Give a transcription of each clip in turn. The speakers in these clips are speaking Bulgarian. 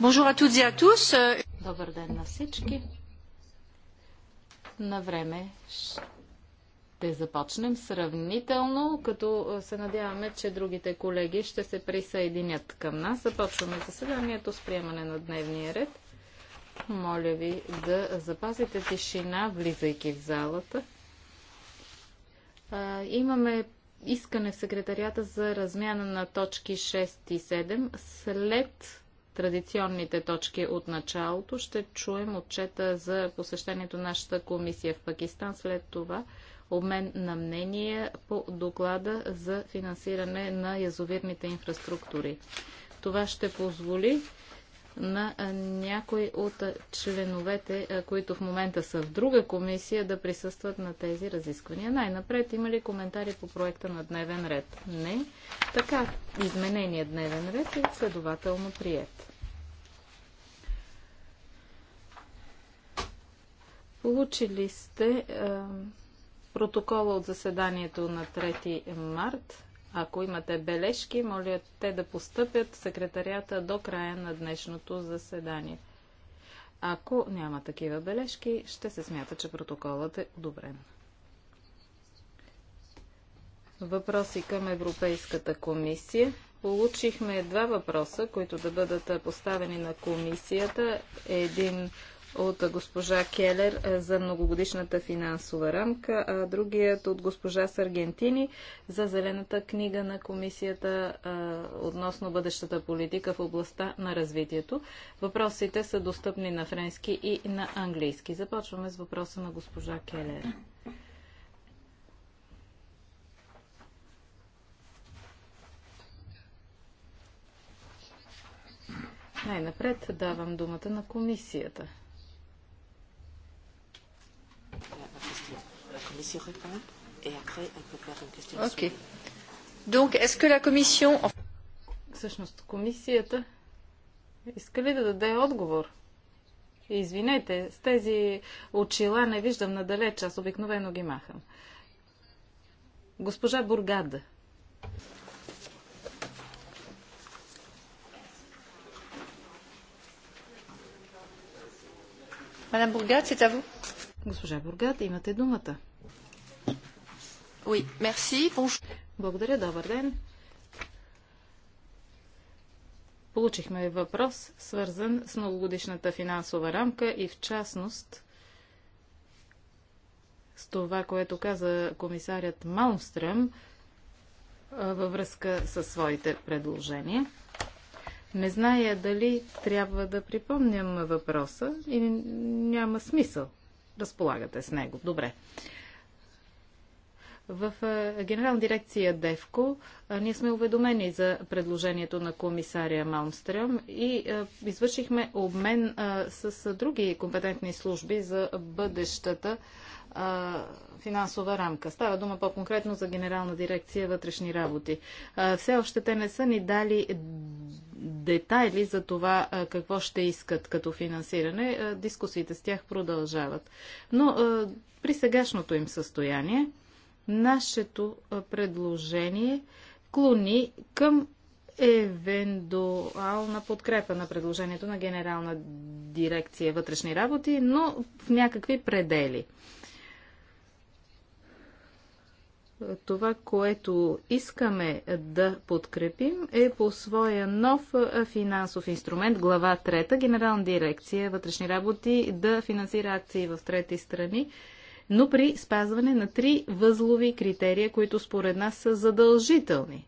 Добър ден на всички. На време ще започнем сравнително, като се надяваме, че другите колеги ще се присъединят към нас. Започваме заседанието с приемане на дневния ред. Моля ви да запазите тишина, влизайки в залата. Имаме искане в секретарията за размяна на точки 6 и 7 след традиционните точки от началото. Ще чуем отчета за посещението на нашата комисия в Пакистан. След това обмен на мнение по доклада за финансиране на язовирните инфраструктури. Това ще позволи на някои от членовете, които в момента са в друга комисия, да присъстват на тези разисквания. Най-напред има ли коментари по проекта на дневен ред? Не. Така, изменение дневен ред е следователно прият. Получили сте е, протокола от заседанието на 3 март. Ако имате бележки, моля те да постъпят в секретарията до края на днешното заседание. Ако няма такива бележки, ще се смята, че протоколът е одобрен. Въпроси към Европейската комисия. Получихме два въпроса, които да бъдат е, поставени на комисията. Един от госпожа Келер е, за многогодишната финансова рамка, а другият от госпожа Саргентини за зелената книга на комисията а, относно бъдещата политика в областта на развитието. Въпросите са достъпни на френски и на английски. Започваме с въпроса на госпожа Келер. Най-напред давам думата на комисията. et après peut faire une question. Ok. Donc, est-ce que la commission... Всъщност, комисията иска ли да даде отговор? Извинете, с тези очила не виждам надалеч, аз обикновено ги махам. Госпожа Бургада. Мадам Бургад, Госпожа Бургад, имате думата. Oui, merci. Bonjour. Благодаря, добър ден. Получихме въпрос, свързан с многогодишната финансова рамка и в частност с това, което каза комисарят Малмстръм във връзка със своите предложения. Не зная дали трябва да припомням въпроса и няма смисъл. Разполагате с него. Добре. В е, Генерална дирекция ДЕВКО е, ние сме уведомени за предложението на комисария Малмстрем и е, извършихме обмен с други компетентни служби за бъдещата финансова рамка. Става дума по-конкретно за Генерална дирекция вътрешни работи. Все още те не са ни дали детайли за това какво ще искат като финансиране. Дискусиите с тях продължават. Но при сегашното им състояние, Нашето предложение клони към евентуална подкрепа на предложението на Генерална дирекция вътрешни работи, но в някакви предели. Това, което искаме да подкрепим е по своя нов финансов инструмент, глава 3, Генерална дирекция вътрешни работи да финансира акции в трети страни но при спазване на три възлови критерия, които според нас са задължителни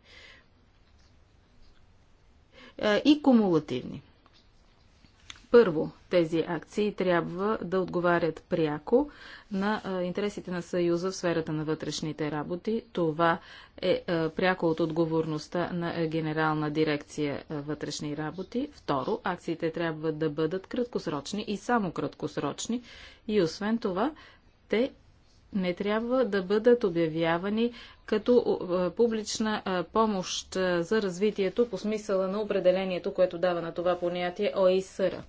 е, и кумулативни. Първо, тези акции трябва да отговарят пряко на е, интересите на Съюза в сферата на вътрешните работи. Това е, е пряко от отговорността на Генерална дирекция вътрешни работи. Второ, акциите трябва да бъдат краткосрочни и само краткосрочни. И освен това, те не трябва да бъдат обявявани като е, публична е, помощ е, за развитието по смисъла на определението, което дава на това понятие ОИСР.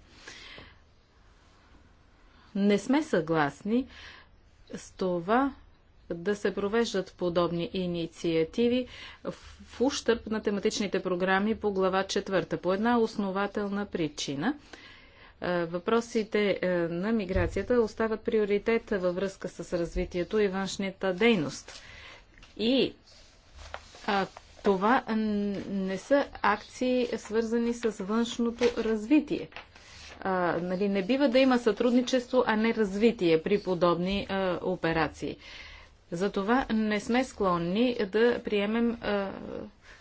Не сме съгласни с това да се провеждат подобни инициативи в ущърп на тематичните програми по глава 4 по една основателна причина – е, въпросите е, на миграцията остават приоритет във връзка с развитието и външната дейност. И а, това не са акции, свързани с външното развитие. А, нали, не бива да има сътрудничество, а не развитие при подобни а, операции. Затова не сме склонни да приемем а,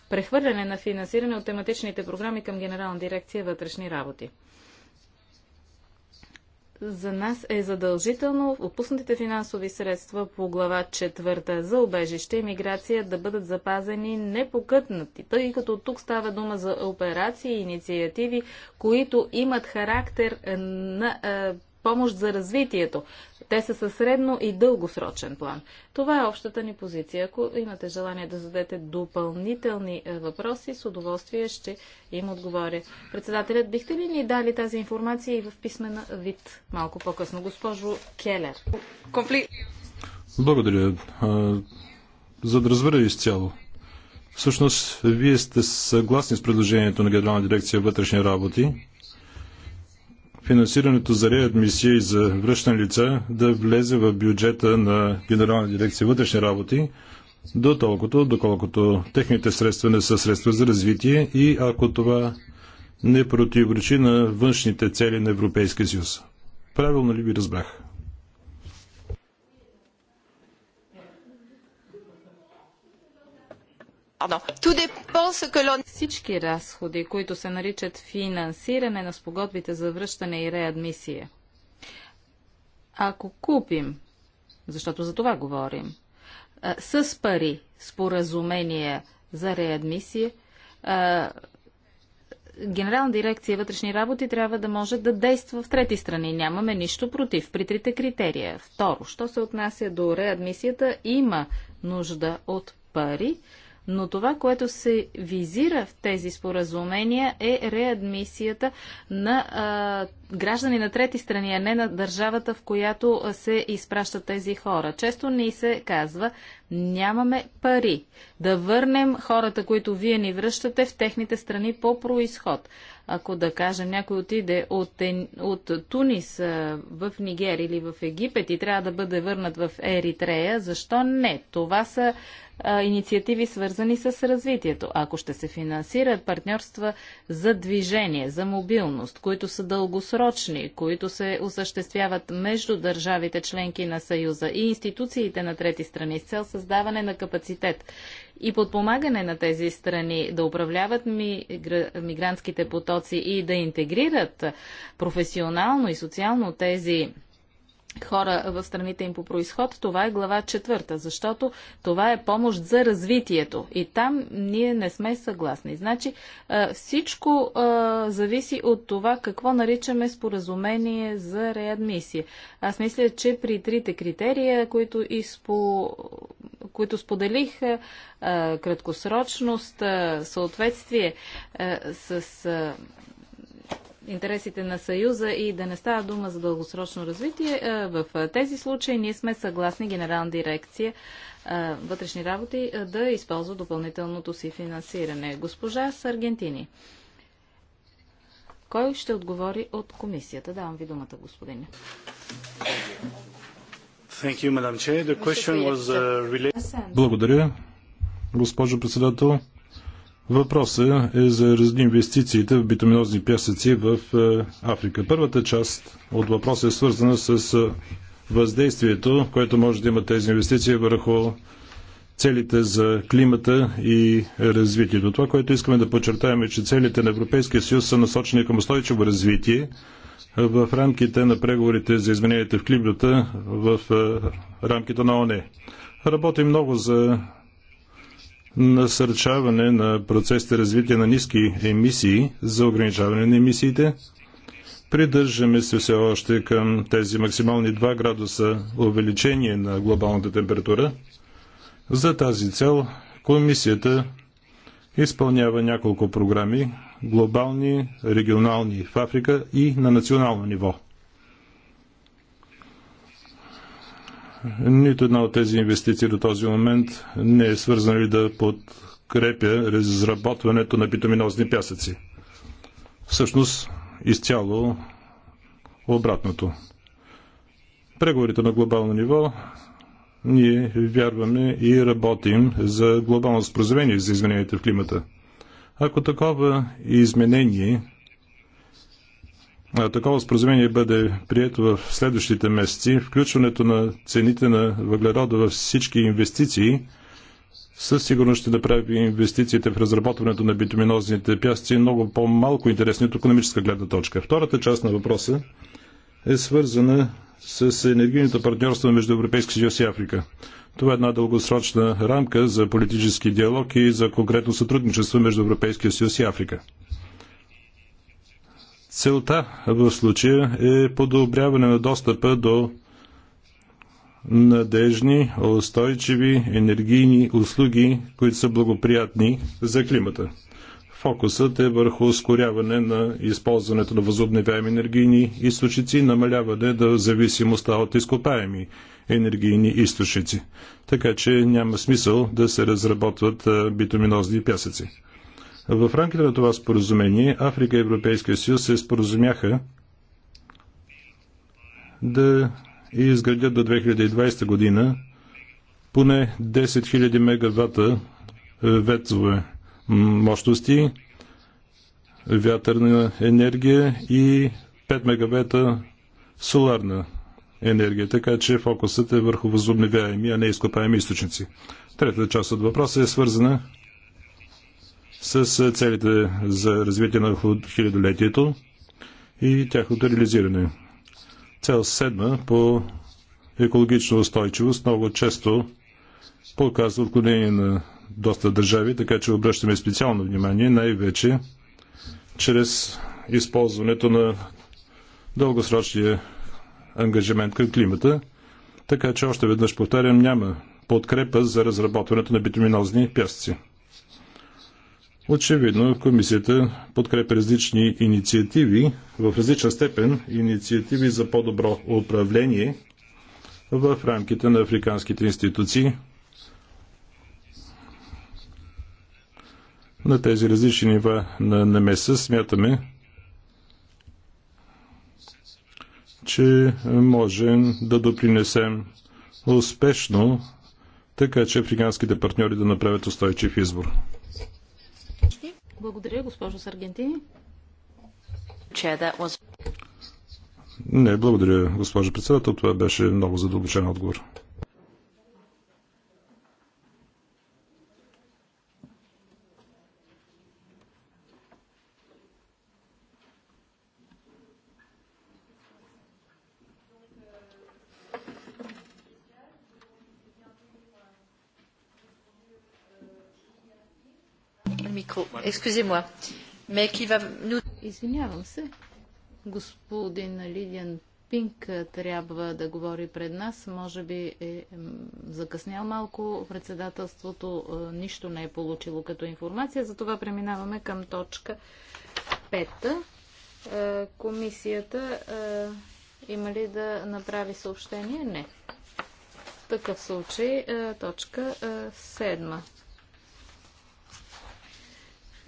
прехвърляне на финансиране от тематичните програми към Генерална дирекция вътрешни работи за нас е задължително отпуснатите финансови средства по глава 4 за обежище и миграция да бъдат запазени непокътнати, тъй като тук става дума за операции и инициативи, които имат характер на е, помощ за развитието. Те са със средно и дългосрочен план. Това е общата ни позиция. Ако имате желание да зададете допълнителни е, въпроси, с удоволствие ще им отговоря. Председателят, бихте ли ни дали тази информация и в писмена вид малко по-късно? Госпожо Келер. Конфликт. Благодаря. За да разбера изцяло. Всъщност, вие сте съгласни с предложението на Генерална дирекция вътрешни работи финансирането за реадмисия и за връщане лица да влезе в бюджета на Генерална дирекция вътрешни работи, до толкова, доколкото техните средства не са средства за развитие и ако това не противоречи на външните цели на Европейския съюз. Правилно ли ви разбрах? Всички разходи, които се наричат финансиране на спогодбите за връщане и реадмисия. Ако купим, защото за това говорим, с пари споразумения за реадмисия, Генерална дирекция вътрешни работи трябва да може да действа в трети страни. Нямаме нищо против при трите критерия. Второ, що се отнася до реадмисията, има нужда от пари но това, което се визира в тези споразумения е реадмисията на а, граждани на трети страни, а не на държавата, в която се изпращат тези хора. Често ни се казва, нямаме пари да върнем хората, които вие ни връщате в техните страни по происход. Ако да кажем, някой отиде от, от Тунис в Нигер или в Египет и трябва да бъде върнат в Еритрея, защо не? Това са а, инициативи, свързани с развитието. Ако ще се финансират партньорства за движение, за мобилност, които са дългосрочни, които се осъществяват между държавите членки на Съюза и институциите на трети страни с цел създаване на капацитет и подпомагане на тези страни да управляват мигрантските потоци и да интегрират професионално и социално тези хора в страните им по происход, това е глава четвърта, защото това е помощ за развитието. И там ние не сме съгласни. Значи всичко зависи от това какво наричаме споразумение за реадмисия. Аз мисля, че при трите критерия, които, изпо... които споделих, краткосрочност, съответствие с интересите на Съюза и да не става дума за дългосрочно развитие, в тези случаи ние сме съгласни Генерална дирекция вътрешни работи да използва допълнителното си финансиране. Госпожа Саргентини, Кой ще отговори от комисията? Давам ви думата, господине. Е uh, Благодаря. Госпожо председател, Въпросът е за инвестициите в битуминозни пясъци в е, Африка. Първата част от въпроса е свързана с е, въздействието, което може да има тези инвестиции върху целите за климата и развитието. Това, което искаме да подчертаем е, че целите на Европейския съюз са насочени към устойчиво развитие в рамките на преговорите за измененията в климата в е, рамките на ОНЕ. Работим много за насърчаване на процесите развитие на ниски емисии за ограничаване на емисиите. Придържаме се все още към тези максимални 2 градуса увеличение на глобалната температура. За тази цел комисията изпълнява няколко програми глобални, регионални в Африка и на национално ниво. Нито една от тези инвестиции до този момент не е свързана ли да подкрепя разработването на битуминозни пясъци. Всъщност, изцяло обратното. Преговорите на глобално ниво ние вярваме и работим за глобално споразумение за измененията в климата. Ако такова изменение такова споразумение бъде прието в следващите месеци, включването на цените на въглерода във всички инвестиции със сигурност ще направи инвестициите в разработването на битуминозните пясъци много по-малко интересни от економическа гледна точка. Втората част на въпроса е свързана с енергийното партньорство между Европейския съюз и Африка. Това е една дългосрочна рамка за политически диалог и за конкретно сътрудничество между Европейския съюз и Африка. Целта в случая е подобряване на достъпа до надежни, устойчиви енергийни услуги, които са благоприятни за климата. Фокусът е върху ускоряване на използването на възобновяеми енергийни източници, намаляване на зависимостта от изкопаеми енергийни източници. Така че няма смисъл да се разработват битуминозни пясъци. В рамките на това споразумение Африка и Европейския съюз се споразумяха да изградят до 2020 година поне 10 000 мегавата е, ветрове мощности, вятърна енергия и 5 мегавета соларна енергия, така че фокусът е върху възобновяеми, а не изкопаеми източници. Третата част от въпроса е свързана с целите за развитие на хилядолетието и тяхното реализиране. Цел седма по екологична устойчивост много често показва отклонение на доста държави, така че обръщаме специално внимание, най-вече чрез използването на дългосрочния ангажимент към климата. Така че още веднъж повтарям, няма подкрепа за разработването на битуминозни пясъци. Очевидно, комисията подкрепя различни инициативи, в различна степен инициативи за по-добро управление в рамките на африканските институции на тези различни нива на намеса. Смятаме, че можем да допринесем успешно, така че африканските партньори да направят устойчив избор. Благодаря, госпожо Саргентини. Не, благодаря, госпожо председател. Това беше много задълбочен отговор. excusez-moi, mais qui va nous... Извинявам се. Господин Лидиан Пинк е, трябва да говори пред нас. Може би е закъснял малко. Председателството е, нищо не е получило като информация. Затова преминаваме към точка 5. Е, комисията има ли да направи съобщение? Не. В такъв случай точка седма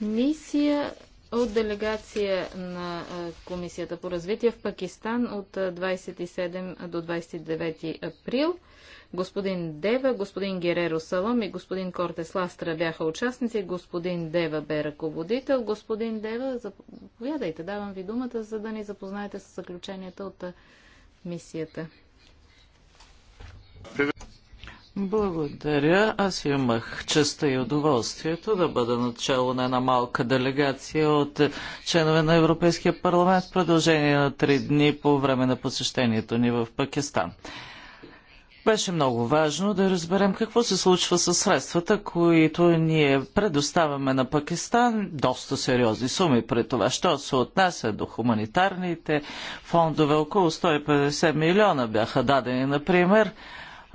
мисия от делегация на Комисията по развитие в Пакистан от 27 до 29 април. Господин Дева, господин Гереро Салом и господин Кортес Ластра бяха участници. Господин Дева бе ръководител. Господин Дева, заповядайте, давам ви думата, за да ни запознаете с заключенията от мисията. Благодаря. Аз имах честа и удоволствието да бъда начало на една малка делегация от членове на Европейския парламент в продължение на три дни по време на посещението ни в Пакистан. Беше много важно да разберем какво се случва с средствата, които ние предоставяме на Пакистан. Доста сериозни суми при това. Що се отнася до хуманитарните фондове, около 150 милиона бяха дадени, например,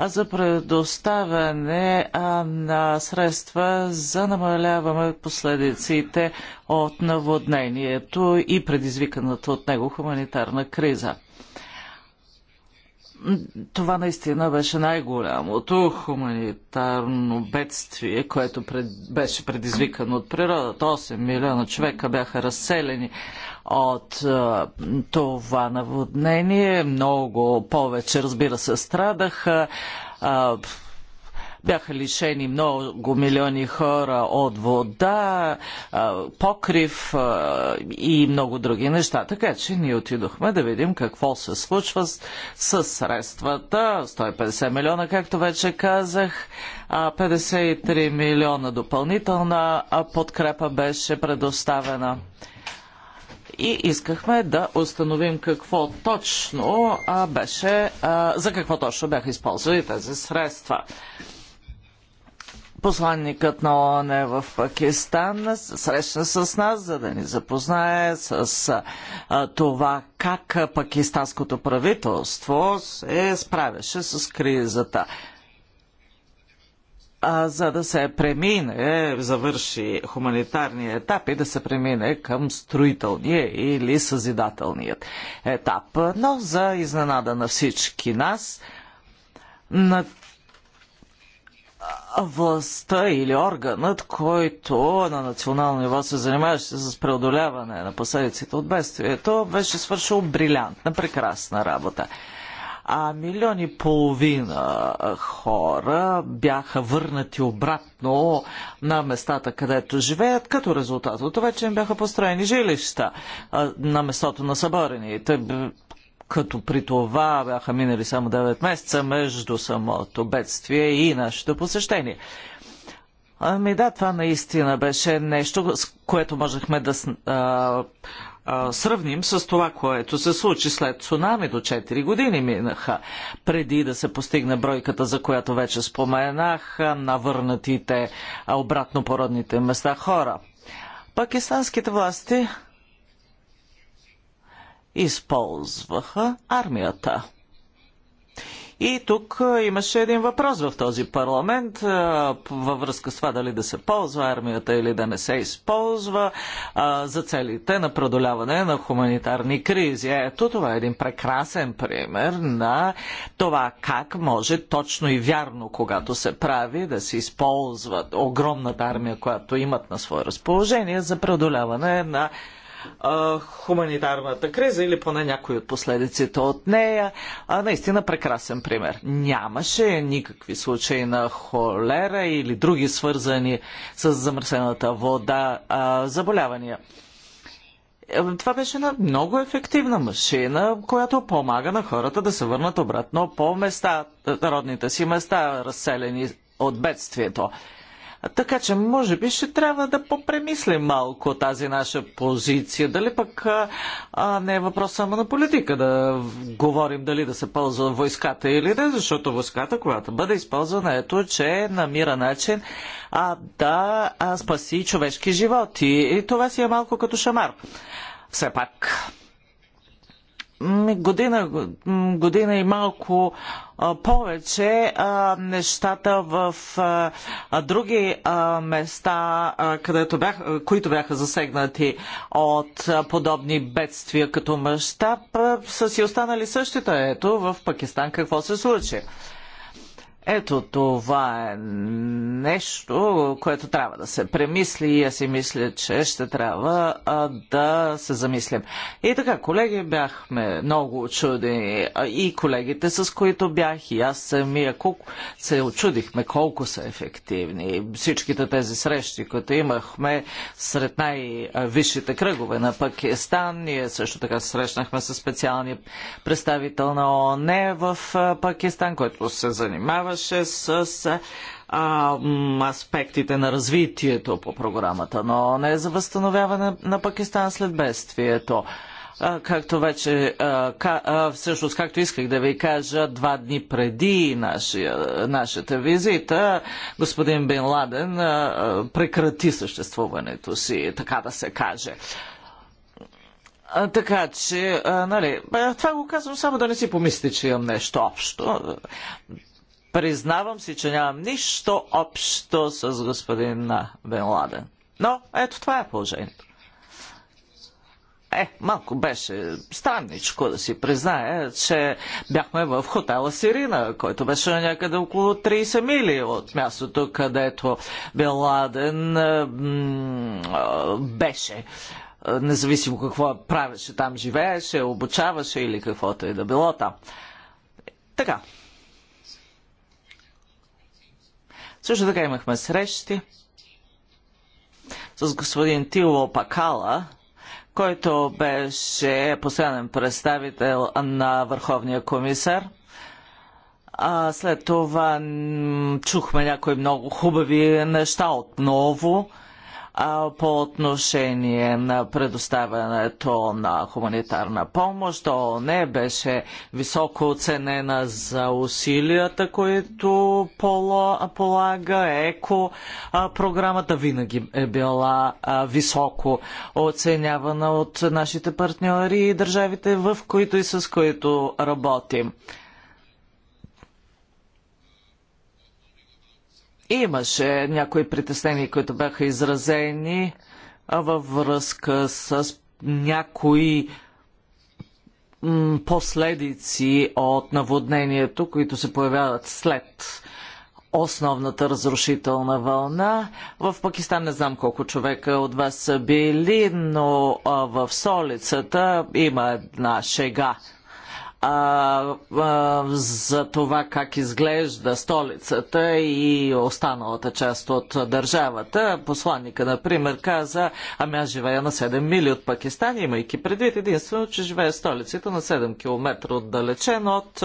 за предоставяне на средства за намаляване последиците от наводнението и предизвиканата от него хуманитарна криза това наистина беше най-голямото хуманитарно бедствие, което пред, беше предизвикано от природата. 8 милиона човека бяха разселени от а, това наводнение. Много повече, разбира се, страдаха. А, бяха лишени много милиони хора от вода, покрив и много други неща. Така че ние отидохме да видим какво се случва с, средствата. 150 милиона, както вече казах, 53 милиона допълнителна подкрепа беше предоставена и искахме да установим какво точно а, беше, а, за какво точно бяха използвали тези средства. Посланникът на ООН е в Пакистан, срещна с нас, за да ни запознае с а, това как пакистанското правителство се справяше с кризата. А, за да се премине, завърши хуманитарния етап и да се премине към строителния или съзидателният етап. Но за изненада на всички нас, на властта или органът, който на национално ниво се занимаваше с преодоляване на последиците от бедствието, беше свършил брилянтна, прекрасна работа. А милиони и половина хора бяха върнати обратно на местата, където живеят, като резултат от това, че им бяха построени жилища на местото на съборените като при това бяха минали само 9 месеца между самото бедствие и нашето посещение. Ами да, това наистина беше нещо, с което можехме да а, а, сравним с това, което се случи след цунами до 4 години минаха преди да се постигне бройката, за която вече споменах, на върнатите обратно породните места хора. Пакистанските власти използваха армията. И тук имаше един въпрос в този парламент във връзка с това дали да се ползва армията или да не се използва за целите на продоляване на хуманитарни кризи. Ето това е един прекрасен пример на това как може точно и вярно, когато се прави, да се използва огромната армия, която имат на свое разположение за преодоляване на а, хуманитарната криза или поне някои от последиците от нея. А, наистина прекрасен пример. Нямаше никакви случаи на холера или други свързани с замърсената вода а, заболявания. Е, това беше една много ефективна машина, която помага на хората да се върнат обратно по места, родните си места, разселени от бедствието. Така че, може би, ще трябва да попремислим малко тази наша позиция. Дали пък а, не е въпрос само на политика да говорим дали да се ползва войската или не, защото войската, която бъде използвана, ето, че намира начин а, да а, спаси човешки животи. И това си е малко като шамар. Все пак, година, година и малко повече нещата в други места, където бях, които бяха засегнати от подобни бедствия като мащаб, са си останали същите. Ето в Пакистан какво се случи. Ето това е нещо, което трябва да се премисли и аз и мисля, че ще трябва а, да се замислим. И така, колеги, бяхме много очудени и колегите, с които бях, и аз самия, колко се очудихме колко са ефективни. Всичките тези срещи, които имахме сред най-висшите кръгове на Пакистан, ние също така се срещнахме с специалния представител на ОНЕ в Пакистан, който се занимава занимаваше с а, аспектите на развитието по програмата но не за възстановяване на Пакистан след бедствието както вече, всъщност както исках да ви кажа, два дни преди нашия, нашата визита, господин Бен Ладен прекрати съществуването си, така да се каже. Така че, нали, това го казвам само да не си помислите, че имам нещо общо. Признавам си, че нямам нищо общо с господин Бен Ладен. Но ето това е положението. Е, малко беше странничко да си призная, че бяхме в хотела Сирина, който беше някъде около 30 мили от мястото, където Бен Ладен беше. Независимо какво правеше там, живееше, обучаваше или каквото и е да било там. Така, Също така имахме срещи с господин Тило Пакала, който беше постоянен представител на Върховния комисар. А след това чухме някои много хубави неща отново по отношение на предоставянето на хуманитарна помощ. не беше високо оценена за усилията, които полага ЕКО. Програмата винаги е била високо оценявана от нашите партньори и държавите, в които и с които работим. Имаше някои притеснения, които бяха изразени във връзка с някои последици от наводнението, които се появяват след основната разрушителна вълна. В Пакистан не знам колко човека от вас са били, но в Солицата има една шега а, а, за това как изглежда столицата и останалата част от държавата. Посланника, например, каза, ами аз живея на 7 мили от Пакистан, имайки предвид единствено, че живее столицата на 7 км отдалечен от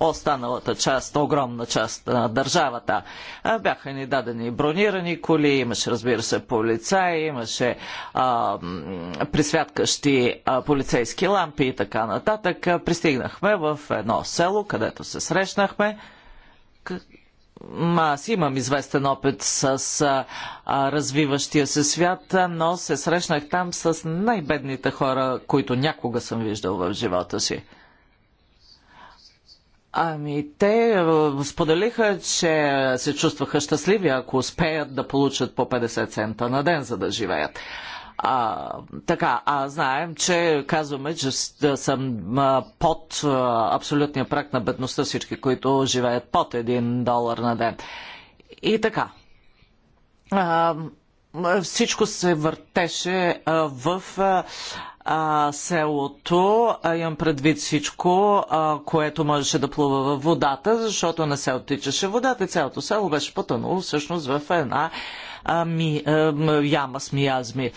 останалата част, огромна част на държавата. Бяха ни дадени бронирани коли, имаше, разбира се, полицаи, имаше а, присвяткащи а, полицейски лампи и така нататък. Пристигна отидахме в едно село, където се срещнахме. Аз имам известен опит с а, развиващия се свят, но се срещнах там с най-бедните хора, които някога съм виждал в живота си. Ами, те споделиха, че се чувстваха щастливи, ако успеят да получат по 50 цента на ден, за да живеят. А, така, а знаем, че казваме, че съм под абсолютния прак на бедността всички, които живеят под един долар на ден. И така. А, всичко се въртеше в а, селото, а, имам предвид всичко, а, което можеше да плува във водата, защото не се оттичаше водата и цялото село беше потънало всъщност в една а, ми, а, яма с миязми.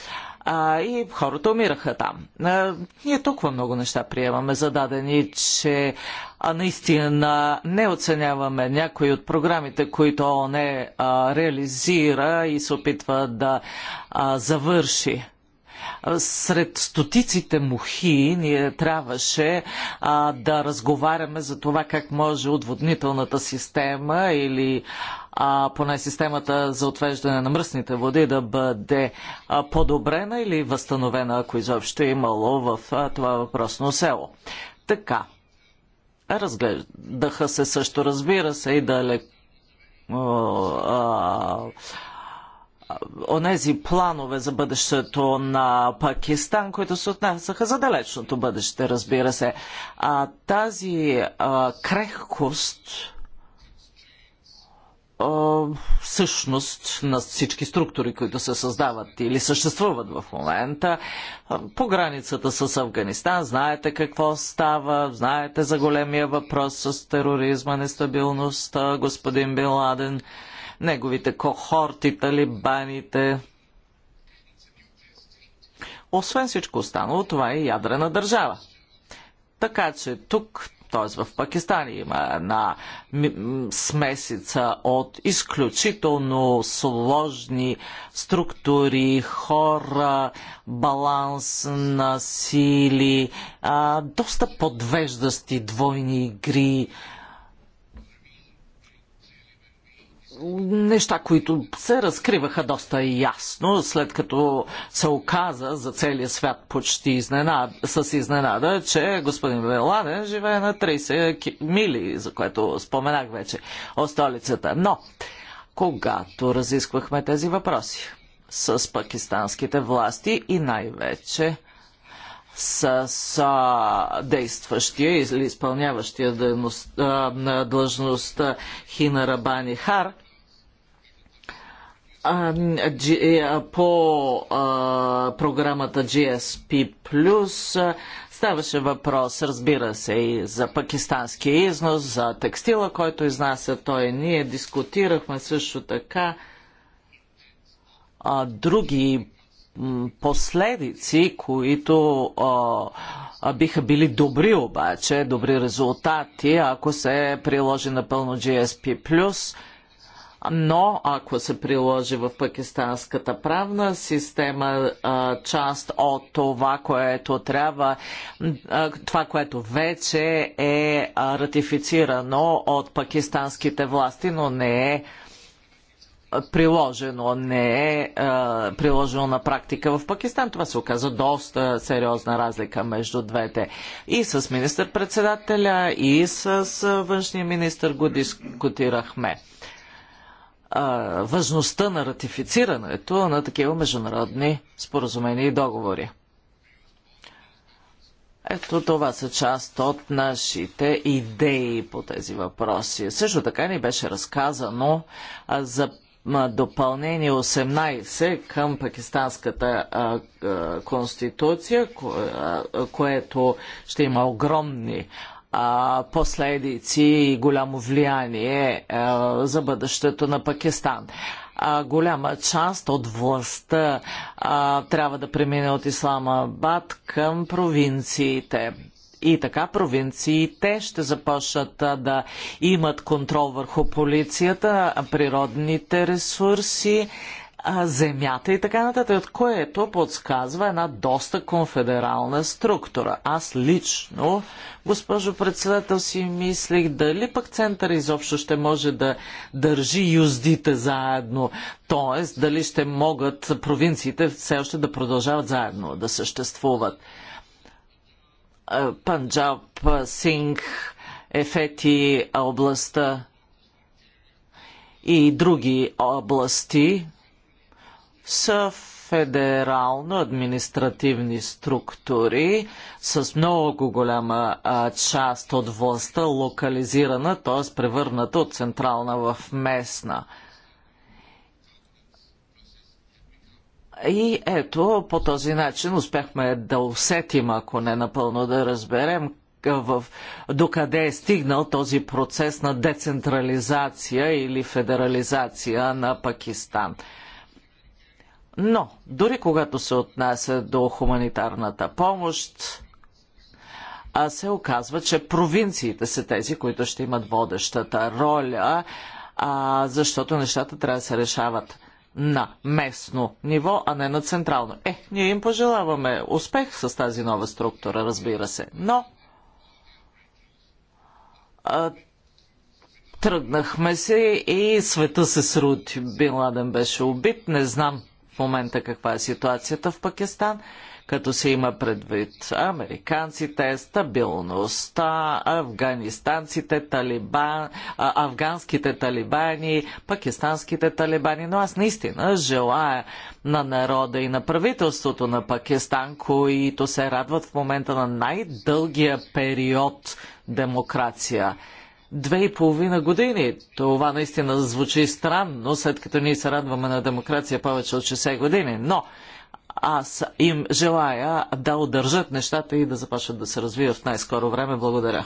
А, и хората умираха там. А, ние толкова много неща приемаме зададени, че а, наистина не оценяваме някои от програмите, които не а, реализира и се опитва да а, завърши сред стотиците мухи ние трябваше а, да разговаряме за това как може отводнителната система или а, поне системата за отвеждане на мръсните води да бъде а, подобрена или възстановена, ако изобщо е имало в а, това въпросно село. Така. Разглеждаха се също, разбира се, и далеко онези планове за бъдещето на Пакистан, които се отнасяха за далечното бъдеще, разбира се. А тази а, крехкост а, всъщност на всички структури, които се създават или съществуват в момента. По границата с Афганистан знаете какво става, знаете за големия въпрос с тероризма, нестабилността, господин Биладен. Ладен неговите кохорти, талибаните. Освен всичко останало, това е ядрена държава. Така че тук, т.е. в Пакистан, има една смесица от изключително сложни структури, хора, баланс на сили, доста подвеждащи двойни игри, неща, които се разкриваха доста ясно, след като се оказа за целия свят почти изненад, с изненада, че господин Веладен живее на 30 мили, за което споменах вече от столицата. Но, когато разисквахме тези въпроси с пакистанските власти и най-вече с а, действащия или изпълняващия дейност, а, длъжност Хина Рабани Хар – е, по програмата GSP+, ставаше въпрос, разбира се, и за пакистанския износ, за текстила, който изнася той. Ние дискутирахме също така други последици, които а, биха били добри обаче, добри резултати, ако се приложи напълно GSP+ но ако се приложи в пакистанската правна система част от това, което трябва, това, което вече е ратифицирано от пакистанските власти, но не е приложено, не е приложено на практика в Пакистан. Това се оказа доста сериозна разлика между двете. И с министър-председателя, и с външния министър го дискутирахме важността на ратифицирането на такива международни споразумения и договори. Ето това са част от нашите идеи по тези въпроси. Също така ни беше разказано за допълнение 18 към пакистанската а, а, конституция, ко, а, което ще има огромни последици и голямо влияние е, за бъдещето на Пакистан. А, голяма част от властта а, трябва да премине от Исламабад към провинциите. И така провинциите ще започнат да имат контрол върху полицията, природните ресурси, земята и така нататък, което подсказва една доста конфедерална структура. Аз лично, госпожо председател, си мислих дали пък център изобщо ще може да държи юздите заедно, т.е. дали ще могат провинциите все още да продължават заедно да съществуват. Панджаб, Синг, Ефети, областта и други области са федерално-административни структури с много голяма а, част от властта локализирана, т.е. превърната от централна в местна. И ето, по този начин успяхме да усетим, ако не напълно да разберем, в, докъде е стигнал този процес на децентрализация или федерализация на Пакистан. Но, дори когато се отнася до хуманитарната помощ, се оказва, че провинциите са тези, които ще имат водещата роля, защото нещата трябва да се решават на местно ниво, а не на централно. Е, ние им пожелаваме успех с тази нова структура, разбира се. Но а, тръгнахме се и света се срути. Бин Ладен беше убит, не знам в момента каква е ситуацията в Пакистан, като се има предвид американците, стабилността, афганистанците, талибан, афганските талибани, пакистанските талибани. Но аз наистина желая на народа и на правителството на Пакистан, които се радват в момента на най-дългия период демокрация две и половина години. Това наистина звучи странно, след като ние се радваме на демокрация повече от 60 години. Но аз им желая да удържат нещата и да започнат да се развиват в най-скоро време. Благодаря.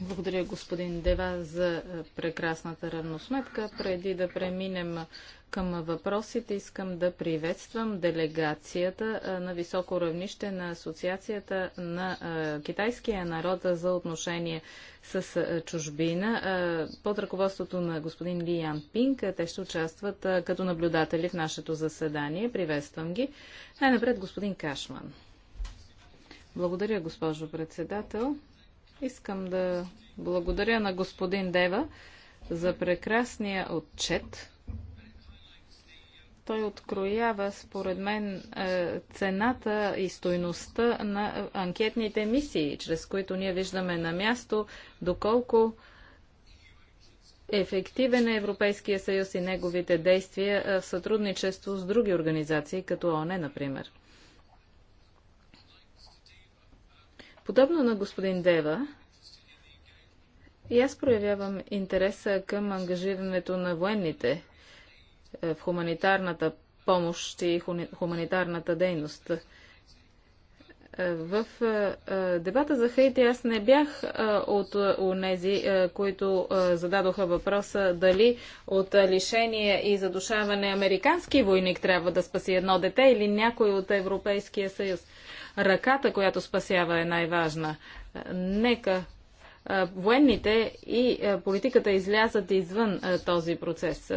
Благодаря господин Дева за прекрасната равносметка. Преди да преминем към въпросите искам да приветствам делегацията на високо равнище на Асоциацията на китайския народ за отношение с чужбина под ръководството на господин Ли Ян Пинг. Те ще участват като наблюдатели в нашето заседание. Приветствам ги. Най-напред господин Кашман. Благодаря, госпожо председател. Искам да благодаря на господин Дева за прекрасния отчет той откроява, според мен, е, цената и стойността на анкетните мисии, чрез които ние виждаме на място доколко ефективен е Европейския съюз и неговите действия е, в сътрудничество с други организации, като ОНЕ, например. Подобно на господин Дева, и аз проявявам интереса към ангажирането на военните е, в хуманитарната помощ и хуманитарната дейност. Е, в е, дебата за Хаити аз не бях от онези, които зададоха въпроса дали от лишение и задушаване американски войник трябва да спаси едно дете или някой от Европейския съюз. Ръката, която спасява е най-важна. Нека военните и политиката излязат извън този процес.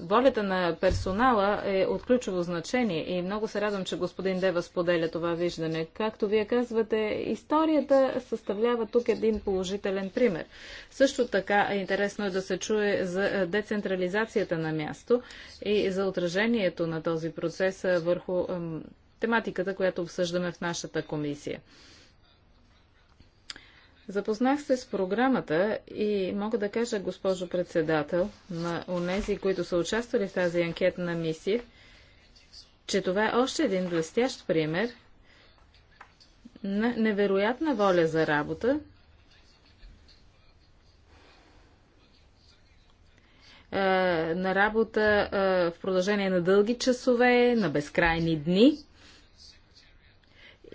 Волята на персонала е от ключово значение и много се радвам, че господин Дева споделя това виждане. Както вие казвате, историята съставлява тук един положителен пример. Също така е интересно е да се чуе за децентрализацията на място и за отражението на този процес върху тематиката, която обсъждаме в нашата комисия. Запознах се с програмата и мога да кажа, госпожо председател, на онези, които са участвали в тази анкетна мисия, че това е още един блестящ пример на невероятна воля за работа, е, на работа е, в продължение на дълги часове, на безкрайни дни.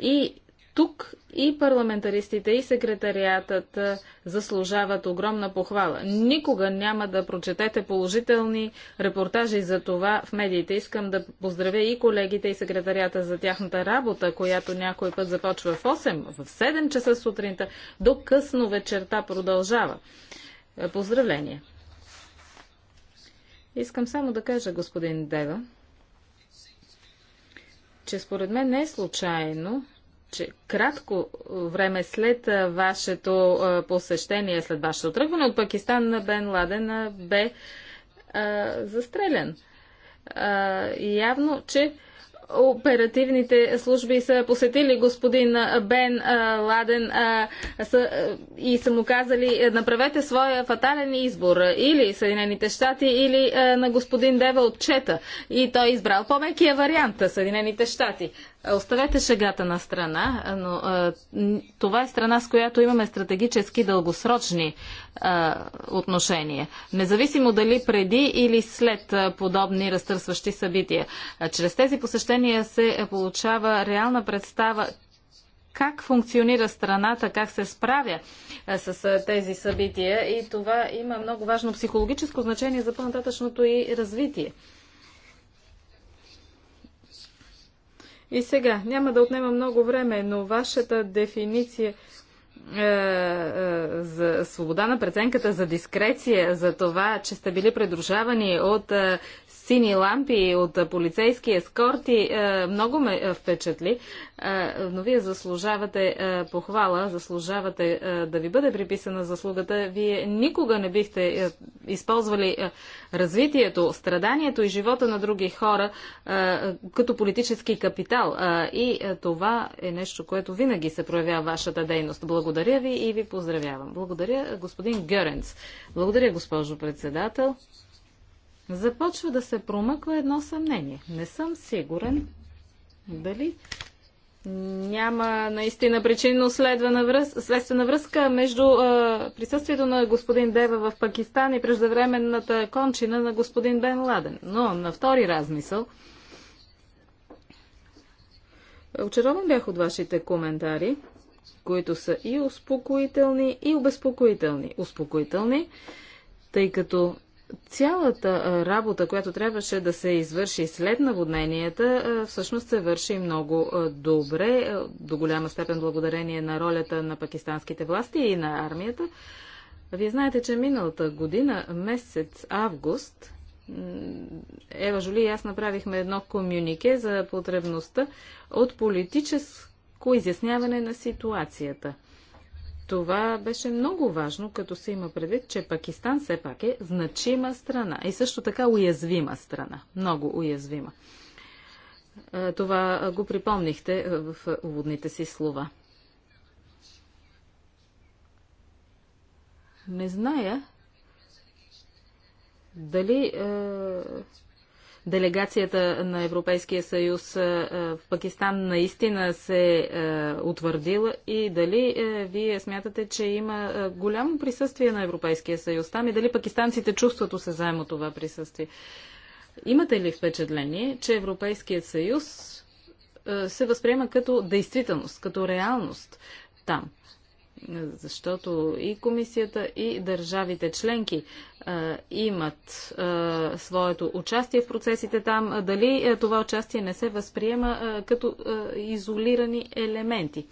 И тук и парламентаристите, и секретариатът заслужават огромна похвала. Никога няма да прочетете положителни репортажи за това в медиите. Искам да поздравя и колегите, и секретарията за тяхната работа, която някой път започва в 8, в 7 часа сутринта, до късно вечерта продължава. Поздравление! Искам само да кажа, господин Дева, че според мен не е случайно, че кратко време след вашето посещение, след вашето тръгване от Пакистан, на Бен Ладен бе а, застрелян. А, явно, че оперативните служби са посетили господин Бен Ладен и са му казали направете своя фатален избор или Съединените щати, или на господин Дева отчета. И той избрал по-мекия вариант Съединените щати. Оставете шегата на страна, но а, това е страна, с която имаме стратегически дългосрочни а, отношения. Независимо дали преди или след а, подобни разтърсващи събития. А, чрез тези посещения се получава реална представа как функционира страната, как се справя а, с а, тези събития и това има много важно психологическо значение за по-нататъчното и развитие. И сега, няма да отнема много време, но вашата дефиниция е, е, за свобода на преценката, за дискреция, за това, че сте били придружавани от е, сини лампи от полицейски ескорти е, много ме е, впечатли, е, но вие заслужавате похвала, заслужавате да ви бъде приписана заслугата. Вие никога не бихте използвали развитието, страданието и живота на други хора като политически капитал. И това е нещо, което винаги се проявява вашата дейност. Благодаря ви и ви поздравявам. Благодаря, господин Геренц. Благодаря, госпожо председател започва да се промъква едно съмнение. Не съм сигурен дали няма наистина причинно следствена връз... следствена връзка между а, присъствието на господин Дева в Пакистан и преждевременната кончина на господин Бен Ладен. Но на втори размисъл. Очарован бях от вашите коментари, които са и успокоителни, и обезпокоителни. Успокоителни, тъй като Цялата работа, която трябваше да се извърши след наводненията, всъщност се върши много добре, до голяма степен благодарение на ролята на пакистанските власти и на армията. Вие знаете, че миналата година, месец август, Ева Жоли и аз направихме едно комюнике за потребността от политическо изясняване на ситуацията – това беше много важно, като се има предвид, че Пакистан все пак е значима страна и също така уязвима страна. Много уязвима. Е, това го припомнихте в уводните си слова. Не зная дали е, делегацията на Европейския съюз в Пакистан наистина се утвърдила и дали вие смятате, че има голямо присъствие на Европейския съюз там и дали пакистанците чувстват осезаемо това присъствие? Имате ли впечатление, че Европейският съюз се възприема като действителност, като реалност там? защото и комисията, и държавите членки а, имат а, своето участие в процесите там. Дали а, това участие не се възприема а, като а, изолирани елементи?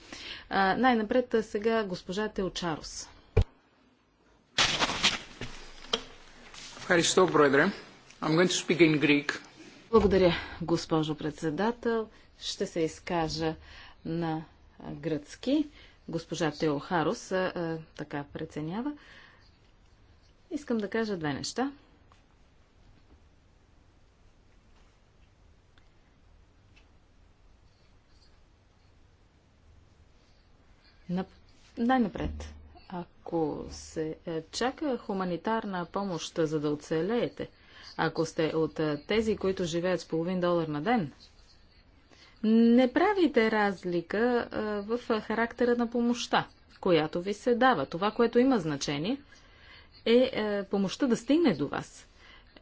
най-напред сега госпожа Телчарос. Благодаря, госпожо председател. Ще се изкажа на гръцки. Госпожа Теохарус а, така преценява. Искам да кажа две неща. Нап... Най-напред. Ако се е, чака хуманитарна помощ, за да оцелеете, ако сте от е, тези, които живеят с половин долар на ден, не правите разлика в характера на помощта, която ви се дава. Това, което има значение, е, е помощта да стигне до вас.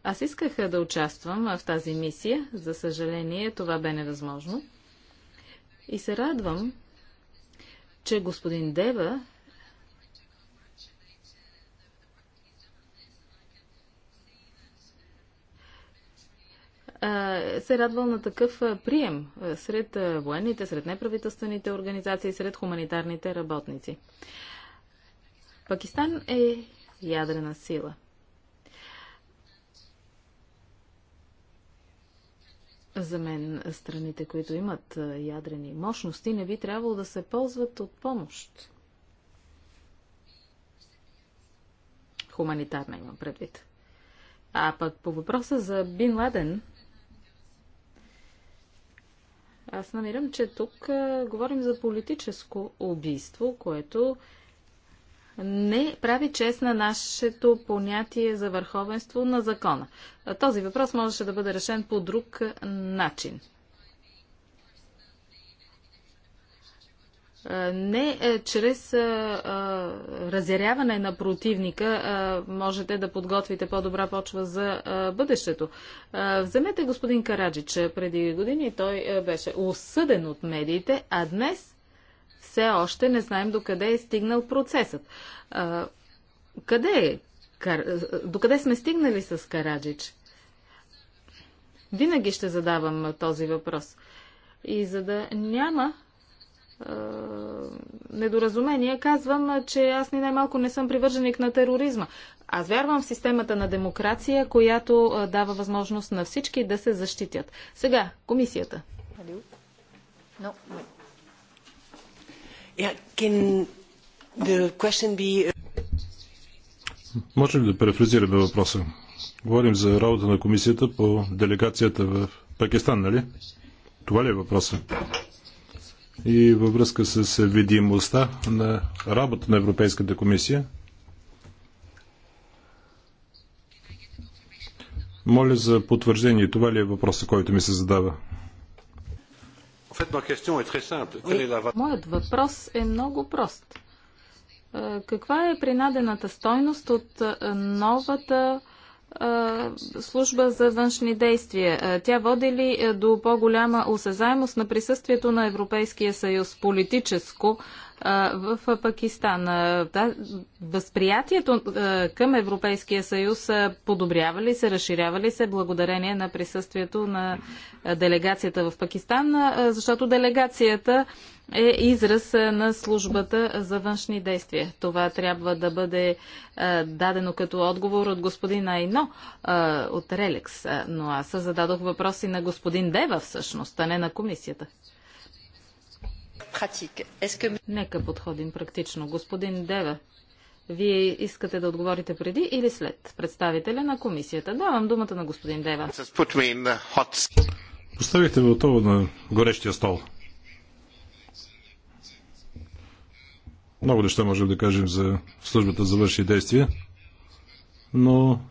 Аз исках да участвам в тази мисия. За съжаление, това бе невъзможно. И се радвам, че господин Дева се радвал на такъв прием сред военните, сред неправителствените организации, сред хуманитарните работници. Пакистан е ядрена сила. За мен страните, които имат ядрени мощности, не би трябвало да се ползват от помощ. Хуманитарна имам предвид. А пък по въпроса за Бин Ладен, аз намирам, че тук а, говорим за политическо убийство, което не прави чест на нашето понятие за върховенство на закона. Този въпрос можеше да бъде решен по друг начин. не е, чрез разяряване на противника можете да подготвите по-добра почва за бъдещето. Вземете господин Караджич. Преди години той беше осъден от медиите, а днес все още не знаем докъде е стигнал процесът. Къде е? Докъде сме стигнали с Караджич? Винаги ще задавам този въпрос. И за да няма е, недоразумение, казвам, че аз ни най-малко не съм привърженик на тероризма. Аз вярвам в системата на демокрация, която е, дава възможност на всички да се защитят. Сега, комисията. Uh, Може ли да префразираме въпроса? Говорим за работа на комисията по делегацията в Пакистан, нали? Това ли е въпросът? и във връзка с видимостта на работа на Европейската комисия. Моля за потвърждение. Това ли е въпросът, който ми се задава? Моят въпрос е много прост. Е, каква е принадената стойност от е, новата служба за външни действия. Тя води ли до по-голяма осезаемост на присъствието на Европейския съюз политическо в Пакистан? Възприятието към Европейския съюз подобрява ли се, разширява ли се благодарение на присъствието на делегацията в Пакистан? Защото делегацията е израз е, на службата за външни действия. Това трябва да бъде е, дадено като отговор от господин Айно е, от Релекс. но аз зададох въпроси на господин Дева всъщност, а не на комисията. Нека подходим практично. Господин Дева, вие искате да отговорите преди или след представителя на комисията? Давам думата на господин Дева. Поставихте ме отново на горещия стол. Много неща можем да кажем за службата за върши действия, но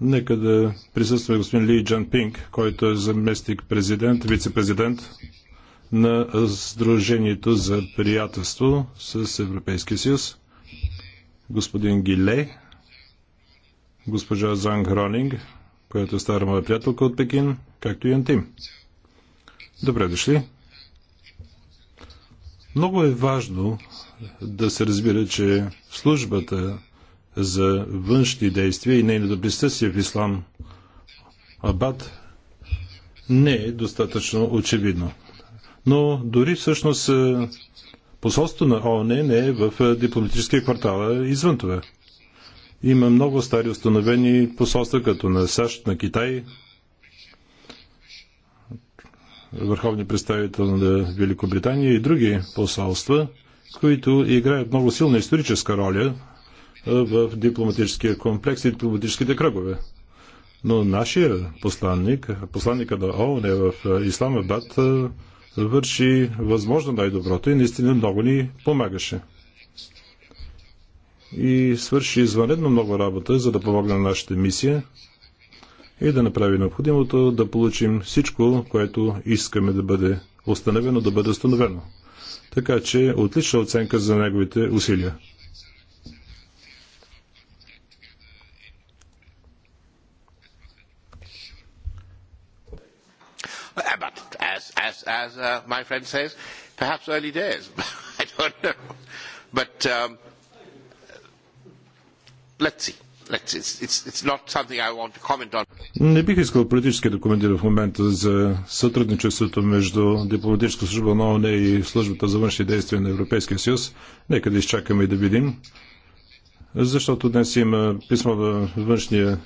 нека да присъства господин Ли Джан Пинг, който е заместник президент, вице-президент на Сдружението за приятелство с Европейския съюз, господин Гиле, госпожа Занг Ронинг, която е стара моя приятелка от Пекин, както и Антим. Добре дошли! Много е важно да се разбира, че службата за външни действия и нейното присъствие в ислам Абад не е достатъчно очевидно. Но дори всъщност е, посолство на ООН не е в е, дипломатическия квартал, извън това. Има много стари установени посолства, като на САЩ, на Китай, Върховни представител на Великобритания и други посолства, които играят много силна историческа роля в дипломатическия комплекс и дипломатическите кръгове. Но нашия посланник, посланника на ООН е в Исламабад, върши възможно най-доброто и наистина много ни помагаше. И свърши извънредно много работа, за да помогне на нашата мисия – и да направи необходимото да получим всичко, което искаме да бъде установено, да бъде установено. Така че отлична оценка за неговите усилия. as uh, my friend says, perhaps early days. I don't know. But um, let's see. Не бих искал политически да коментирам в момента за сътрудничеството между дипломатическа служба на ОНЕ и службата за външни действия на Европейския съюз. Нека да изчакаме и да видим, защото днес има писмо на външния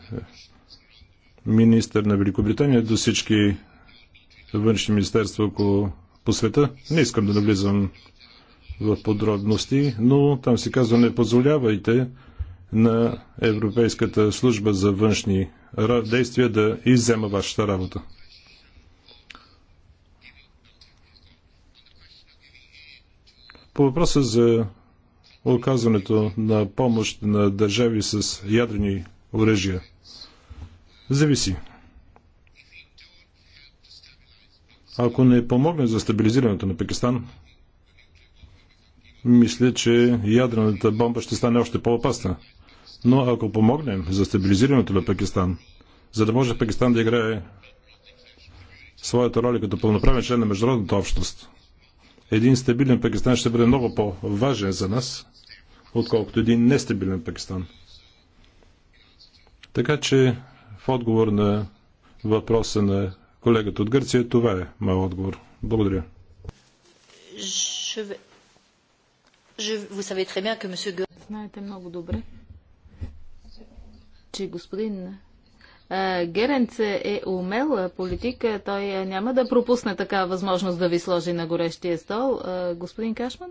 министр на Великобритания до всички външни министерства около по света. Не искам да навлизам в подробности, но там се казва не позволявайте на Европейската служба за външни действия да иззема вашата работа. По въпроса за оказването на помощ на държави с ядрени оръжия, зависи. Ако не помогне за стабилизирането на Пакистан, мисля, че ядрената бомба ще стане още по-опасна. Но ако помогнем за стабилизирането на Пакистан, за да може Пакистан да играе своята роля като пълноправен член на международната общност, един стабилен Пакистан ще бъде много по-важен за нас, отколкото един нестабилен Пакистан. Така че в отговор на въпроса на колегата от Гърция, това е моят отговор. Благодаря. Знаете много добре, че господин Геренц е умел политик. Той няма да пропусне така възможност да ви сложи на горещия стол. Господин Кашман?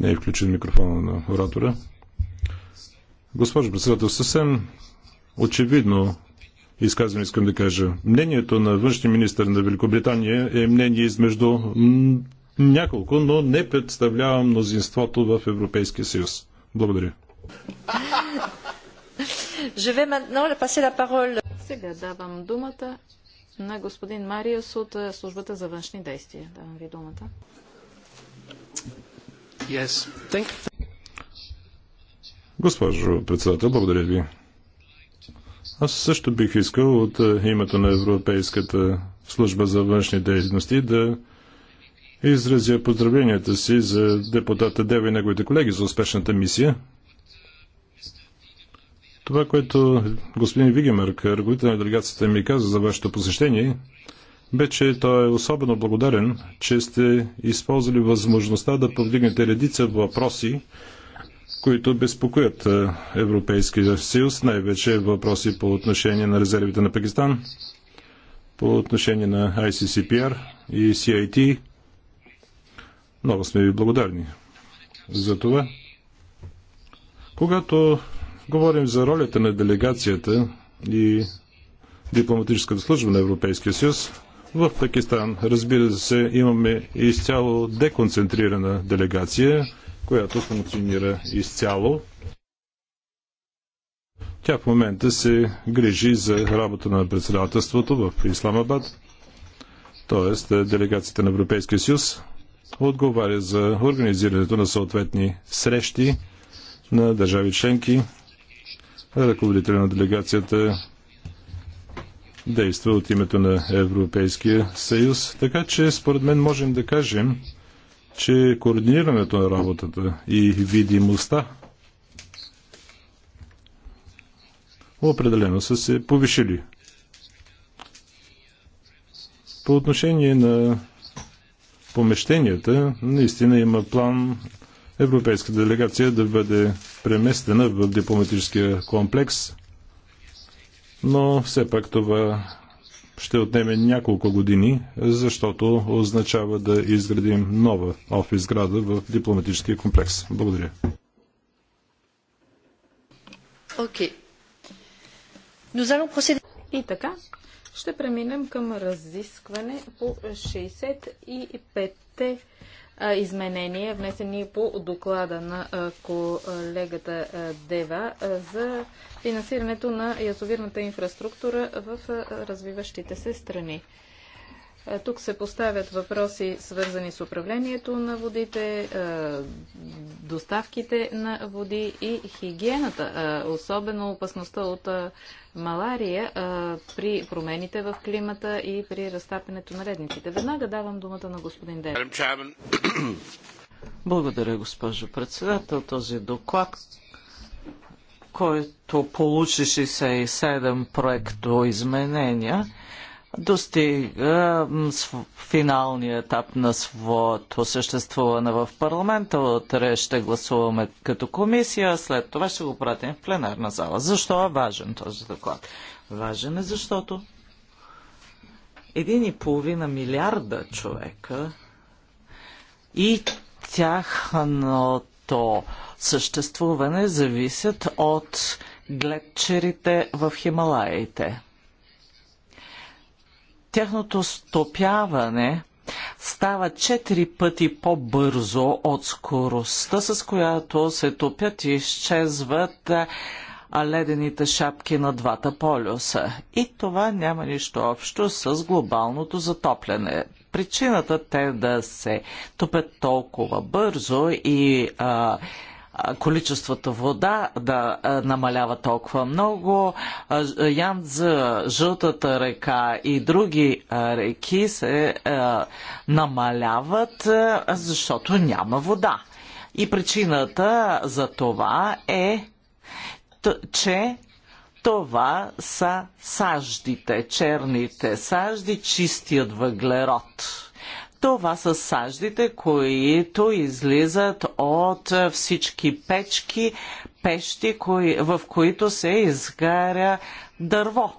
Не е включен микрофона на оратора. Госпожо председател, съвсем очевидно изказвам, искам да кажа. Мнението на външния министр на Великобритания е мнение измежду няколко, но не представлява мнозинството в Европейския съюз. Благодаря. Сега давам думата на господин Мариус от е, службата за външни действия. Давам ви думата. Yes. Thank... Госпожо председател, благодаря ви. Аз също бих искал от е, името на Европейската служба за външни дейности да изразя поздравленията си за депутата Дева и неговите колеги за успешната мисия. Това, което господин Вигемърк, ръководител на делегацията ми каза за вашето посещение, бе, че той е особено благодарен, че сте използвали възможността да повдигнете редица въпроси, които безпокоят Европейския съюз, най-вече въпроси по отношение на резервите на Пакистан, по отношение на ICCPR и CIT, много сме ви благодарни за това. Когато говорим за ролята на делегацията и дипломатическата служба на Европейския съюз, в Пакистан, разбира се, имаме изцяло деконцентрирана делегация, която функционира изцяло. Тя в момента се грижи за работа на председателството в Исламабад, т.е. делегацията на Европейския съюз отговаря за организирането на съответни срещи на държави членки. Ръководителя на делегацията действа от името на Европейския съюз. Така че, според мен, можем да кажем, че координирането на работата и видимостта определено са се повишили. По отношение на помещенията, наистина има план европейска делегация да бъде преместена в дипломатическия комплекс, но все пак това ще отнеме няколко години, защото означава да изградим нова офис града в дипломатическия комплекс. Благодаря. Okay. И така, ще преминем към разискване по 65-те изменения, внесени по доклада на колегата Дева за финансирането на язовирната инфраструктура в развиващите се страни. Тук се поставят въпроси, свързани с управлението на водите, доставките на води и хигиената, особено опасността от малария а, при промените в климата и при разтапянето на редниците. Веднага давам думата на господин Дев. Благодаря, госпожо председател. Този доклад, който получи 67 проекто изменения, достига финалния етап на своето съществуване в парламента. Утре ще гласуваме като комисия, след това ще го пратим в пленарна зала. Защо е важен този доклад? Важен е защото един и половина милиарда човека и тяхното съществуване зависят от гледчерите в Хималаите тяхното стопяване става 4 пъти по-бързо от скоростта, с която се топят и изчезват ледените шапки на двата полюса. И това няма нищо общо с глобалното затопляне. Причината те да се топят толкова бързо и а, количеството вода да намалява толкова много. Янза, Жълтата река и други реки се намаляват, защото няма вода. И причината за това е, че това са саждите, черните сажди чистият въглерод това са саждите, които излизат от всички печки, пещи, кои, в които се изгаря дърво.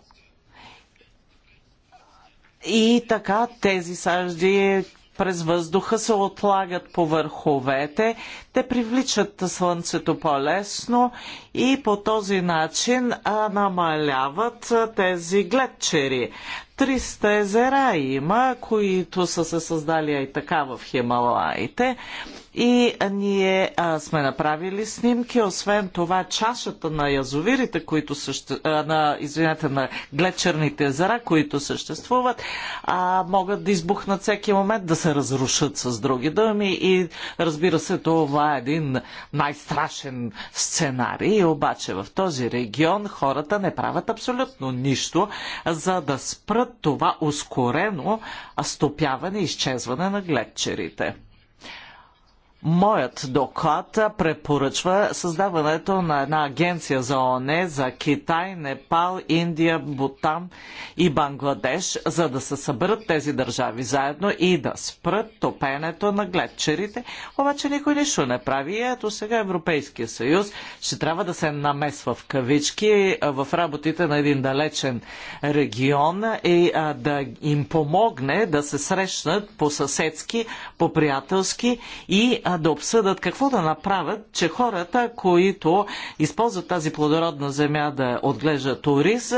И така тези сажди през въздуха се отлагат по върховете, те привличат слънцето по-лесно и по този начин намаляват тези гледчери. 300 езера има, които са се създали и така в Хималаите и ние а, сме направили снимки. Освен това, чашата на язовирите, които съще... а, на, извинете, на глечерните езера, които съществуват, а, могат да избухнат всеки момент, да се разрушат с други думи. И разбира се, това е един най-страшен сценарий. Обаче в този регион хората не правят абсолютно нищо, за да спрат това ускорено стопяване и изчезване на глечерите. Моят доклад препоръчва създаването на една агенция за ООН за Китай, Непал, Индия, Бутан и Бангладеш, за да се съберат тези държави заедно и да спрат топенето на гледчерите. Обаче никой нищо не прави. И ето сега Европейския съюз ще трябва да се намесва в кавички в работите на един далечен регион и а, да им помогне да се срещнат по съседски, по приятелски и да обсъдат какво да направят, че хората, които използват тази плодородна земя да отглеждат ориз,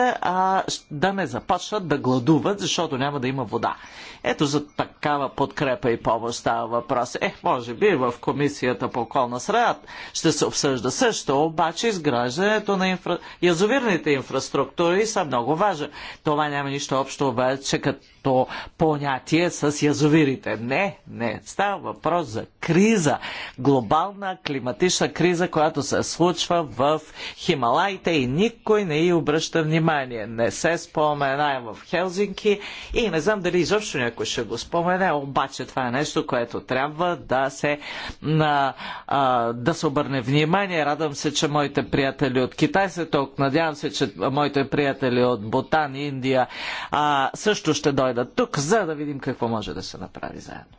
да не започнат да гладуват, защото няма да има вода. Ето за такава подкрепа и помощ става въпрос. Е, може би в Комисията по околна среда ще се обсъжда също, обаче изграждането на инфра... язовирните инфраструктури са много важни. Това няма нищо общо обаче като то понятие с язовирите. Не, не. Става въпрос за криза. Глобална климатична криза, която се случва в Хималаите и никой не й обръща внимание. Не се спомена в Хелзинки и не знам дали изобщо някой ще го спомене, обаче това е нещо, което трябва да се, на, а, да се обърне внимание. Радвам се, че моите приятели от Китай се, толкова. Надявам се, че моите приятели от Бутан, Индия а, също ще дойдат дойда тук, за да видим какво може да се направи заедно.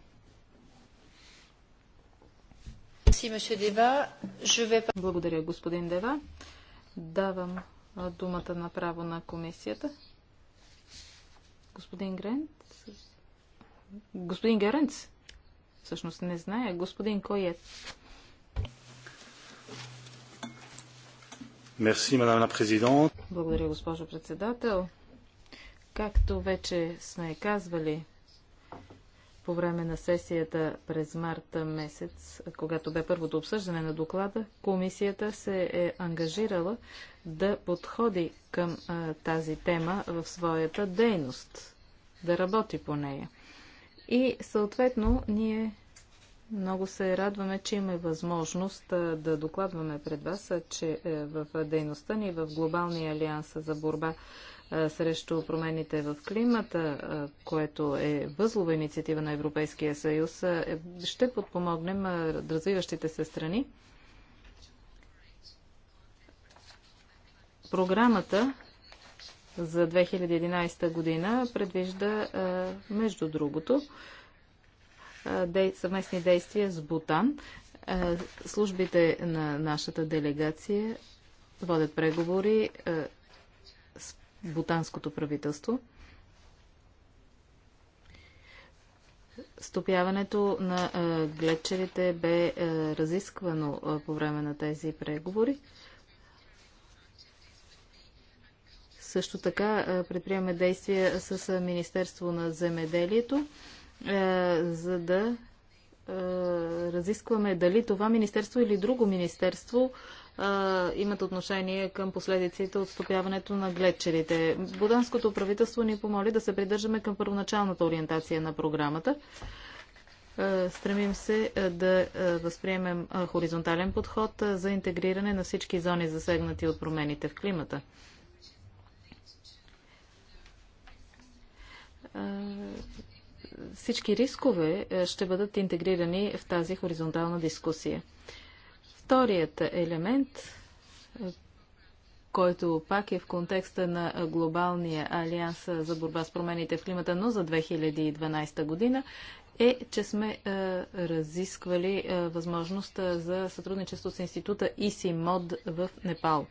Благодаря, господин Дева. Давам думата направо на комисията. Господин Грент? Господин Геренц? Всъщност не зная. Господин кой е? Благодаря, госпожо председател. Както вече сме казвали по време на сесията през марта месец, когато бе първото обсъждане на доклада, комисията се е ангажирала да подходи към а, тази тема в своята дейност, да работи по нея. И съответно ние много се радваме, че имаме възможност да докладваме пред вас, че е, в дейността ни в Глобалния алианс за борба срещу промените в климата, което е възлова инициатива на Европейския съюз, е, ще подпомогнем развиващите се страни. Програмата за 2011 година предвижда, между другото, съвместни действия с Бутан. Службите на нашата делегация водят преговори бутанското правителство. Стопяването на гледчерите бе разисквано по време на тези преговори. Също така предприемаме действия с Министерство на земеделието, за да разискваме дали това министерство или друго министерство а, имат отношение към последиците от стопяването на гледчерите. Буданското правителство ни помоли да се придържаме към първоначалната ориентация на програмата. Стремим се да възприемем хоризонтален подход за интегриране на всички зони, засегнати от промените в климата. Всички рискове ще бъдат интегрирани в тази хоризонтална дискусия. Вторият елемент, е, който пак е в контекста на глобалния алианс за борба с промените в климата, но за 2012 година, е, че сме е, разисквали е, възможността е, за сътрудничество с института ИСИМОД в Непал.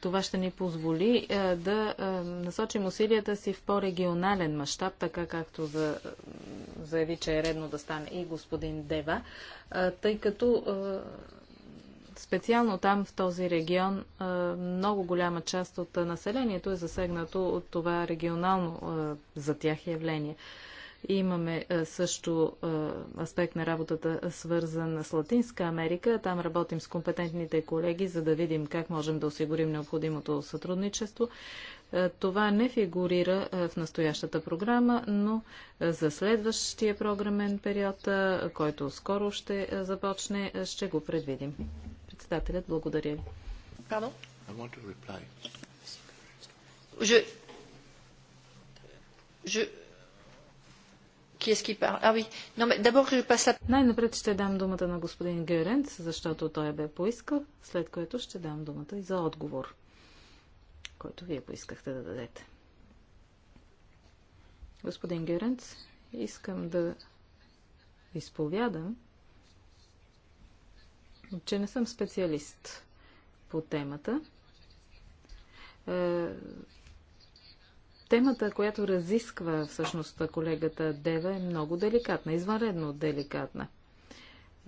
Това ще ни позволи е, да е, насочим усилията си в по-регионален мащаб, така както за, е, заяви, че е редно да стане и господин Дева, е, тъй като е, Специално там, в този регион, много голяма част от населението е засегнато от това регионално за тях явление. Имаме също аспект на работата, свързан с Латинска Америка. Там работим с компетентните колеги, за да видим как можем да осигурим необходимото сътрудничество. Това не фигурира в настоящата програма, но за следващия програмен период, който скоро ще започне, ще го предвидим. Председателят, благодаря ви. Je... Je... Ah Най-напред ще дам думата на господин Геренц, защото той бе поискал, след което ще дам думата и за отговор, който вие поискахте да дадете. Господин Геренц, искам да изповядам че не съм специалист по темата. Е, темата, която разисква всъщност колегата Дева е много деликатна, извънредно деликатна.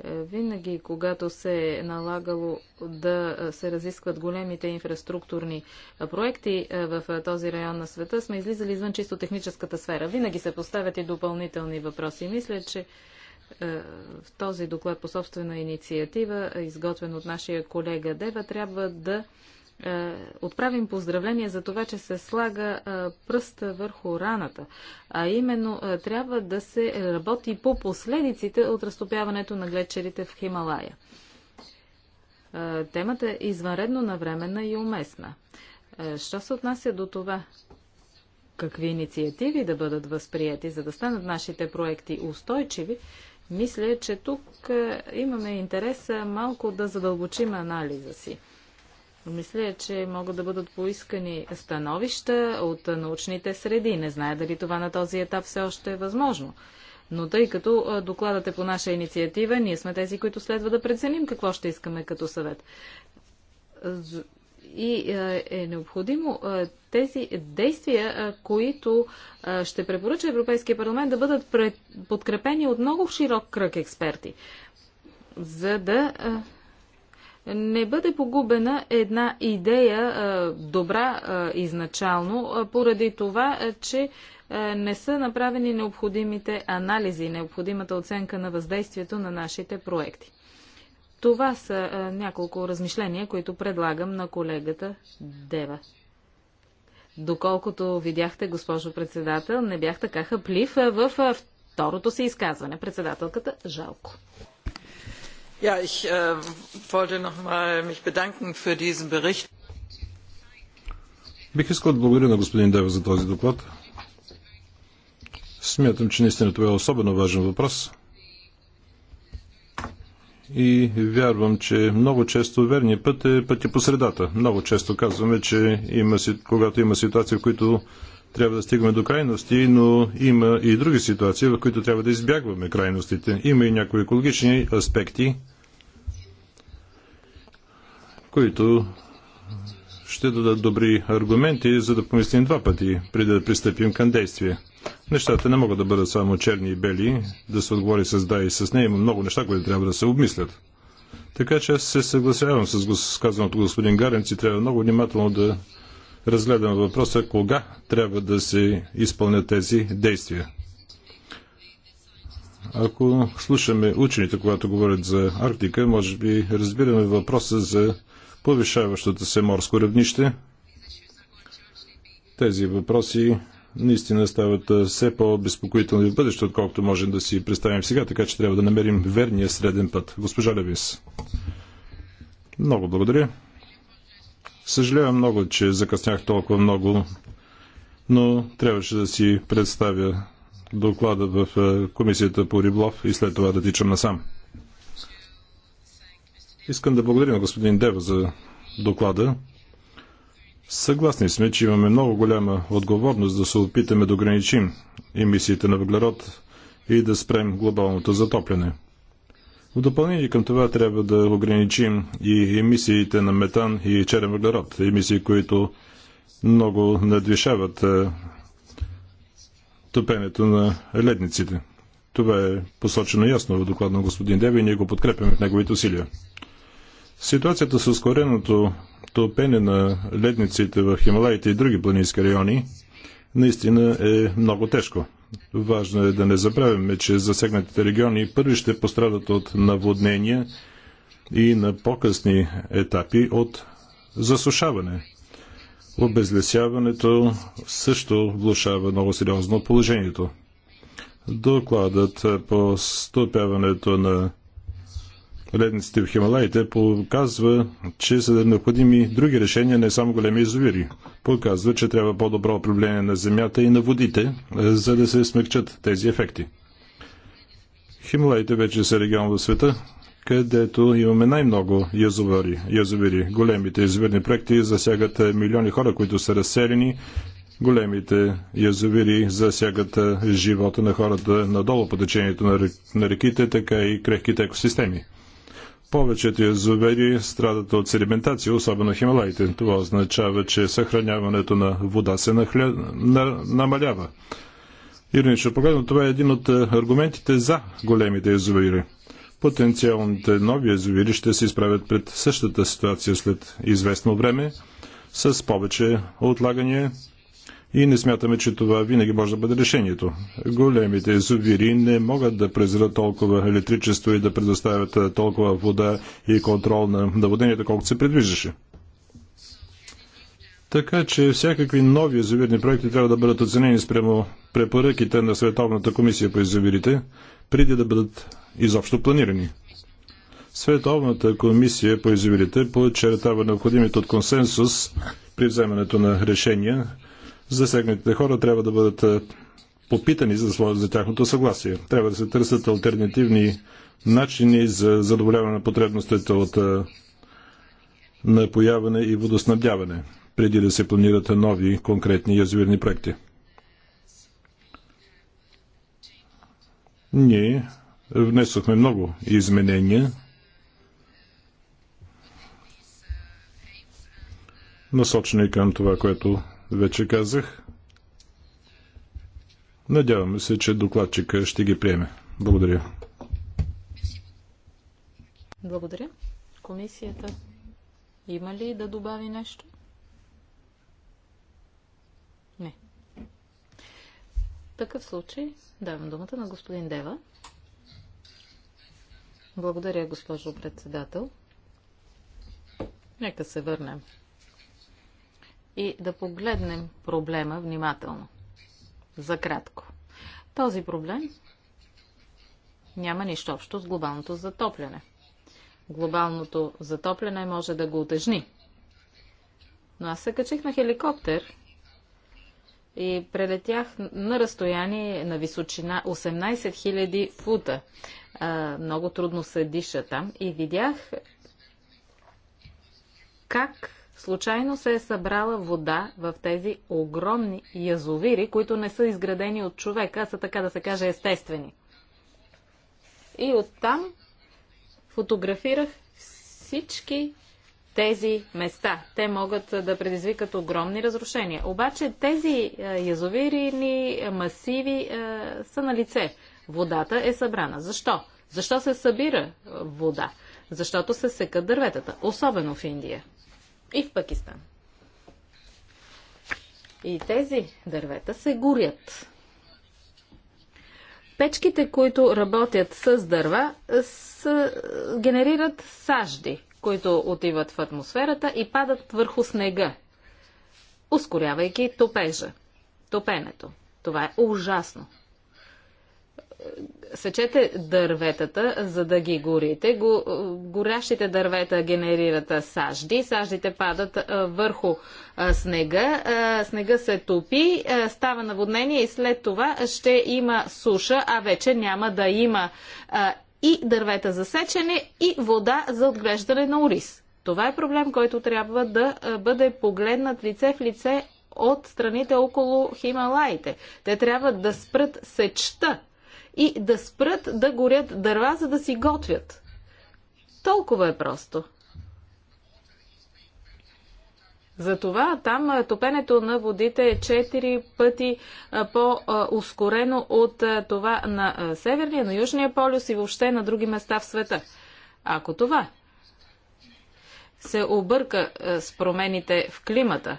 Е, винаги, когато се е налагало да се разискват големите инфраструктурни проекти е, в този район на света, сме излизали извън чисто техническата сфера. Винаги се поставят и допълнителни въпроси. Мисля, че е, в този доклад по собствена инициатива, изготвен от нашия колега Дева, трябва да е, отправим поздравление за това, че се слага е, пръста върху раната. А именно трябва да се работи по последиците от разтопяването на глечерите в Хималая. Темата е извънредно навременна и уместна. Що се отнася до това? Какви инициативи да бъдат възприяти, за да станат нашите проекти устойчиви? Мисля, че тук е, имаме интерес е, малко да задълбочим анализа си. Мисля, че могат да бъдат поискани становища от научните среди. Не знае дали това на този етап все още е възможно. Но тъй като е, докладът е по наша инициатива, ние сме тези, които следва да преценим какво ще искаме като съвет. И е, е необходимо е, тези действия, е, които ще препоръча Европейския парламент да бъдат подкрепени от много широк кръг експерти, за да не бъде погубена една идея добра изначално, поради това, че не са направени необходимите анализи, необходимата оценка на въздействието на нашите проекти. Това са а, няколко размишления, които предлагам на колегата Дева. Доколкото видяхте, госпожо председател, не бях така хъплив в второто си изказване. Председателката жалко. Ja, ich äh, wollte noch mal mich bedanken für diesen Bericht. Бих искал да благодаря на господин Дева за този доклад. Смятам, че наистина това е особено важен въпрос – и вярвам, че много често верният път е пътя по средата. Много често казваме, че има, когато има ситуации, в които трябва да стигаме до крайности, но има и други ситуации, в които трябва да избягваме крайностите. Има и някои екологични аспекти, които ще дадат добри аргументи, за да помислим два пъти, преди да пристъпим към действие. Нещата не могат да бъдат само черни и бели, да се отговори с да и с не. Има много неща, които трябва да се обмислят. Така че аз се съгласявам с казаното господин Гаренци. и трябва много внимателно да разгледам въпроса кога трябва да се изпълнят тези действия. Ако слушаме учените, когато говорят за Арктика, може би разбираме въпроса за повишаващото се морско равнище. Тези въпроси наистина стават все по-безпокоителни в бъдеще, отколкото можем да си представим сега, така че трябва да намерим верния среден път. Госпожа Левис. Много благодаря. Съжалявам много, че закъснях толкова много, но трябваше да си представя доклада в Комисията по Риблов и след това да тичам насам. Искам да благодаря на господин Дева за доклада. Съгласни сме, че имаме много голяма отговорност да се опитаме да ограничим емисиите на въглерод и да спрем глобалното затопляне. В допълнение към това трябва да ограничим и емисиите на метан и черен въглерод, емисии, които много надвишават е, топенето на ледниците. Това е посочено ясно в доклад на господин Деви и ние го подкрепяме в неговите усилия. Ситуацията с ускореното пене на ледниците в Хималаите и други планински райони наистина е много тежко. Важно е да не забравяме, че засегнатите региони първи ще пострадат от наводнения и на по-късни етапи от засушаване. Обезлесяването също влушава много сериозно положението. Докладът по стопяването на ледниците в Хималаите показва, че са необходими други решения, не само големи изовири. Показва, че трябва по-добро управление на земята и на водите, е, за да се смягчат тези ефекти. Хималаите вече са регион в света, където имаме най-много язовири, язовири. Големите язовирни проекти засягат е, милиони хора, които са разселени. Големите язовири засягат е, живота на хората надолу по течението на реките, така и крехките екосистеми. Повечето язовери страдат от седиментация, особено хималаите. Това означава, че съхраняването на вода се нахля... на... намалява. Иронично погледно, това е един от е, аргументите за големите язовири. Потенциалните нови язовири ще се изправят пред същата ситуация след известно време, с повече отлагания и не смятаме, че това винаги може да бъде решението. Големите езовири не могат да презират толкова електричество и да предоставят толкова вода и контрол на наводнението, колкото се предвиждаше. Така че всякакви нови езовирни проекти трябва да бъдат оценени спрямо препоръките на Световната комисия по езовирите, преди да бъдат изобщо планирани. Световната комисия по езовирите подчертава необходимите от консенсус при вземането на решения засегнатите хора трябва да бъдат е, попитани за, свое, за тяхното съгласие. Трябва да се търсят альтернативни начини за задоволяване на потребностите от е, напояване и водоснабдяване, преди да се планират нови конкретни язовирни проекти. Ние внесохме много изменения, насочени към това, което вече казах. Надяваме се, че докладчика ще ги приеме. Благодаря. Благодаря. Комисията има ли да добави нещо? Не. В такъв случай давам думата на господин Дева. Благодаря, госпожо председател. Нека се върнем и да погледнем проблема внимателно. За кратко. Този проблем няма нищо общо с глобалното затопляне. Глобалното затопляне може да го отежни. Но аз се качих на хеликоптер и прелетях на разстояние на височина 18 000 фута. А, много трудно се диша там и видях как случайно се е събрала вода в тези огромни язовири, които не са изградени от човека, а са така да се каже естествени. И оттам фотографирах всички тези места. Те могат да предизвикат огромни разрушения. Обаче тези е, язовирини е, масиви е, са на лице. Водата е събрана. Защо? Защо се събира вода? Защото се секат дърветата, особено в Индия и в Пакистан. И тези дървета се горят. Печките, които работят с дърва, с... Е, генерират сажди, които отиват в атмосферата и падат върху снега, ускорявайки топежа, топенето. Това е ужасно сечете дърветата, за да ги горите. Го, горящите дървета генерират сажди. Саждите падат а, върху а, снега. А, снега се топи, а, става наводнение и след това ще има суша, а вече няма да има а, и дървета за сечене, и вода за отглеждане на ориз. Това е проблем, който трябва да бъде погледнат лице в лице от страните около Хималаите. Те трябва да спрат сечта и да спрат да горят дърва, за да си готвят. Толкова е просто. Затова там топенето на водите е 4 пъти по-ускорено от това на Северния, на Южния полюс и въобще на други места в света. Ако това се обърка с промените в климата,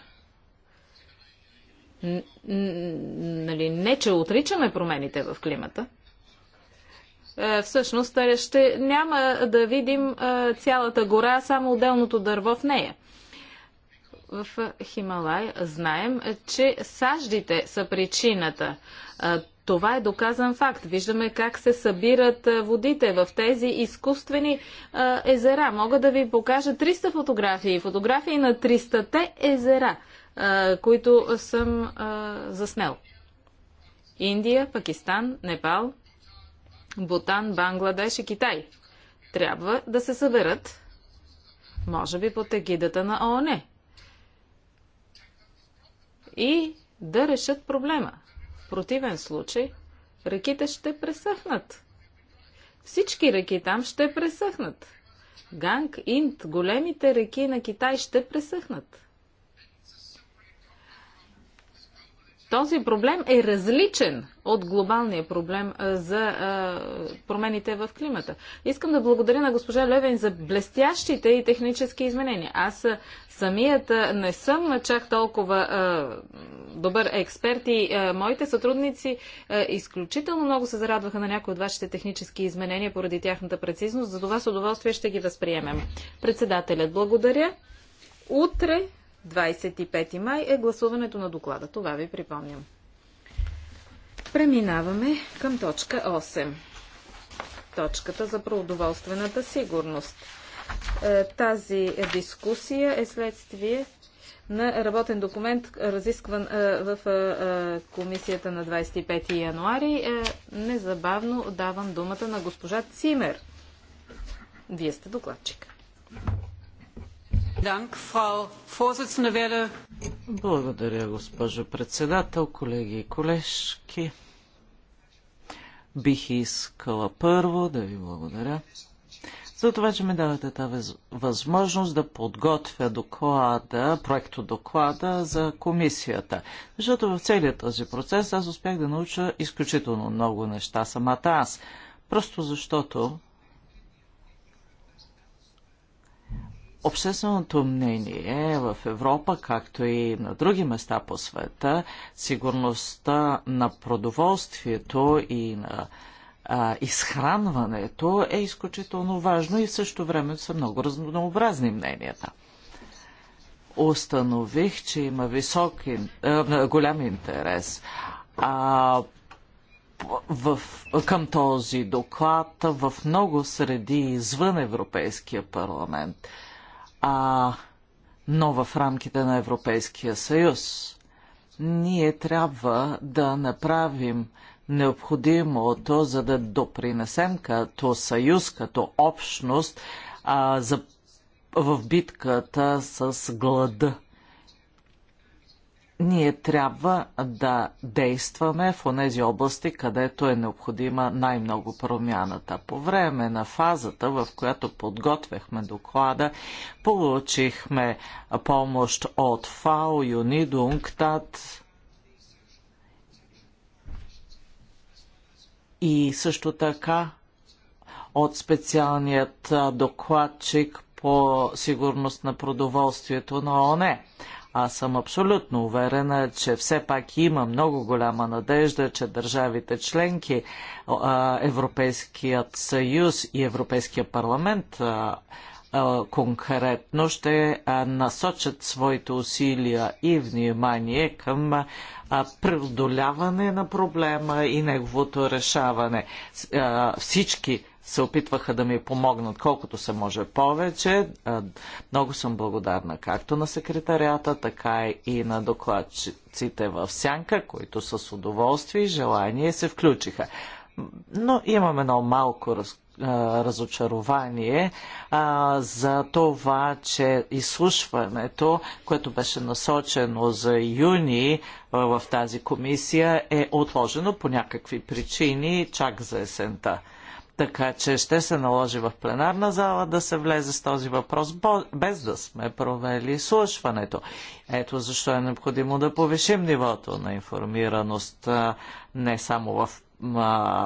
нали, не че отричаме промените в климата, е, всъщност е, ще няма да видим е, цялата гора, само отделното дърво в нея. В Хималай знаем, че саждите са причината. Това е доказан факт. Виждаме как се събират водите в тези изкуствени езера. Мога да ви покажа 300 фотографии. Фотографии на 300-те езера, които съм заснел. Индия, Пакистан, Непал, Бутан, Бангладеш и Китай трябва да се съберат, може би под егидата на ООН, и да решат проблема. В противен случай реките ще пресъхнат. Всички реки там ще пресъхнат. Ганг, Инт, големите реки на Китай ще пресъхнат. Този проблем е различен от глобалния проблем за промените в климата. Искам да благодаря на госпожа Левен за блестящите и технически изменения. Аз самият не съм чак толкова добър експерт и моите сътрудници изключително много се зарадваха на някои от вашите технически изменения поради тяхната прецизност. За това с удоволствие ще ги възприемем. Председателят, благодаря. Утре 25 май е гласуването на доклада. Това ви припомням. Преминаваме към точка 8. Точката за продоволствената сигурност. Е, тази дискусия е следствие на работен документ, разискван е, в е, комисията на 25 януари. Незабавно давам думата на госпожа Цимер. Вие сте докладчик. Благодаря, госпожо председател, колеги и колежки. Бих искала първо да ви благодаря за това, че ми давате тази възможност да подготвя доклада, проекто доклада за комисията. Защото в целият този процес аз успях да науча изключително много неща самата аз. Просто защото Общественото мнение в Европа, както и на други места по света, сигурността на продоволствието и на а, изхранването е изключително важно и в същото време са много разнообразни мненията. Установих, че има висок, а, голям интерес а, в, към този доклад в много среди извън Европейския парламент а, но в рамките на Европейския съюз. Ние трябва да направим необходимото, за да допринесем като съюз, като общност а, за, в битката с глада ние трябва да действаме в онези области, където е необходима най-много промяната. По време на фазата, в която подготвяхме доклада, получихме помощ от ФАО, ЮНИД, Унктат. и също така от специалният докладчик по сигурност на продоволствието на ОНЕ. Аз съм абсолютно уверена, че все пак има много голяма надежда, че държавите членки, Европейският съюз и Европейския парламент конкретно ще насочат своите усилия и внимание към преодоляване на проблема и неговото решаване. Всички се опитваха да ми помогнат колкото се може повече. Много съм благодарна както на секретарията, така и на докладчиците в Сянка, които с удоволствие и желание се включиха. Но имам едно малко раз, разочарование а, за това, че изслушването, което беше насочено за юни в тази комисия, е отложено по някакви причини чак за есента така че ще се наложи в пленарна зала да се влезе с този въпрос, без да сме провели слушването. Ето защо е необходимо да повишим нивото на информираност не само в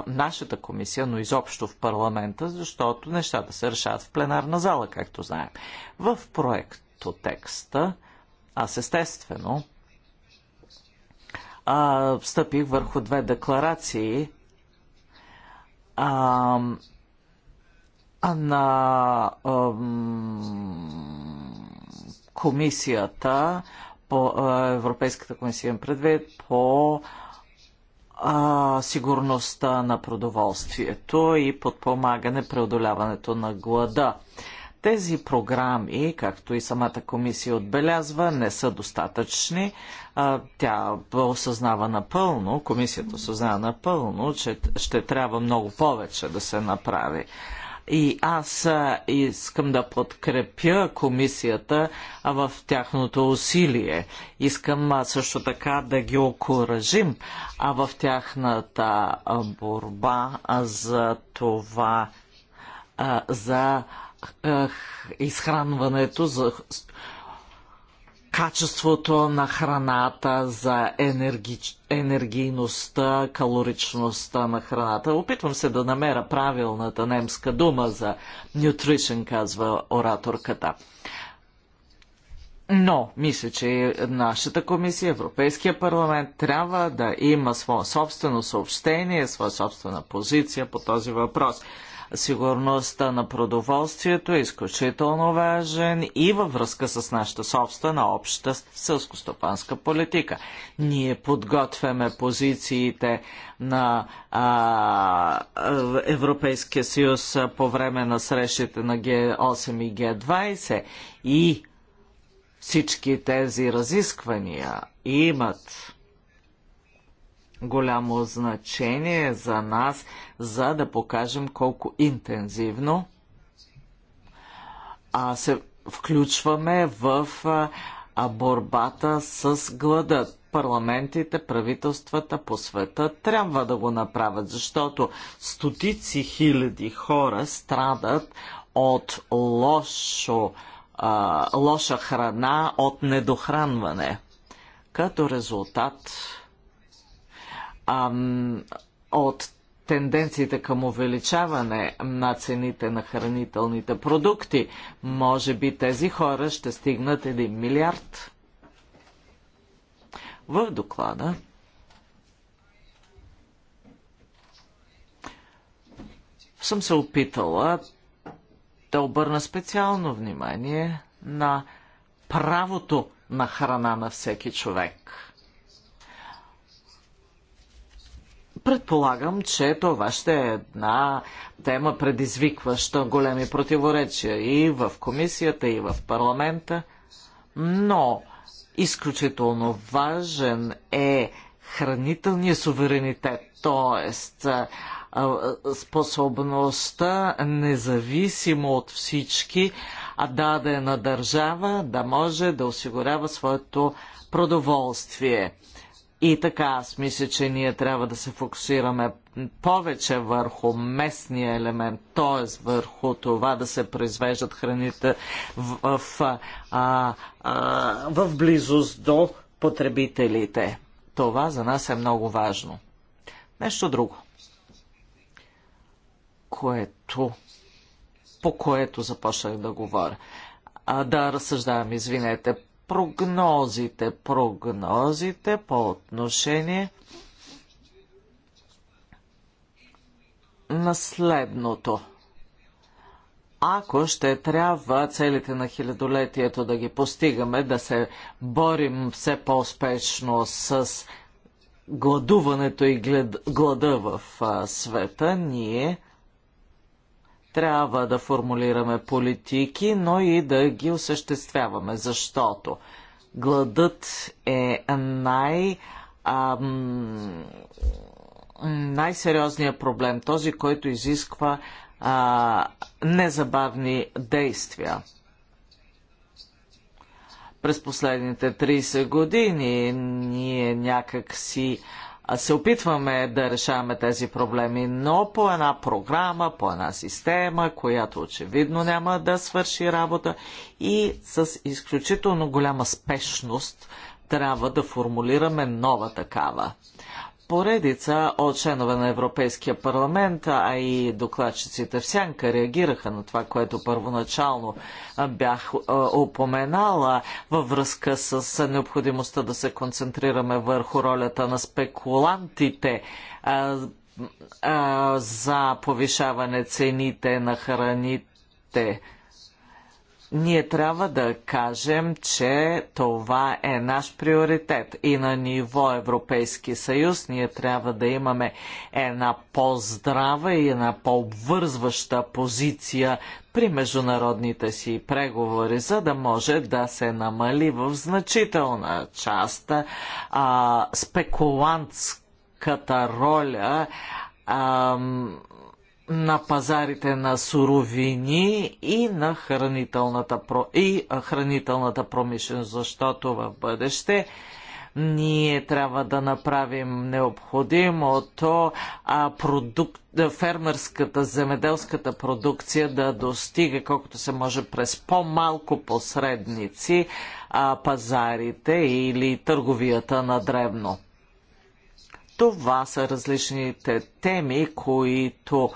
нашата комисия, но изобщо в парламента, защото нещата се решават в пленарна зала, както знаем. В проекто текста, аз естествено, стъпих върху две декларации а, на а, комисията по а, Европейската комисия предвид по а, сигурността на продоволствието и подпомагане преодоляването на глада. Тези програми, както и самата комисия отбелязва, не са достатъчни. Тя осъзнава напълно, комисията осъзнава напълно, че ще трябва много повече да се направи. И аз искам да подкрепя комисията в тяхното усилие. Искам също така да ги окоръжим в тяхната борба за това, за изхранването, за качеството на храната, за енерги... енергийността, калоричността на храната. Опитвам се да намеря правилната немска дума за nutrition, казва ораторката. Но, мисля, че нашата комисия, Европейския парламент, трябва да има свое собствено съобщение, своя собствена позиция по този въпрос. Сигурността на продоволствието е изключително важен и във връзка с нашата собствена обща сълскостопанска политика. Ние подготвяме позициите на а, Европейския съюз по време на срещите на Г8 и Г20 и всички тези разисквания имат голямо значение за нас, за да покажем колко интензивно а, се включваме в а, борбата с глада. Парламентите, правителствата по света трябва да го направят, защото стотици хиляди хора страдат от лошо, а, лоша храна, от недохранване. Като резултат ам, от тенденциите към увеличаване на цените на хранителните продукти. Може би тези хора ще стигнат 1 милиард. В доклада съм се опитала да обърна специално внимание на правото на храна на всеки човек – Предполагам, че това ще е една тема предизвикваща големи противоречия и в комисията, и в парламента, но изключително важен е хранителният суверенитет, т.е. способността, независимо от всички, а дадена държава да може да осигурява своето продоволствие. И така, аз мисля, че ние трябва да се фокусираме повече върху местния елемент, т.е. върху това да се произвеждат храните в, в, а, а, в близост до потребителите. Това за нас е много важно. Нещо друго, което, по което започнах да говоря. А, да разсъждавам, извинете, прогнозите. Прогнозите по отношение на следното. Ако ще трябва целите на хилядолетието да ги постигаме, да се борим все по-успешно с гладуването и глед... глада в а, света, ние трябва да формулираме политики, но и да ги осъществяваме, защото гладът е най- ам, най-сериозният проблем, този, който изисква а, незабавни действия. През последните 30 години ние някак си се опитваме да решаваме тези проблеми, но по една програма, по една система, която очевидно няма да свърши работа и с изключително голяма спешност трябва да формулираме нова такава поредица от членове на Европейския парламент, а и докладчиците в Сянка реагираха на това, което първоначално бях упоменала във връзка с необходимостта да се концентрираме върху ролята на спекулантите за повишаване цените на храните ние трябва да кажем, че това е наш приоритет и на ниво Европейски съюз ние трябва да имаме една по-здрава и една по-обвързваща позиция при международните си преговори, за да може да се намали в значителна част а, спекулантската роля на пазарите на суровини и на хранителната, и хранителната промишленост, защото в бъдеще ние трябва да направим необходимото, а продук... фермерската, земеделската продукция да достига колкото се може през по-малко посредници а, пазарите или търговията на древно. Това са различните теми, които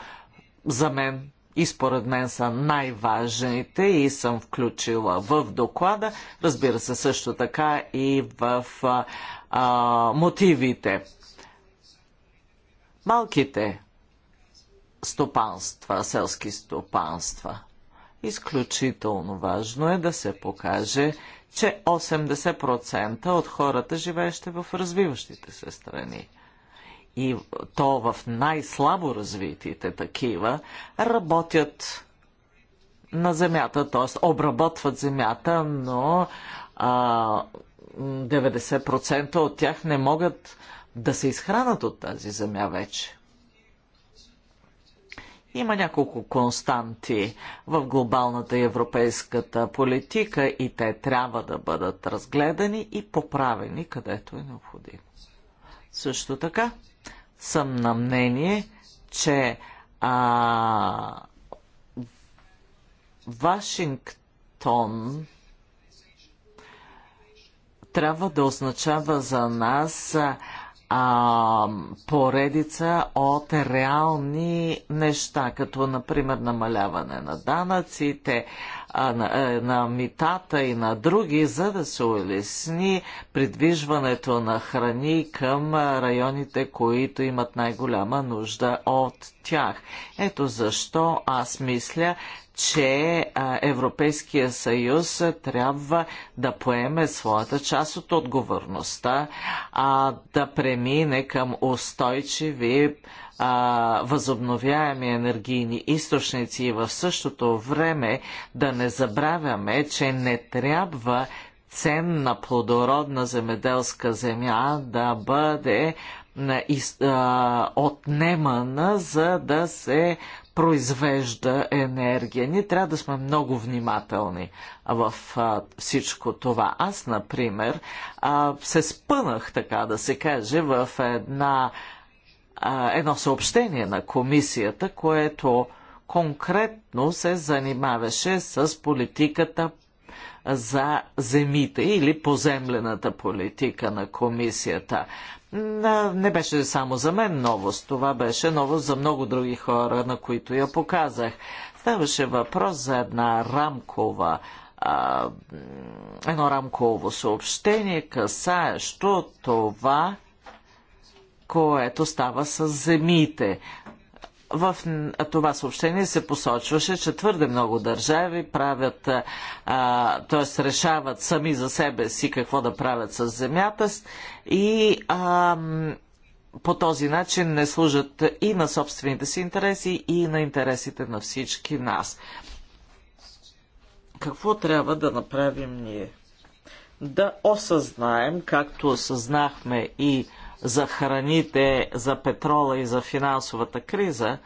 за мен и според мен са най-важните и съм включила в доклада, разбира се също така и в а, а, мотивите. Малките стопанства, селски стопанства. Изключително важно е да се покаже, че 80% от хората, живеещи в развиващите се страни, и то в най-слабо развитите такива, работят на земята, т.е. обработват земята, но а, 90% от тях не могат да се изхранат от тази земя вече. Има няколко константи в глобалната европейската политика и те трябва да бъдат разгледани и поправени където е необходимо. Също така, съм на мнение, че а, Вашингтон трябва да означава за нас а, поредица от реални неща, като например намаляване на данъците, а, на, е, на митата и на други, за да се улесни придвижването на храни към районите, които имат най-голяма нужда от тях. Ето защо аз мисля, че Европейския съюз трябва да поеме своята част от отговорността, а да премине към устойчиви а, възобновяеми енергийни източници и в същото време да не забравяме, че не трябва ценна плодородна земеделска земя да бъде из, а, отнемана, за да се произвежда енергия. Ние трябва да сме много внимателни в а, всичко това. Аз, например, а, се спънах, така да се каже, в една едно съобщение на комисията, което конкретно се занимаваше с политиката за земите или поземлената политика на комисията. Не беше само за мен новост, това беше новост за много други хора, на които я показах. Ставаше въпрос за една рамкова а, едно рамково съобщение, касаещо това което става с земите. В това съобщение се посочваше, че твърде много държави правят, т.е. решават сами за себе си какво да правят с земята и а, по този начин не служат и на собствените си интереси, и на интересите на всички нас. Какво трябва да направим ние? Да осъзнаем, както осъзнахме и за храните, за петрола и за финансовата криза,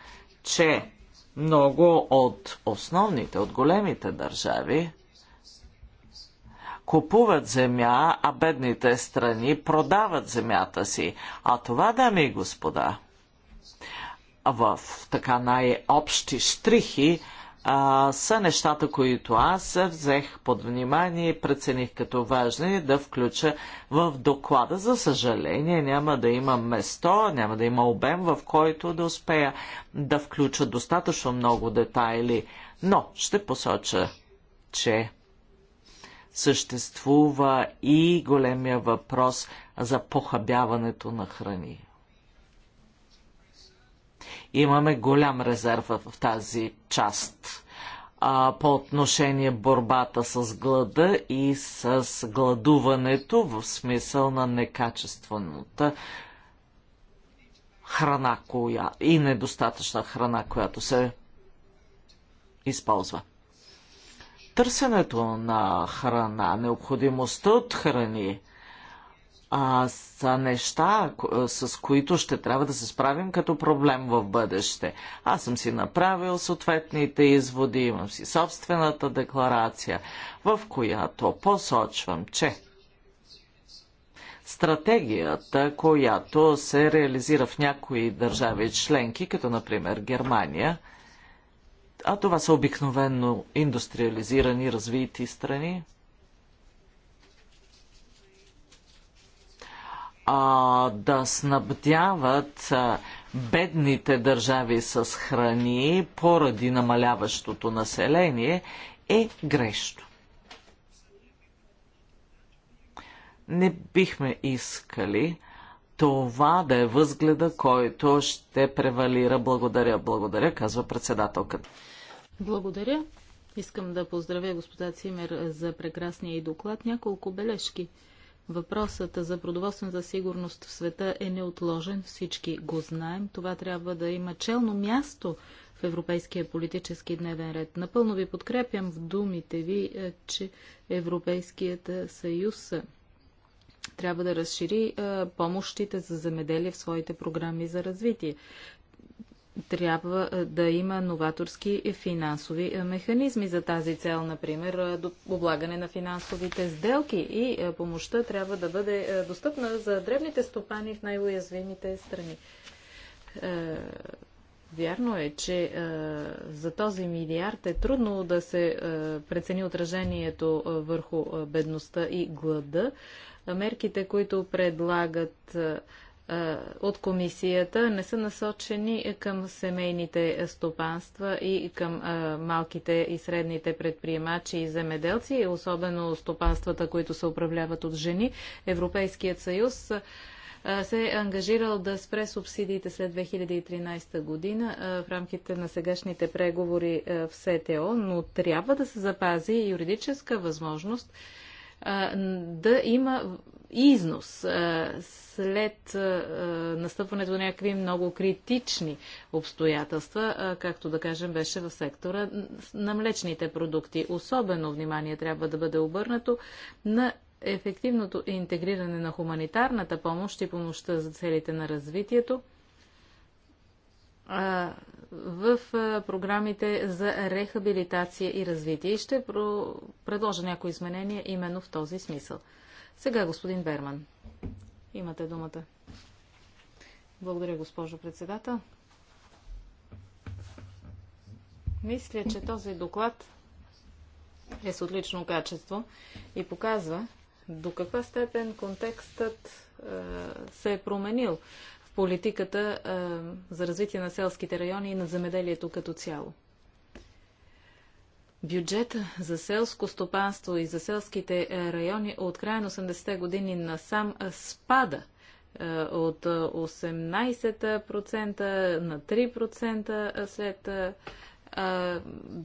че много от основните, от големите държави купуват земя, а бедните страни продават земята си. А това, дами и господа, в така най-общи штрихи а, са нещата, които аз взех под внимание и прецених като важни да включа в доклада. За съжаление няма да има место, няма да има обем, в който да успея да включа достатъчно много детайли, но ще посоча, че съществува и големия въпрос за похабяването на храни имаме голям резерв в тази част а, по отношение борбата с глада и с гладуването в смисъл на некачествената храна коя, и недостатъчна храна, която се използва. Търсенето на храна, необходимостта от храни а, са неща, с които ще трябва да се справим като проблем в бъдеще. Аз съм си направил съответните изводи, имам си собствената декларация, в която посочвам, че стратегията, която се реализира в някои държави членки, като например Германия, а това са обикновенно индустриализирани, развити страни, а, да снабдяват а, бедните държави с храни поради намаляващото население е грешно. Не бихме искали това да е възгледа, който ще превалира. Благодаря, благодаря, казва председателката. Благодаря. Искам да поздравя господа Цимер за прекрасния и доклад. Няколко бележки. Въпросът за продоволствената сигурност в света е неотложен, всички го знаем. Това трябва да има челно място в европейския политически дневен ред. Напълно ви подкрепям в думите ви, е, че Европейският съюз трябва да разшири е, помощите за земеделие в своите програми за развитие трябва е, да има новаторски финансови е, механизми за тази цел, например е, облагане на финансовите сделки и помощта трябва да бъде достъпна за древните стопани в най-уязвимите страни. Вярно е, че е, за този милиард е трудно да се е, прецени отражението е, върху бедността и глада. Мерките, които предлагат от комисията не са насочени към семейните стопанства и към малките и средните предприемачи и земеделци, особено стопанствата, които се управляват от жени. Европейският съюз се е ангажирал да спре субсидиите след 2013 година в рамките на сегашните преговори в СТО, но трябва да се запази юридическа възможност да има износ. След настъпването на някакви много критични обстоятелства, както да кажем беше в сектора на млечните продукти. Особено внимание трябва да бъде обърнато на ефективното интегриране на хуманитарната помощ и помощта за целите на развитието в програмите за рехабилитация и развитие. И ще предложа някои изменения именно в този смисъл. Сега, господин Берман, имате думата. Благодаря, госпожо председател. Мисля, че този доклад е с отлично качество и показва до каква степен контекстът е, се е променил в политиката е, за развитие на селските райони и на земеделието като цяло. Бюджета за селско стопанство и за селските е, райони от края на 80-те години насам е, спада е, от 18% на 3% след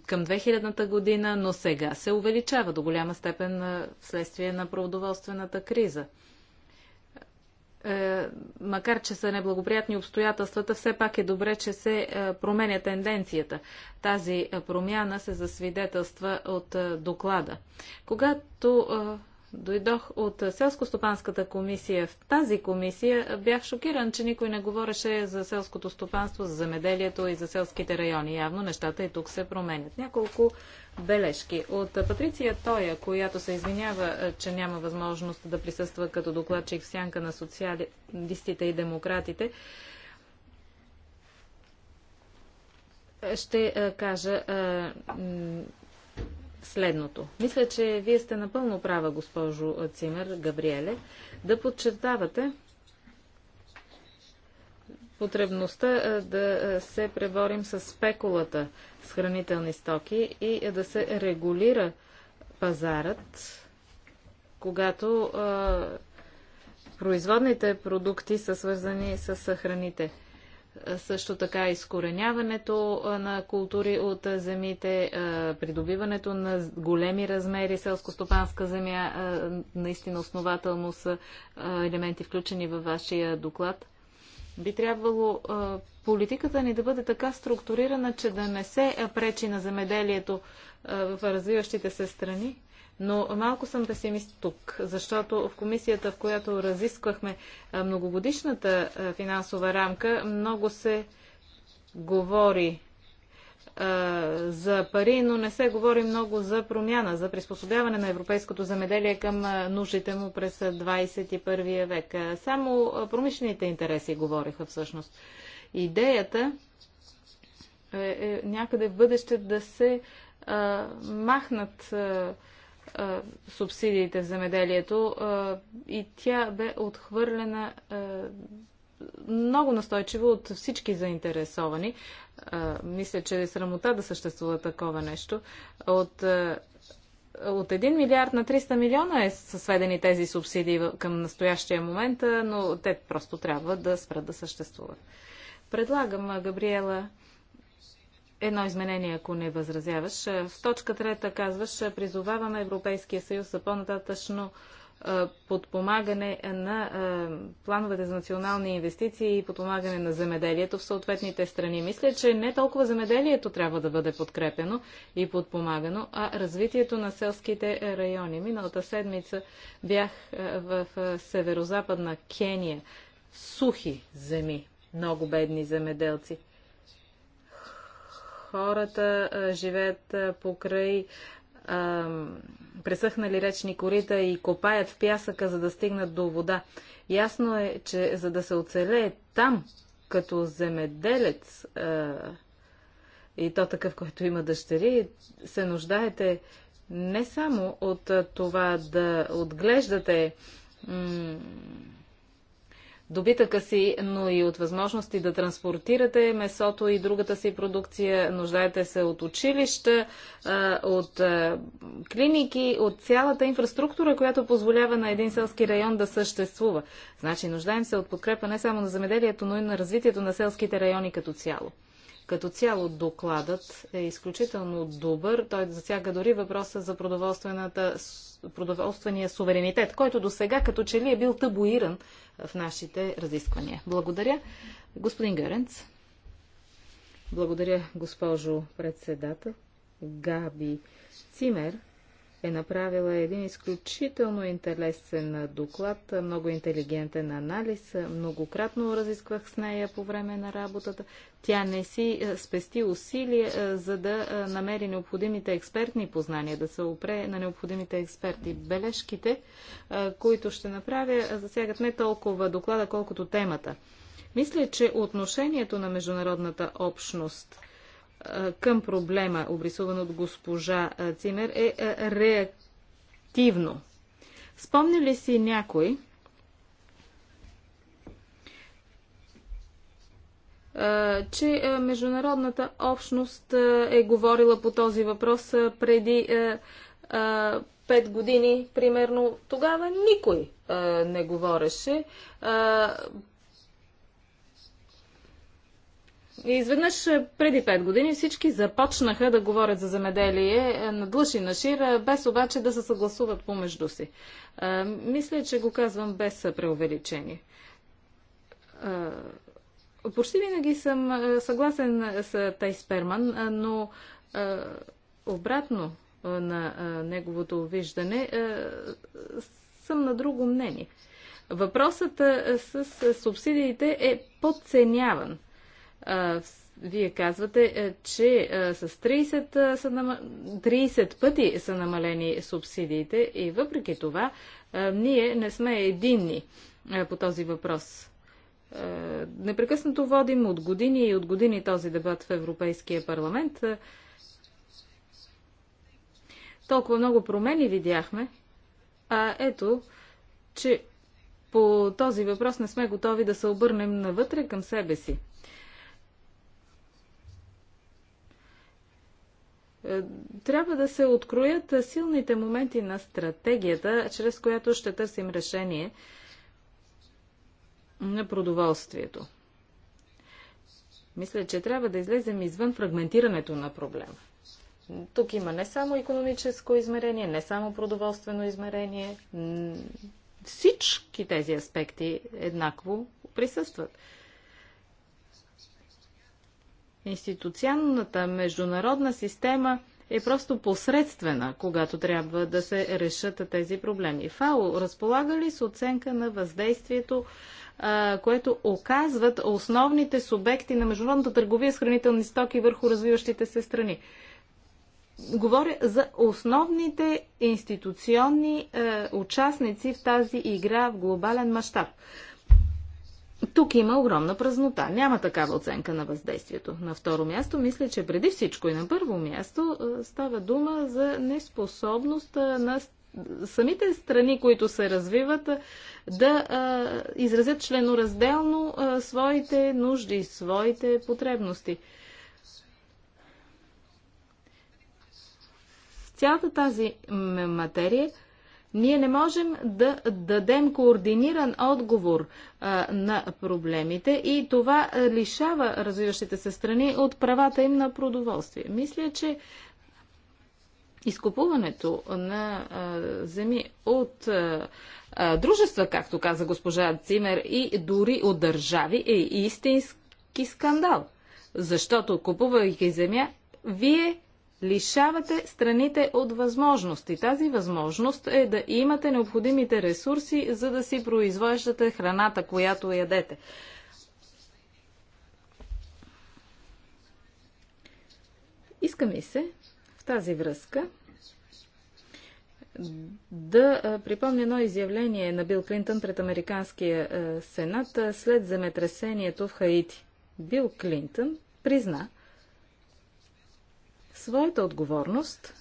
към 2000-та година, но сега се увеличава до голяма степен вследствие на продоволствената криза. Е, макар че са неблагоприятни обстоятелствата, все пак е добре, че се е, променя тенденцията. Тази е, промяна се засвидетелства от доклада. Когато дойдох от Селско-стопанската комисия в тази комисия, бях шокиран, че никой не говореше за селското стопанство, за земеделието и за селските райони. Явно нещата и тук се променят. Няколко бележки. От Патриция Тоя, която се извинява, е, че няма възможност да присъства като докладчик в сянка на социалистите и демократите, ще е, кажа е, следното. Мисля, че вие сте напълно права, госпожо Цимер, Габриеле, да подчертавате потребността да се преборим с спекулата с хранителни стоки и да се регулира пазарът, когато производните продукти са свързани с храните също така изкореняването на култури от земите, придобиването на големи размери селско-стопанска земя, наистина основателно са елементи включени във вашия доклад. Би трябвало политиката ни да бъде така структурирана, че да не се пречи на земеделието в развиващите се страни, но малко съм песимист тук, защото в комисията, в която разисквахме многогодишната финансова рамка, много се говори за пари, но не се говори много за промяна, за приспособяване на европейското замеделие към нуждите му през 21 век. Само промишлените интереси говориха всъщност. Идеята е, е някъде в бъдеще да се а, махнат а, а, субсидиите в земеделието а, и тя бе отхвърлена а, много настойчиво от всички заинтересовани. А, мисля, че е срамота да съществува такова нещо. От, а, от 1 милиард на 300 милиона е сведени тези субсидии към настоящия момент, но те просто трябва да спрат да съществуват. Предлагам, Габриела, Едно изменение, ако не възразяваш. Е, в точка трета казваш, е, призоваваме Европейския съюз за по-нататъчно е, подпомагане на плановете за национални инвестиции и подпомагане на земеделието в съответните страни. Мисля, че не толкова земеделието трябва да бъде подкрепено и подпомагано, а развитието на селските райони. Миналата седмица бях в северо-западна Кения. Сухи земи, много бедни земеделци хората живеят покрай пресъхнали речни корита и копаят в пясъка, за да стигнат до вода. Ясно е, че за да се оцелее там, като земеделец, и то такъв, който има дъщери, се нуждаете не само от това да отглеждате добитъка си, но и от възможности да транспортирате месото и другата си продукция. Нуждаете се от училища, от клиники, от цялата инфраструктура, която позволява на един селски район да съществува. Значи нуждаем се от подкрепа не само на замеделието, но и на развитието на селските райони като цяло. Като цяло докладът е изключително добър. Той засяга дори въпроса за продоволствената продоволствения суверенитет, който до сега като че ли е бил табуиран в нашите разисквания. Благодаря. Господин Гаренц. Благодаря, госпожо председател. Габи Цимер е направила един изключително интересен доклад, много интелигентен анализ. Многократно разисквах с нея по време на работата. Тя не си е, спести усилие, за да е, намери необходимите експертни познания, да се опре на необходимите експерти. Бележките, е, които ще направя, засягат не толкова доклада, колкото темата. Мисля, че отношението на международната общност – към проблема, обрисуван от госпожа Цимер, е реактивно. Спомня ли си някой, че международната общност е говорила по този въпрос преди пет години, примерно, тогава никой не говореше. И изведнъж е, преди 5 години всички започнаха да говорят за земеделие е, на длъж и на шир, е, без обаче да се съгласуват помежду си. А, мисля, че го казвам без преувеличение. А, почти винаги съм съгласен с Тайс Перман, но а, обратно на неговото виждане съм на друго мнение. Въпросът с субсидиите е подценяван – вие казвате, е, че с 30, са нам... 30 пъти са намалени субсидиите и въпреки това ние не сме единни по този въпрос. Непрекъснато водим от години и от години този дебат в Европейския парламент. Толкова много промени видяхме, а ето, че по този въпрос не сме готови да се обърнем навътре към себе си. Е, трябва да се откроят силните моменти на стратегията, чрез която ще търсим решение на продоволствието. Мисля, че трябва да излезем извън фрагментирането на проблема. Тук има не само економическо измерение, не само продоволствено измерение. Всички тези аспекти еднакво присъстват. Институционната международна система е просто посредствена, когато трябва да се решат тези проблеми. ФАО разполага ли с оценка на въздействието, което оказват основните субекти на международната търговия с хранителни стоки върху развиващите се страни? Говоря за основните институционни е, участници в тази игра в глобален мащаб. Тук има огромна празнота. Няма такава оценка на въздействието. На второ място, мисля, че преди всичко и на първо място става дума за неспособност на самите страни, които се развиват, да а, изразят членоразделно а, своите нужди, своите потребности. В цялата тази материя ние не можем да дадем координиран отговор а, на проблемите и това лишава развиващите се страни от правата им на продоволствие. Мисля, че изкупуването на а, земи от а, дружества, както каза госпожа Цимер, и дори от държави е истински скандал. Защото купувайки земя, вие лишавате страните от възможност. И тази възможност е да имате необходимите ресурси, за да си произвеждате храната, която ядете. Иска ми се в тази връзка да припомня едно изявление на Бил Клинтън пред Американския сенат след земетресението в Хаити. Бил Клинтън призна, своята отговорност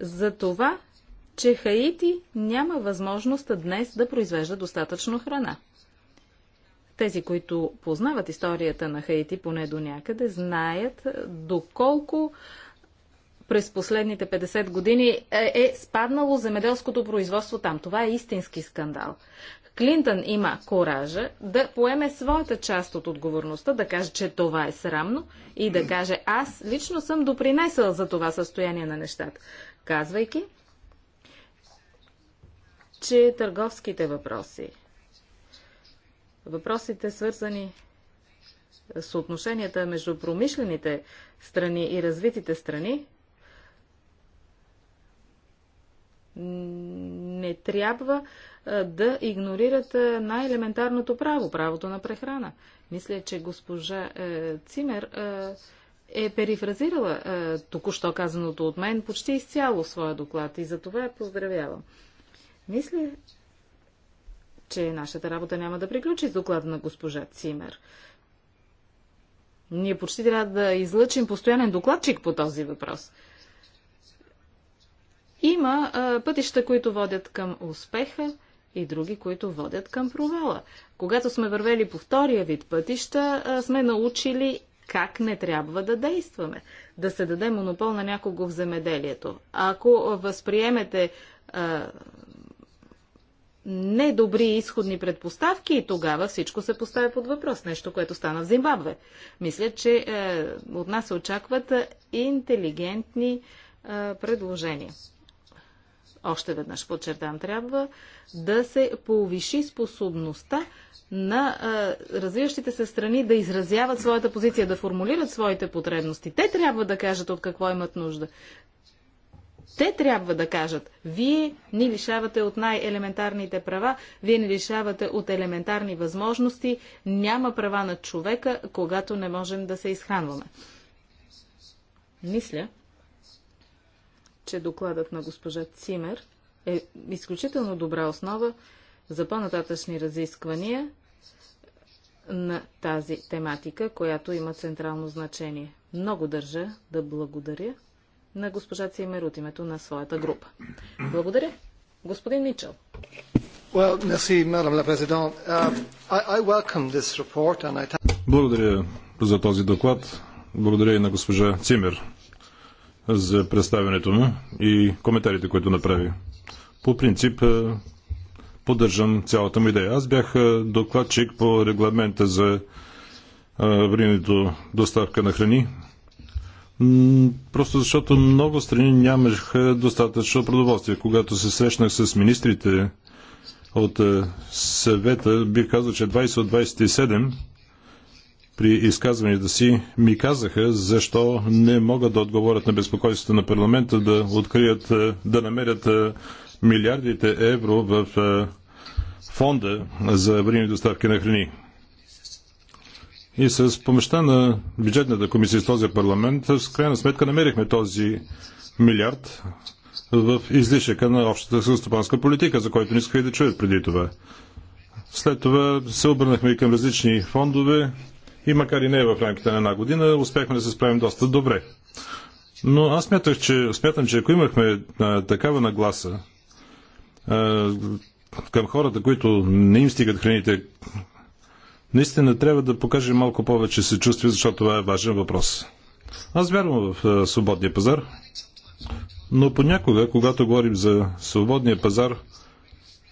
за това, че Хаити няма възможност днес да произвежда достатъчно храна. Тези, които познават историята на Хаити поне до някъде, знаят доколко през последните 50 години е, е спаднало земеделското производство там. Това е истински скандал. Клинтън има коража да поеме своята част от отговорността, да каже, че това е срамно и да каже, аз лично съм допринесъл за това състояние на нещата, казвайки, че търговските въпроси, въпросите свързани с отношенията между промишлените страни и развитите страни, не трябва да игнорират най-елементарното право, правото на прехрана. Мисля, че госпожа е, Цимер е перифразирала току-що казаното от мен почти изцяло своя доклад и за това я поздравявам. Мисля, че нашата работа няма да приключи с доклада на госпожа Цимер. Ние почти трябва да излъчим постоянен докладчик по този въпрос. Има а, пътища, които водят към успеха и други, които водят към провала. Когато сме вървели по втория вид пътища, сме научили как не трябва да действаме. Да се даде монопол на някого в земеделието. Ако възприемете а, недобри изходни предпоставки тогава всичко се поставя под въпрос. Нещо, което стана в Зимбабве. Мисля, че а, е, от нас се очакват е, интелигентни а, е, предложения още веднъж подчертан, трябва да се повиши способността на а, развиващите се страни да изразяват своята позиция, да формулират своите потребности. Те трябва да кажат от какво имат нужда. Те трябва да кажат, вие ни лишавате от най-елементарните права, вие ни лишавате от елементарни възможности, няма права на човека, когато не можем да се изхранваме. Мисля, че докладът на госпожа Цимер е изключително добра основа за по-нататъчни разисквания на тази тематика, която има централно значение. Много държа да благодаря на госпожа Цимер от името на своята група. Благодаря. Господин Мичел. Well, merci, uh, I, I I... Благодаря за този доклад. Благодаря и на госпожа Цимер за представянето му и коментарите, които направи. По принцип, е, поддържам цялата му идея. Аз бях е, докладчик по регламента за е, времето доставка на храни. Просто защото много страни нямаха достатъчно продоволствие. Когато се срещнах с министрите от съвета, бих казал, че 20 от 27 при изказванията си ми казаха защо не могат да отговорят на безпокойството на парламента да открият, е, да намерят е, милиардите евро в е, фонда за аварийни доставки на храни. И с помощта на бюджетната комисия с този парламент, с крайна сметка намерихме този милиард в излишъка на общата съступанска политика, за който не исках да чуят преди това. След това се обърнахме и към различни фондове, и макар и не е в рамките на една година, успяхме да се справим доста добре. Но аз смятах, че, смятам, че ако имахме а, такава нагласа а, към хората, които не им стигат храните, наистина трябва да покажем малко повече се чувства, защото това е важен въпрос. Аз вярвам в а, свободния пазар, но понякога, когато говорим за свободния пазар,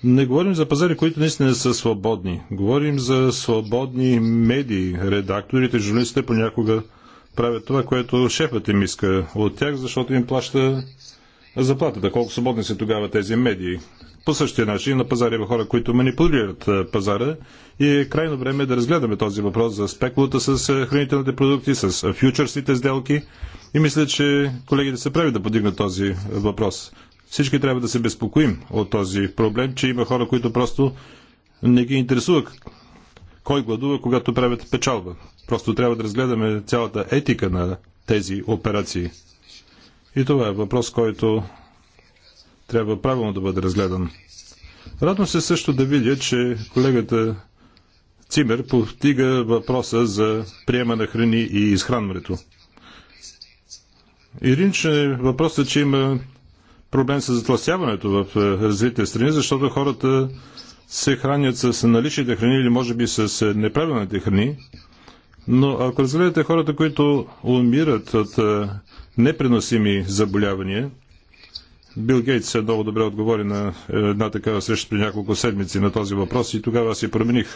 не говорим за пазари, които наистина са свободни. Говорим за свободни медии. Редакторите, журналистите понякога правят това, което шефът им иска от тях, защото им плаща заплатата. Колко свободни са тогава тези медии. По същия начин на пазари има хора, които манипулират пазара и е крайно време да разгледаме този въпрос за спекулата с хранителните продукти, с фьючерсните сделки и мисля, че колегите се прави да подигнат този въпрос. Всички трябва да се безпокоим от този проблем, че има хора, които просто не ги интересува кой гладува, когато правят печалба. Просто трябва да разгледаме цялата етика на тези операции. И това е въпрос, който трябва правилно да бъде разгледан. Радно се също да видя, че колегата Цимер повтига въпроса за приема на храни и изхранването. Иринчен е въпросът, че има проблем с затластяването в е, развитите страни, защото хората се хранят с наличните храни или може би с е, неправилните храни. Но ако разгледате хората, които умират от е, непреносими заболявания, Бил Гейтс е много добре отговори на една такава среща при няколко седмици на този въпрос и тогава си промених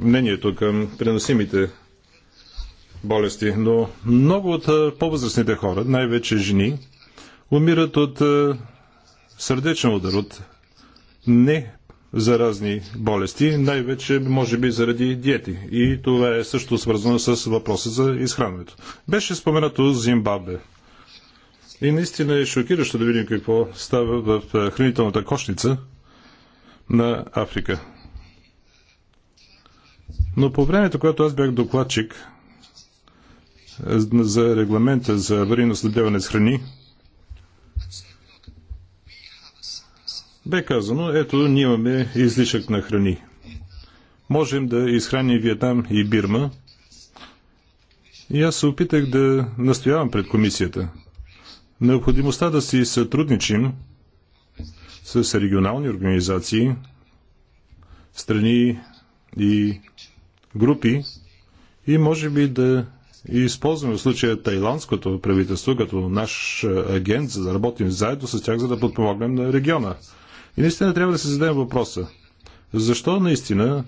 мнението към преносимите болести. Но много от по-възрастните хора, най-вече жени, умират от е, сърдечен удар, от не заразни болести, най-вече може би заради диети. И това е също свързано с въпроса за изхранването. Беше споменато Зимбабве. И наистина е шокиращо да видим какво става в е, хранителната кошница на Африка. Но по времето, когато аз бях докладчик е, за регламента за аварийно следяване с храни, Бе казано, ето, ние имаме излишък на храни. Можем да изхраним Виетнам и Бирма. И аз се опитах да настоявам пред комисията. Необходимостта да си сътрудничим с регионални организации, страни и групи и може би да използваме в случая тайландското правителство като наш агент, за да работим заедно с тях, за да подпомогнем на региона. И наистина трябва да се зададем въпроса. Защо наистина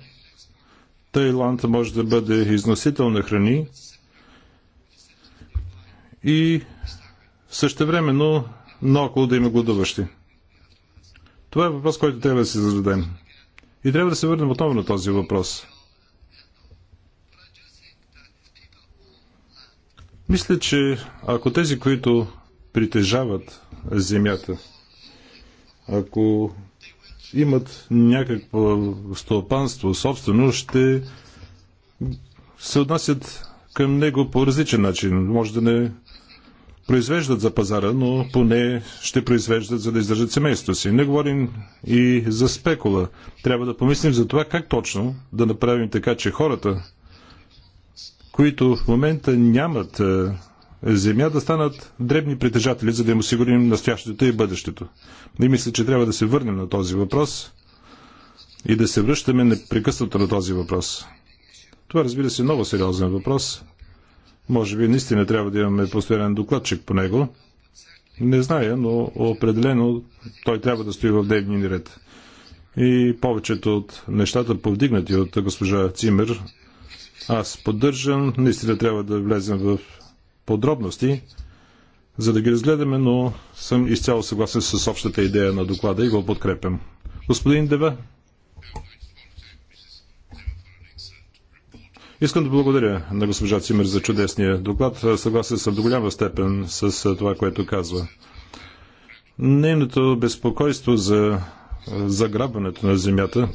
Тайланд може да бъде износител на храни и същевременно наоколо да има гладуващи? Това е въпрос, който трябва да се зададем. И трябва да се върнем отново на този въпрос. Мисля, че ако тези, които притежават земята, ако имат някакво стопанство собствено, ще се отнасят към него по различен начин. Може да не произвеждат за пазара, но поне ще произвеждат, за да издържат семейството си. Не говорим и за спекула. Трябва да помислим за това как точно да направим така, че хората, които в момента нямат е, земя да станат дребни притежатели, за да им осигурим настоящето и бъдещето. И мисля, че трябва да се върнем на този въпрос и да се връщаме непрекъснато на този въпрос. Това разбира се е много сериозен въпрос. Може би наистина трябва да имаме постоянен докладчик по него. Не зная, но определено той трябва да стои в дневния ни ред. И повечето от нещата, повдигнати от госпожа Цимер, аз поддържам. Наистина трябва да влезем в подробности, за да ги разгледаме, но съм изцяло съгласен с общата идея на доклада и го подкрепям. Господин Дева. Искам да благодаря на госпожа Цимер за чудесния доклад. Съгласен съм до голяма степен с това, което казва. Нейното безпокойство за заграбването на земята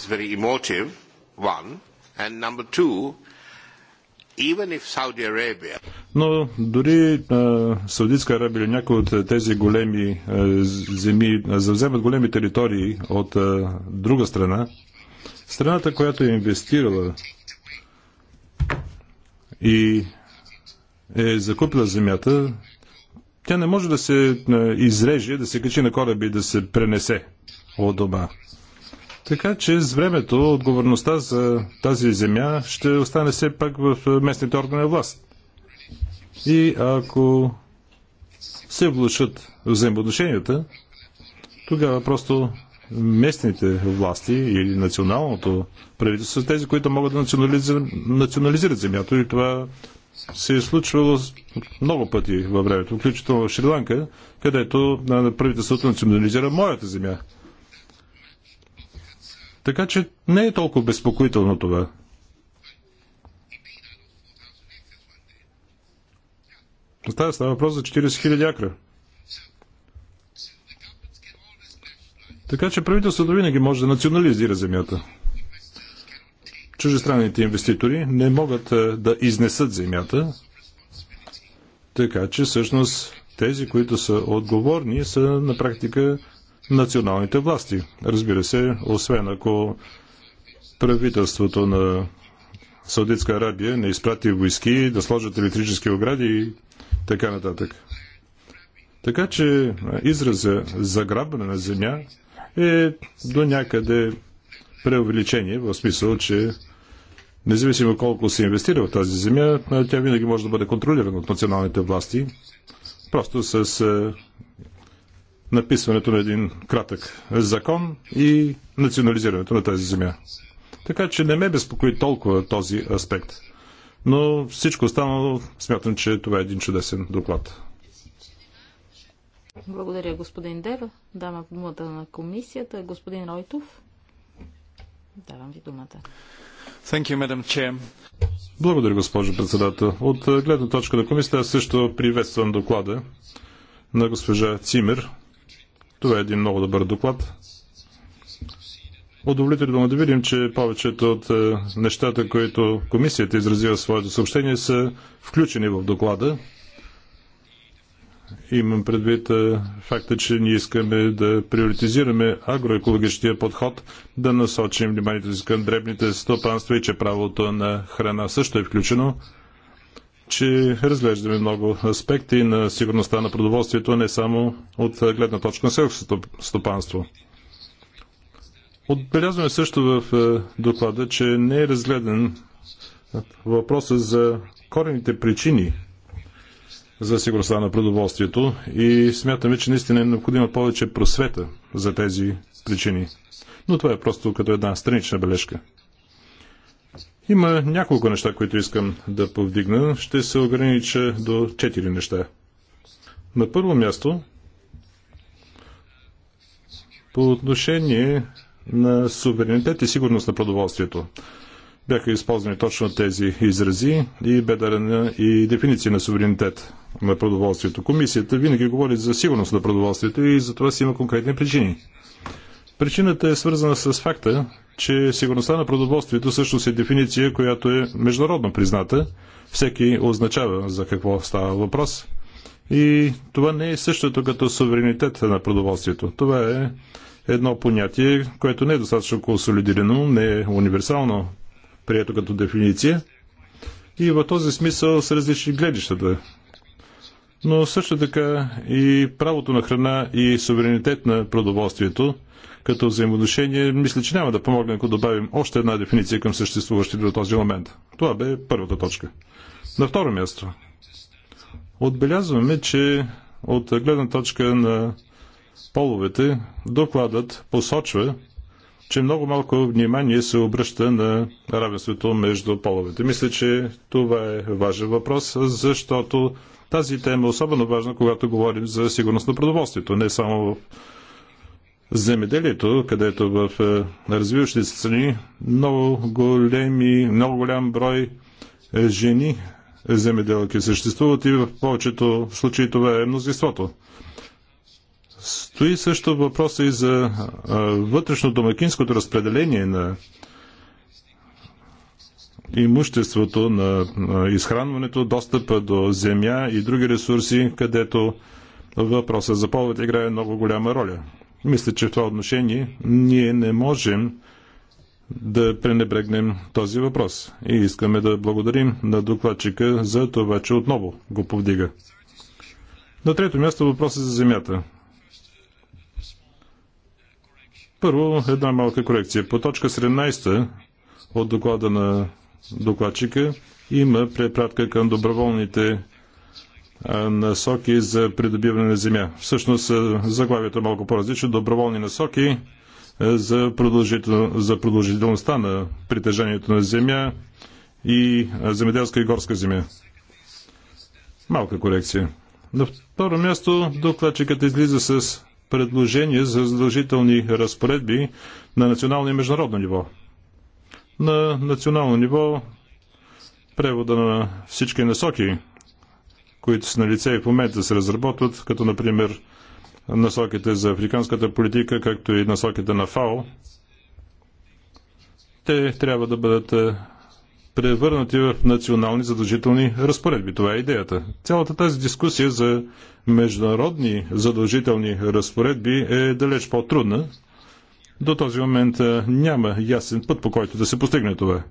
но дори а, Саудитска Арабия или някои от тези големи а, земи завземат големи територии от а, друга страна, страната, която е инвестирала и е закупила земята, тя не може да се изреже, да се качи на кораби и да се пренесе от дома. Така че с времето отговорността за тази земя ще остане все пак в е, местните органи на власт. И ако се влушат взаимоотношенията, тогава просто местните власти или националното правителство са тези, които могат да национализират, национализират земята и това се е случвало много пъти във времето, включително в Шри-Ланка, където правителството национализира моята земя. Така че не е толкова безпокоително това. Става, става въпрос за 40 000 акра. Така че правителството винаги може да национализира земята. Чужестранните инвеститори не могат да изнесат земята, така че всъщност тези, които са отговорни, са на практика националните власти. Разбира се, освен ако правителството на Саудитска Арабия не изпрати войски да сложат електрически огради и така нататък. Така че израза заграбване на земя е до някъде преувеличение, в смисъл, че независимо колко се инвестира в тази земя, тя винаги може да бъде контролирана от националните власти, просто с написването на един кратък закон и национализирането на тази земя. Така че не ме безпокои толкова този аспект. Но всичко останало смятам, че това е един чудесен доклад. Благодаря, господин Дева. Дама думата на комисията. Господин Ройтов, давам ви думата. Thank you, Madam Chair. Благодаря, госпожо председател. От гледна точка на комисията аз също приветствам доклада на госпожа Цимер това е един много добър доклад. Удовлетворително да видим, че повечето от е, нещата, които комисията изразила в своето съобщение, са включени в доклада. Имам предвид е, факта, че ние искаме да приоритизираме агроекологичния подход, да насочим вниманието си към дребните стопанства и че правото на храна също е включено че разглеждаме много аспекти на сигурността на продоволствието, не само от гледна точка на селското стопанство. Отбелязваме също в е, доклада, че не е разгледан въпроса за корените причини за сигурността на продоволствието и смятаме, че наистина е необходима повече просвета за тези причини. Но това е просто като една странична бележка. Има няколко неща, които искам да повдигна. Ще се огранича до четири неща. На първо място, по отношение на суверенитет и сигурност на продоволствието. Бяха използвани точно тези изрази и бе дарена и дефиниция на суверенитет на продоволствието. Комисията винаги говори за сигурност на продоволствието и за това си има конкретни причини. Причината е свързана с факта, че сигурността на продоволствието всъщност е дефиниция, която е международно призната. Всеки означава за какво става въпрос. И това не е същото като суверенитет на продоволствието. Това е едно понятие, което не е достатъчно консолидирано, не е универсално прието като дефиниция. И в този смисъл са различни гледищата. Но също така и правото на храна и суверенитет на продоволствието като взаимодушение, мисля, че няма да помогне, ако добавим още една дефиниция към съществуващите до този момент. Това бе първата точка. На второ място. Отбелязваме, че от гледна точка на половете, докладът посочва, че много малко внимание се обръща на равенството между половете. Мисля, че това е важен въпрос, защото тази тема е особено важна, когато говорим за сигурност на продоволствието, не само в земеделието, където в е, развиващите се страни много, големи, много голям брой жени земеделки съществуват и в повечето случаи това е мнозинството. Стои също въпроса и за е, вътрешно-домакинското разпределение на имуществото, на изхранването, достъпа до земя и други ресурси, където въпросът за полът играе много голяма роля. Мисля, че в това отношение ние не можем да пренебрегнем този въпрос. И искаме да благодарим на докладчика за това, че отново го повдига. На трето място е за земята. Първо, една малка корекция. По точка 17 от доклада на докладчика има препратка към доброволните насоки за придобиване на земя. Всъщност заглавието е малко по-различно. Доброволни насоки за, продължител... за продължителността на притежанието на земя и земеделска и горска земя. Малка корекция. На второ място докладчикът излиза с предложение за задължителни разпоредби на национално и международно ниво. На национално ниво превода на всички насоки които са на лице и в момента се разработват, като например насоките за африканската политика, както и насоките на ФАО, те трябва да бъдат е, превърнати в национални задължителни разпоредби. Това е идеята. Цялата тази дискусия за международни задължителни разпоредби е далеч по-трудна. До този момент е, няма ясен път, по който да се постигне това.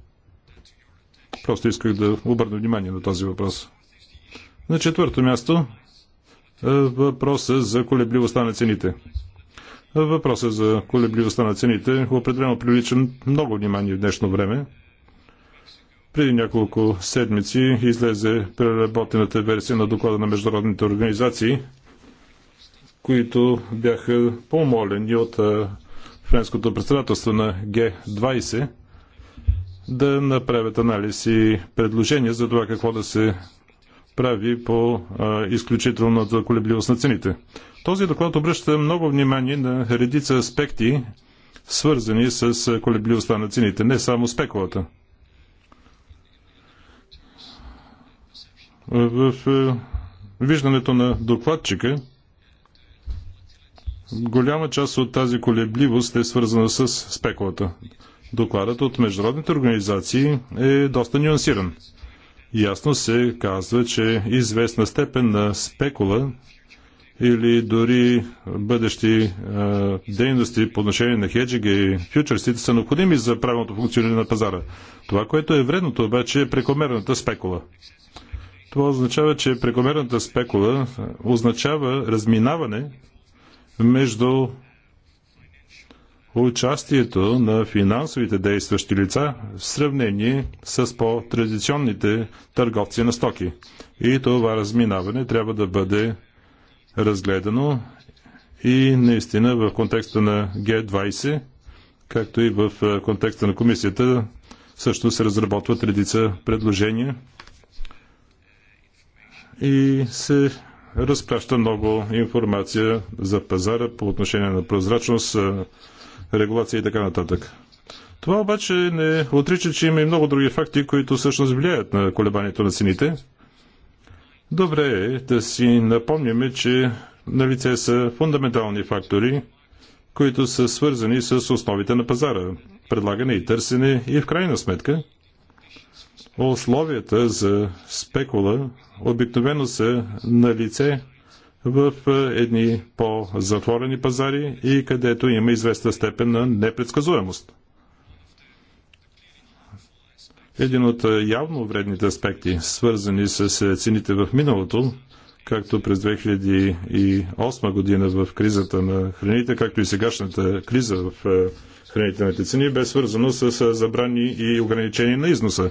Просто исках да обърна внимание на този въпрос. На четвърто място е, въпроса за колебливостта на цените. Въпросът за колебливостта на цените е определено привлича много внимание в днешно време. Преди няколко седмици излезе преработената версия на доклада на международните организации, които бяха помолени от е, френското председателство на Г-20 да направят анализ и предложения за това какво да се прави по изключителната колебливост на цените. Този доклад обръща много внимание на редица аспекти, свързани с колебливостта на цените, не само спекулата. В виждането на докладчика голяма част от тази колебливост е свързана с спекулата. Докладът от международните организации е доста нюансиран ясно се казва, че известна степен на спекула или дори бъдещи е, дейности по отношение на хеджиги и фьючерсите са необходими за правилното функциониране на пазара. Това, което е вредното обаче е прекомерната спекула. Това означава, че прекомерната спекула е, означава разминаване между участието на финансовите действащи лица в сравнение с по-традиционните търговци на стоки. И това разминаване трябва да бъде разгледано и наистина в контекста на Г20, както и в контекста на комисията, също се разработват редица предложения и се разпраща много информация за пазара по отношение на прозрачност, регулация и така нататък. Това обаче не отрича, че има и много други факти, които всъщност влияят на колебанието на цените. Добре е да си напомняме, че на лице са фундаментални фактори, които са свързани с основите на пазара, предлагане и търсене и в крайна сметка условията за спекула обикновено са на лице в е, едни по-затворени пазари и където има известна степен на непредсказуемост. Един от е, явно вредните аспекти, свързани с е, цените в миналото, както през 2008 година в кризата на храните, както и сегашната криза в е, хранителните цени, бе свързано с е, забрани и ограничени на износа.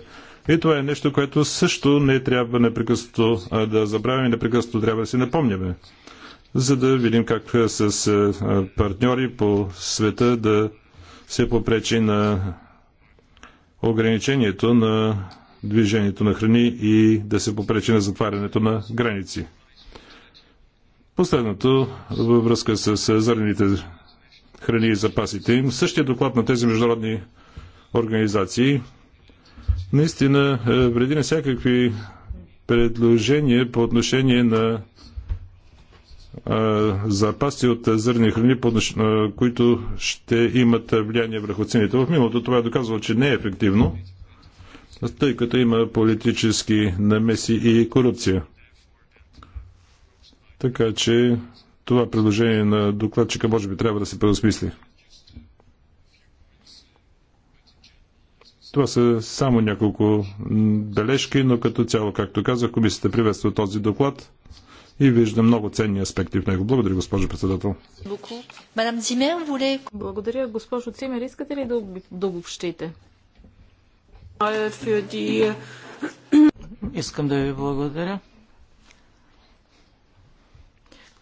И това е нещо, което също не трябва непрекъснато е, да забравяме, непрекъснато трябва да си напомняме, за да видим как с партньори по света да се попречи на ограничението на движението на храни и да се попречи на затварянето на граници. Последното във връзка с зърнените храни и запасите им. Същия доклад на тези международни организации наистина е, вреди на всякакви предложения по отношение на запаси от зърни храни, които ще имат влияние върху цените. В миналото това е доказвало, че не е ефективно, тъй като има политически намеси и корупция. Така че това предложение на докладчика може би трябва да се преосмисли. Това са само няколко бележки, но като цяло, както казах, комисията приветства този доклад и вижда много ценни аспекти в него. Благодаря, госпожо председател. Благодаря, госпожо Цимер. Искате ли да, обобщите? Е, Искам да ви благодаря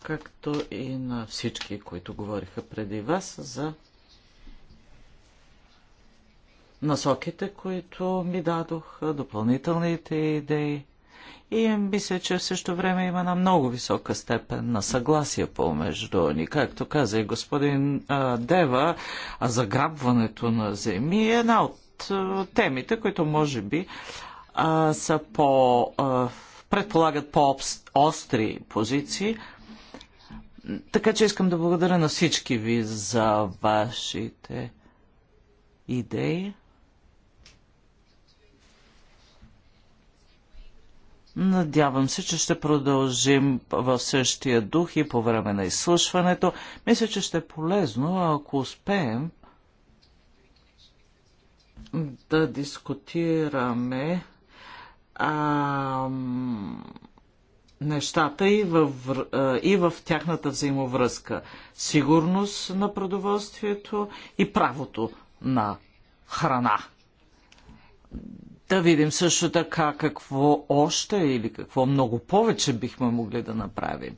както и на всички, които говориха преди вас за насоките, които ми дадоха, допълнителните идеи. И мисля, че в същото време има на много висока степен на съгласие помежду ни. Както каза и господин а, Дева, а заграбването на земи е една от а, темите, които може би а, са по, а, предполагат по-остри позиции, така че искам да благодаря на всички ви за вашите идеи. Надявам се, че ще продължим в същия дух и по време на изслушването. Мисля, че ще е полезно, ако успеем да дискутираме ам, нещата и в, и в тяхната взаимовръзка. Сигурност на продоволствието и правото на храна. Да видим също така какво още или какво много повече бихме могли да направим.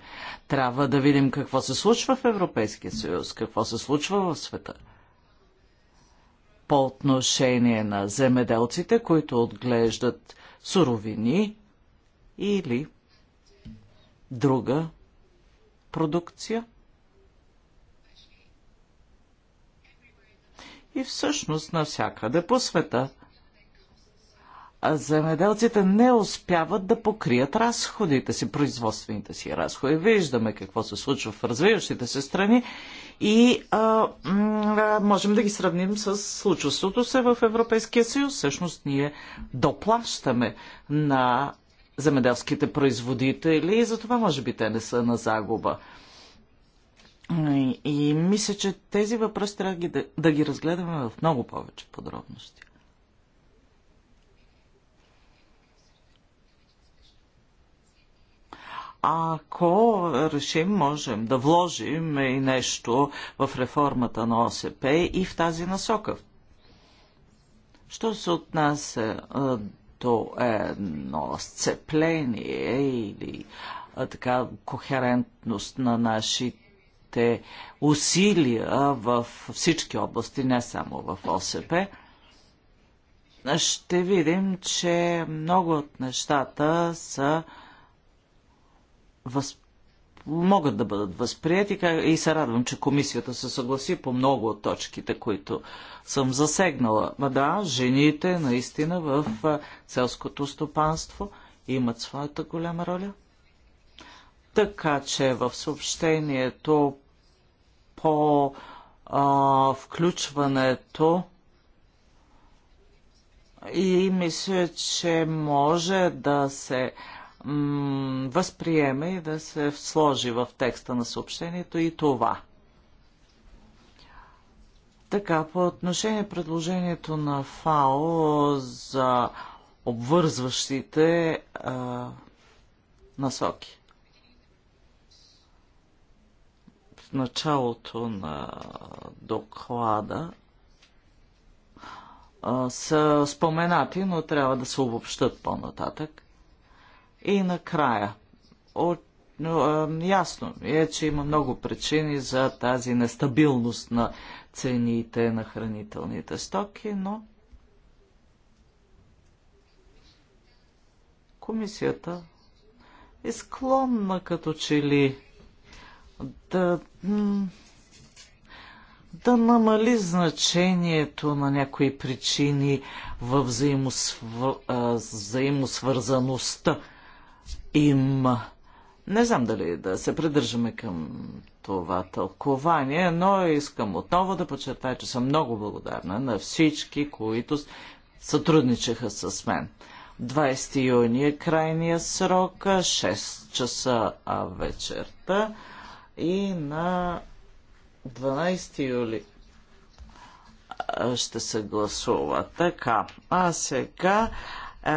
Трябва да видим какво се случва в Европейския съюз, какво се случва в света. По отношение на земеделците, които отглеждат суровини или друга продукция. И всъщност навсякъде по света земеделците не успяват да покрият разходите си, производствените си разходи. Виждаме какво се случва в развиващите се страни и а, можем да ги сравним с случващото се в Европейския съюз. Всъщност ние доплащаме на земеделските производители и затова може би те не са на загуба. И, и мисля, че тези въпроси трябва ги, да, да ги разгледаме в много повече подробности. Ако решим, можем да вложим и нещо в реформата на ОСП и в тази насока. Що се отнася като едно сцепление или така кохерентност на нашите усилия в всички области, не само в ОСП, ще видим, че много от нещата са възп могат да бъдат възприяти и се радвам, че комисията се съгласи по много от точките, които съм засегнала. Ма да, жените наистина в селското стопанство имат своята голяма роля. Така че в съобщението по а, включването и мисля, че може да се а, възприеме и да се сложи в текста на съобщението и това. Така, по отношение предложението на ФАО за обвързващите а, насоки. В началото на доклада а, са споменати, но трябва да се обобщат по-нататък. И накрая, от, но, ясно е, че има много причини за тази нестабилност на цените на хранителните стоки, но комисията е склонна като че ли да, да намали значението на някои причини във взаимосв... взаимосвързаността им. Не знам дали да се придържаме към това тълкование, но искам отново да подчертая, че съм много благодарна на всички, които сътрудничаха с мен. 20 юни е крайния срок, 6 часа вечерта и на 12 юли ще се гласува. Така, а сега е,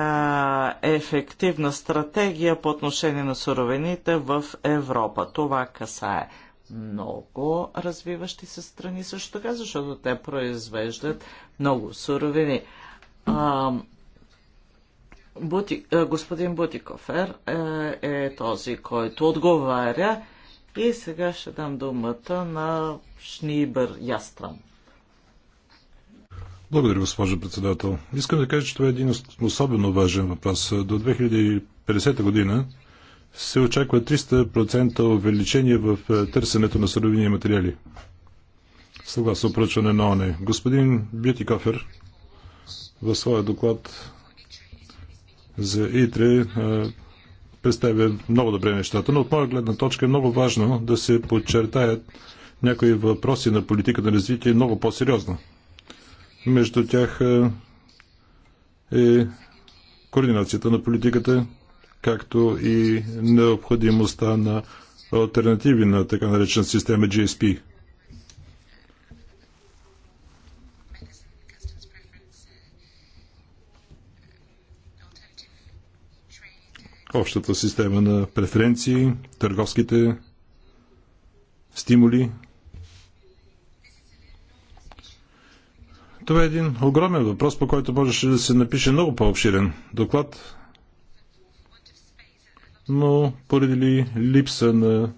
ефективна стратегия по отношение на суровините в Европа. Това касае много развиващи се страни също така, защото те произвеждат много суровини. А, Бути, господин Бутикофер е, е този, който отговаря и сега ще дам думата на Шнибър Ястрам. Благодаря, госпожо председател. Искам да кажа, че това е един особено важен въпрос. До 2050 година се очаква 300% увеличение в е, търсенето на суровини и материали. Съгласно проучване на ОНЕ. Господин Бютикофер в своя доклад за ИТРЕ е, представя много добре нещата, но от моя гледна точка е много важно да се подчертаят някои въпроси на политика на развитие много по-сериозно. Между тях е, е координацията на политиката, както и необходимостта на альтернативи на така наречена система GSP. Общата система на преференции, търговските стимули – Това е един огромен въпрос, по който можеше да се напише много по-обширен доклад, но поради липса на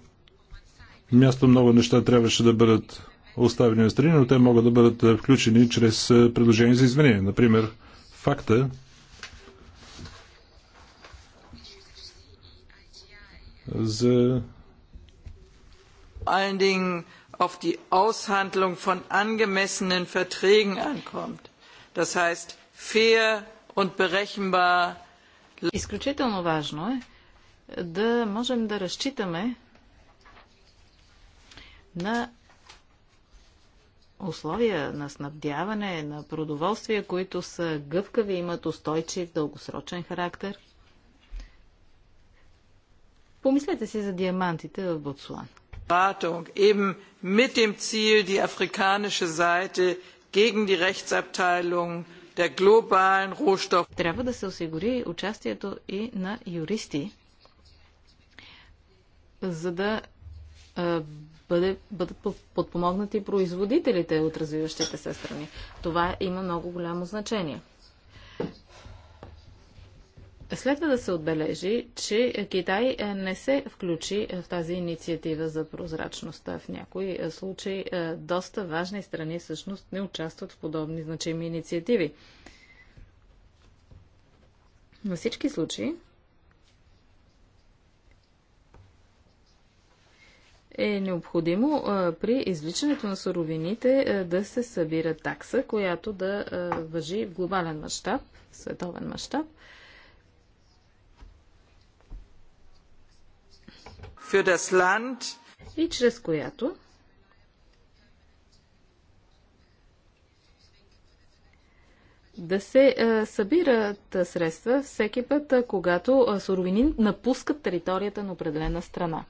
място много неща трябваше да бъдат оставени на страни, но те могат да бъдат е, включени чрез е, предложения за изменение. Например, факта, за auf die Aushandlung von angemessenen Verträgen ankommt. Das heißt, fair und berechenbar. Изключително важно е да можем да разчитаме на условия на снабдяване, на продоволствия, които са гъвкави, имат устойчив, дългосрочен характер. Помислете си за диамантите в Ботсуана beratung eben mit dem ziel die afrikanische seite gegen die rechtsabteilung der globalen rohstoff Трябва да се осигури участието и на юристи, за да бъде, бъдат подпомогнати производителите от развиващите се страни. Това има много голямо значение. Следва да се отбележи, че Китай е, не се включи е, в тази инициатива за прозрачност. В някои е, случаи доста важни страни всъщност не участват в подобни значими инициативи. Във всички случаи е необходимо при извличането на суровините да се събира такса, която да въжи в глобален мащаб, световен мащаб – für das Land и чрез която да се е, събират средства всеки път, е, когато е, суровини напускат територията на определена страна.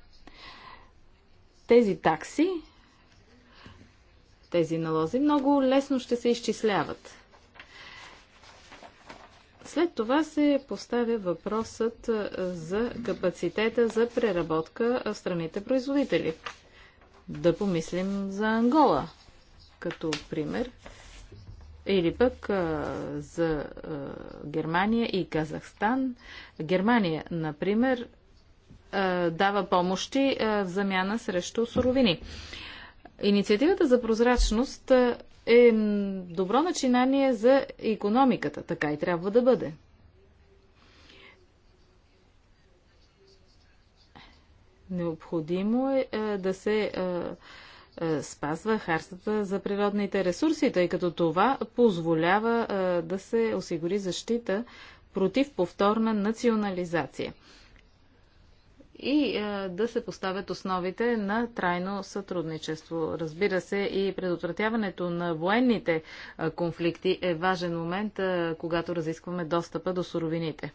Тези такси, тези налози много лесно ще се изчисляват. След това се поставя въпросът за капацитета за преработка в страните производители. Да помислим за Ангола като пример или пък а, за а, Германия и Казахстан. Германия, например, а, дава помощи а, в замяна срещу суровини. Инициативата за прозрачност е добро начинание за економиката. Така и трябва да бъде. Необходимо е, е да се е, е, спазва харстата за природните ресурси, тъй като това позволява да се осигури защита против повторна национализация и е, да се поставят основите на трайно сътрудничество. Разбира се, и предотвратяването на военните е, конфликти е важен момент, е, когато разискваме достъпа до суровините.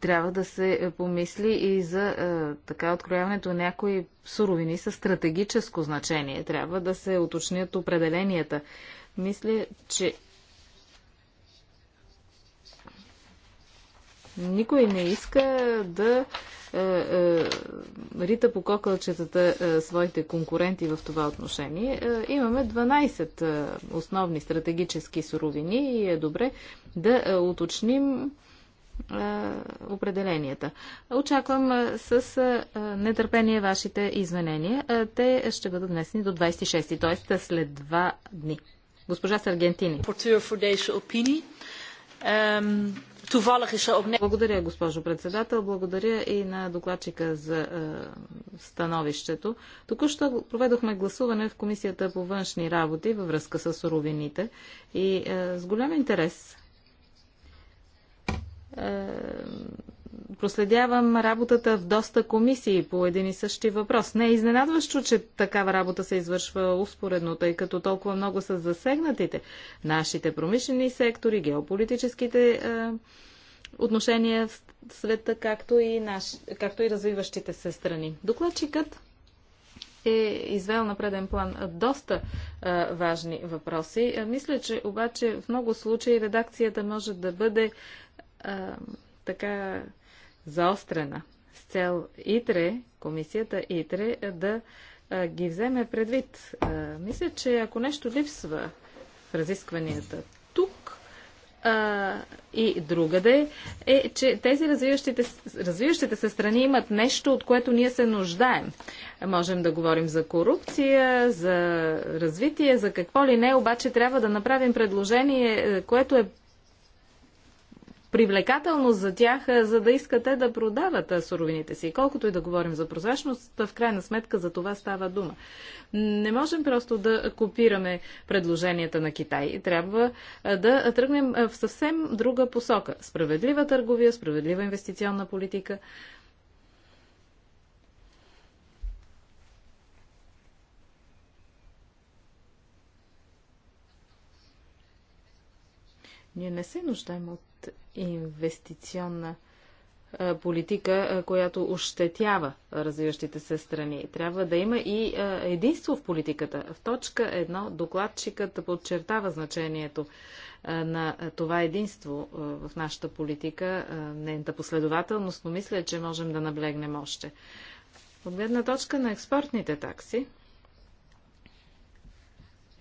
Трябва да се помисли и за е, така открояването на някои суровини с стратегическо значение. Трябва да се уточнят определенията. Мисля, че Никой не иска да е, е, рита по кокълчетата е, своите конкуренти в това отношение. Е, имаме 12 е, основни стратегически суровини и е добре да е, уточним е, определенията. Очаквам е, с е, нетърпение вашите извинения. Те ще бъдат внесени до 26, т.е. след два дни. Госпожа Саргентини. Благодаря, госпожо председател. Благодаря и на докладчика за е, становището. Току-що проведохме гласуване в Комисията по външни работи във връзка с суровините и е, с голям интерес е, проследявам работата в доста комисии по един и същи въпрос. Не е изненадващо, че такава работа се извършва успоредно, тъй като толкова много са засегнатите нашите промишлени сектори, геополитическите е, отношения в света, както и, наш, както и развиващите се страни. Докладчикът е извел на преден план доста е, важни въпроси. Е, мисля, че обаче в много случаи редакцията може да бъде Е, така заострена с цел ИТРЕ, комисията ИТРЕ, е да ги вземе предвид. Мисля, че ако нещо липсва в разискванията тук а, и другаде, е, че тези развиващите, развиващите се страни имат нещо, от което ние се нуждаем. Можем да говорим за корупция, за развитие, за какво ли не, обаче трябва да направим предложение, е, което е Привлекателност за тях, е, за да искате да продават е, суровините си. Колкото и да говорим за прозрачност, в крайна сметка за това става дума. Не можем просто да копираме предложенията на Китай. Трябва е, да тръгнем в съвсем друга посока. Справедлива търговия, справедлива инвестиционна политика – Ние не се нуждаем от инвестиционна политика, която ощетява развиващите се страни. Трябва да има и единство в политиката. В точка едно докладчикът подчертава значението на това единство в нашата политика, нейната последователност, но мисля, че можем да наблегнем още. От гледна точка на експортните такси,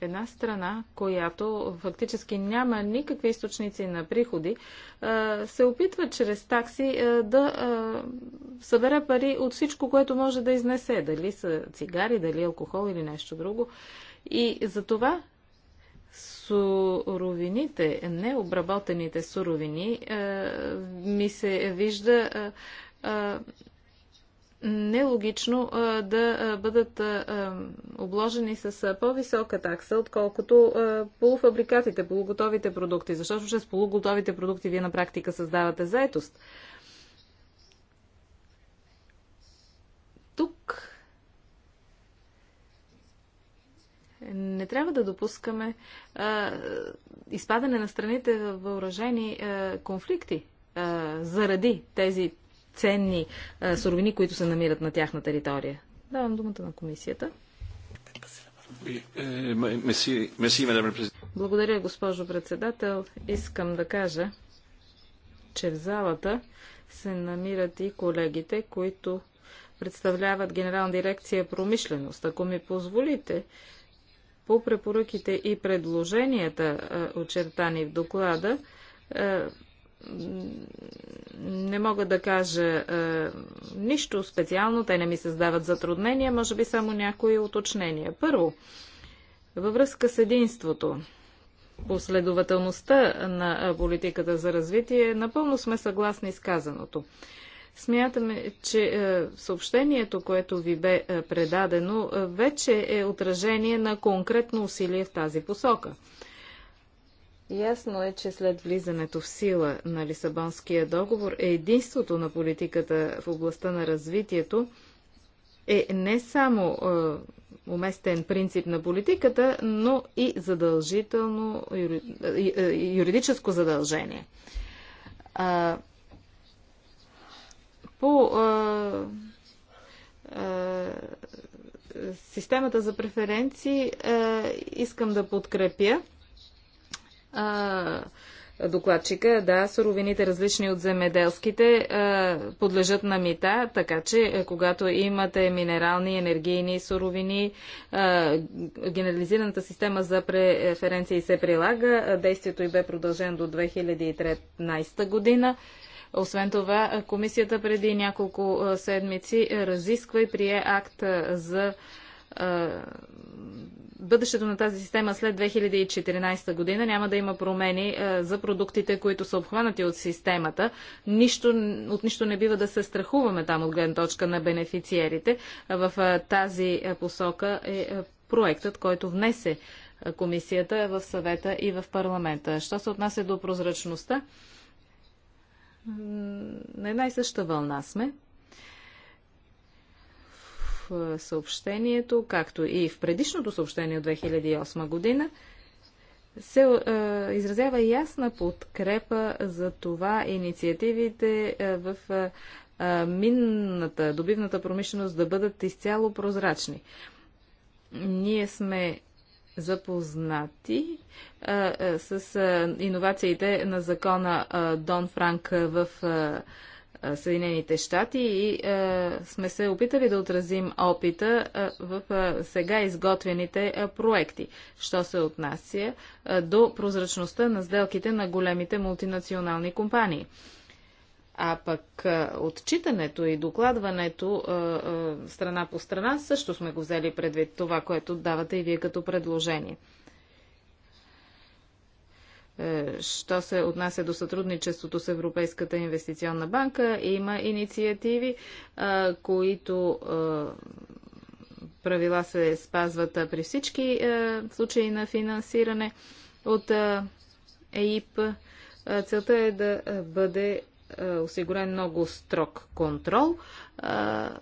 една страна, която фактически няма никакви източници на приходи, се опитва чрез такси да събере пари от всичко, което може да изнесе. Дали са цигари, дали алкохол или нещо друго. И за това суровините, необработените суровини, ми се вижда нелогично да бъдат обложени с по-висока такса, отколкото полуфабрикатите, полуготовите продукти, защото чрез полуготовите продукти вие на практика създавате заетост. Тук не трябва да допускаме а, изпадане на страните в въоръжени а, конфликти а, заради тези ценни суровини, които се намират на тяхна територия. Давам думата на комисията. Благодаря, госпожо председател. Искам да кажа, че в залата се намират и колегите, които представляват Генерална дирекция промишленост. Ако ми позволите, по препоръките и предложенията, очертани в доклада, не мога да кажа е, нищо специално, те не ми създават затруднения, може би само някои уточнения. Първо, във връзка с единството, последователността на е, политиката за развитие, напълно сме съгласни с казаното. Смятаме, че е, съобщението, което ви бе е, предадено, вече е отражение на конкретно усилие в тази посока. Ясно е, че след влизането в сила на Лисабонския договор е единството на политиката в областта на развитието е не само е, уместен принцип на политиката, но и задължително юри, е, юридическо задължение. А, по а, а, системата за преференции а, искам да подкрепя а, докладчика. Да, суровините различни от земеделските подлежат на мита, така че е, когато имате минерални, енергийни суровини, генерализираната система за преференции се прилага. Действието й бе продължено до 2013 година. Освен това, комисията преди няколко седмици разисква и прие акт за бъдещето на тази система след 2014 година няма да има промени е, за продуктите, които са обхванати от системата. Нищо, от нищо не бива да се страхуваме там от гледна точка на бенефициерите. Е, в е, тази посока е проектът, който внесе комисията в съвета и в парламента. Що се отнася до прозрачността? На една и съща вълна сме. Е, съобщението, както и в предишното съобщение от 2008 година, се е, изразява ясна подкрепа за това инициативите е, в е, е минната, добивната промишленост да бъдат изцяло прозрачни. Ние сме запознати а, е, а, с а, иновациите на закона а, Дон Франк в а, Съединените щати и а, сме се опитали да отразим опита а, в а, сега изготвените а, проекти, що се отнася а, до прозрачността на сделките на големите мултинационални компании. А пък а, отчитането и докладването а, а, страна по страна също сме го взели предвид това, което давате и вие като предложение. Е, що се отнася до сътрудничеството с Европейската инвестиционна банка, има инициативи, е, които е, правила се спазват при всички случаи на финансиране от ЕИП. Целта е да бъде осигурен много строг контрол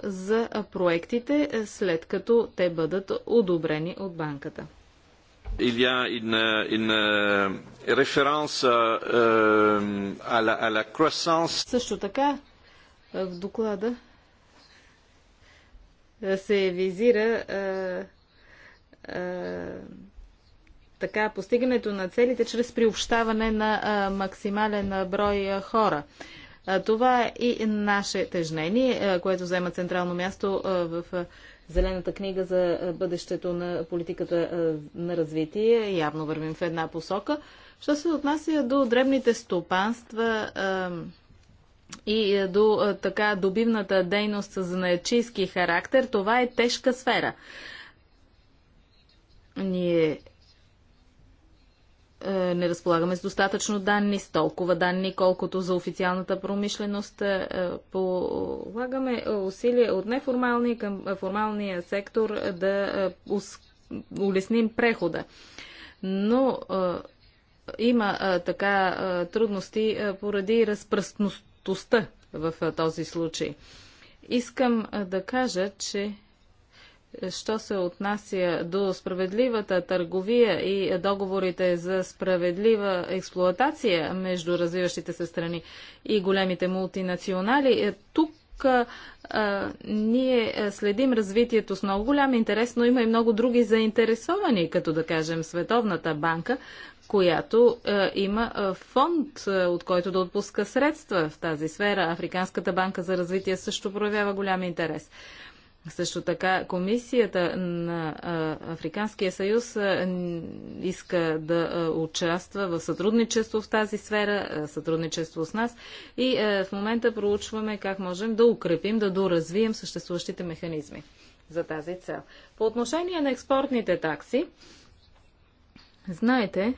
за проектите, след като те бъдат одобрени от банката il y a une, референс а euh, euh, euh, croissance. Също така е, в доклада е, се визира а, е, а, така постигането на целите чрез приобщаване на а, максимален брой хора. Това е и наше тежнение, което взема централно място в Зелената книга за бъдещето на политиката на развитие. Явно вървим в една посока. Що се отнася до дребните стопанства и до така добивната дейност за наячийски характер, това е тежка сфера. Ние е, не разполагаме с достатъчно данни, с толкова данни, колкото за официалната промишленост. Е, е, полагаме усилия от неформалния към формалния сектор да улесним прехода. Но има така трудности поради разпръстността в този случай. Искам да кажа, че Що се отнася до справедливата търговия и договорите за справедлива експлоатация между развиващите се страни и големите мултинационали, е, тук ние следим развитието с много голям интерес, но има и много други заинтересовани, като да кажем Световната банка, която има фонд, от който да отпуска средства в тази сфера. Африканската банка за развитие също проявява голям интерес. Също така комисията на Африканския съюз иска да участва в сътрудничество в тази сфера, сътрудничество с нас и в момента проучваме как можем да укрепим, да доразвием съществуващите механизми за тази цел. По отношение на експортните такси, знаете,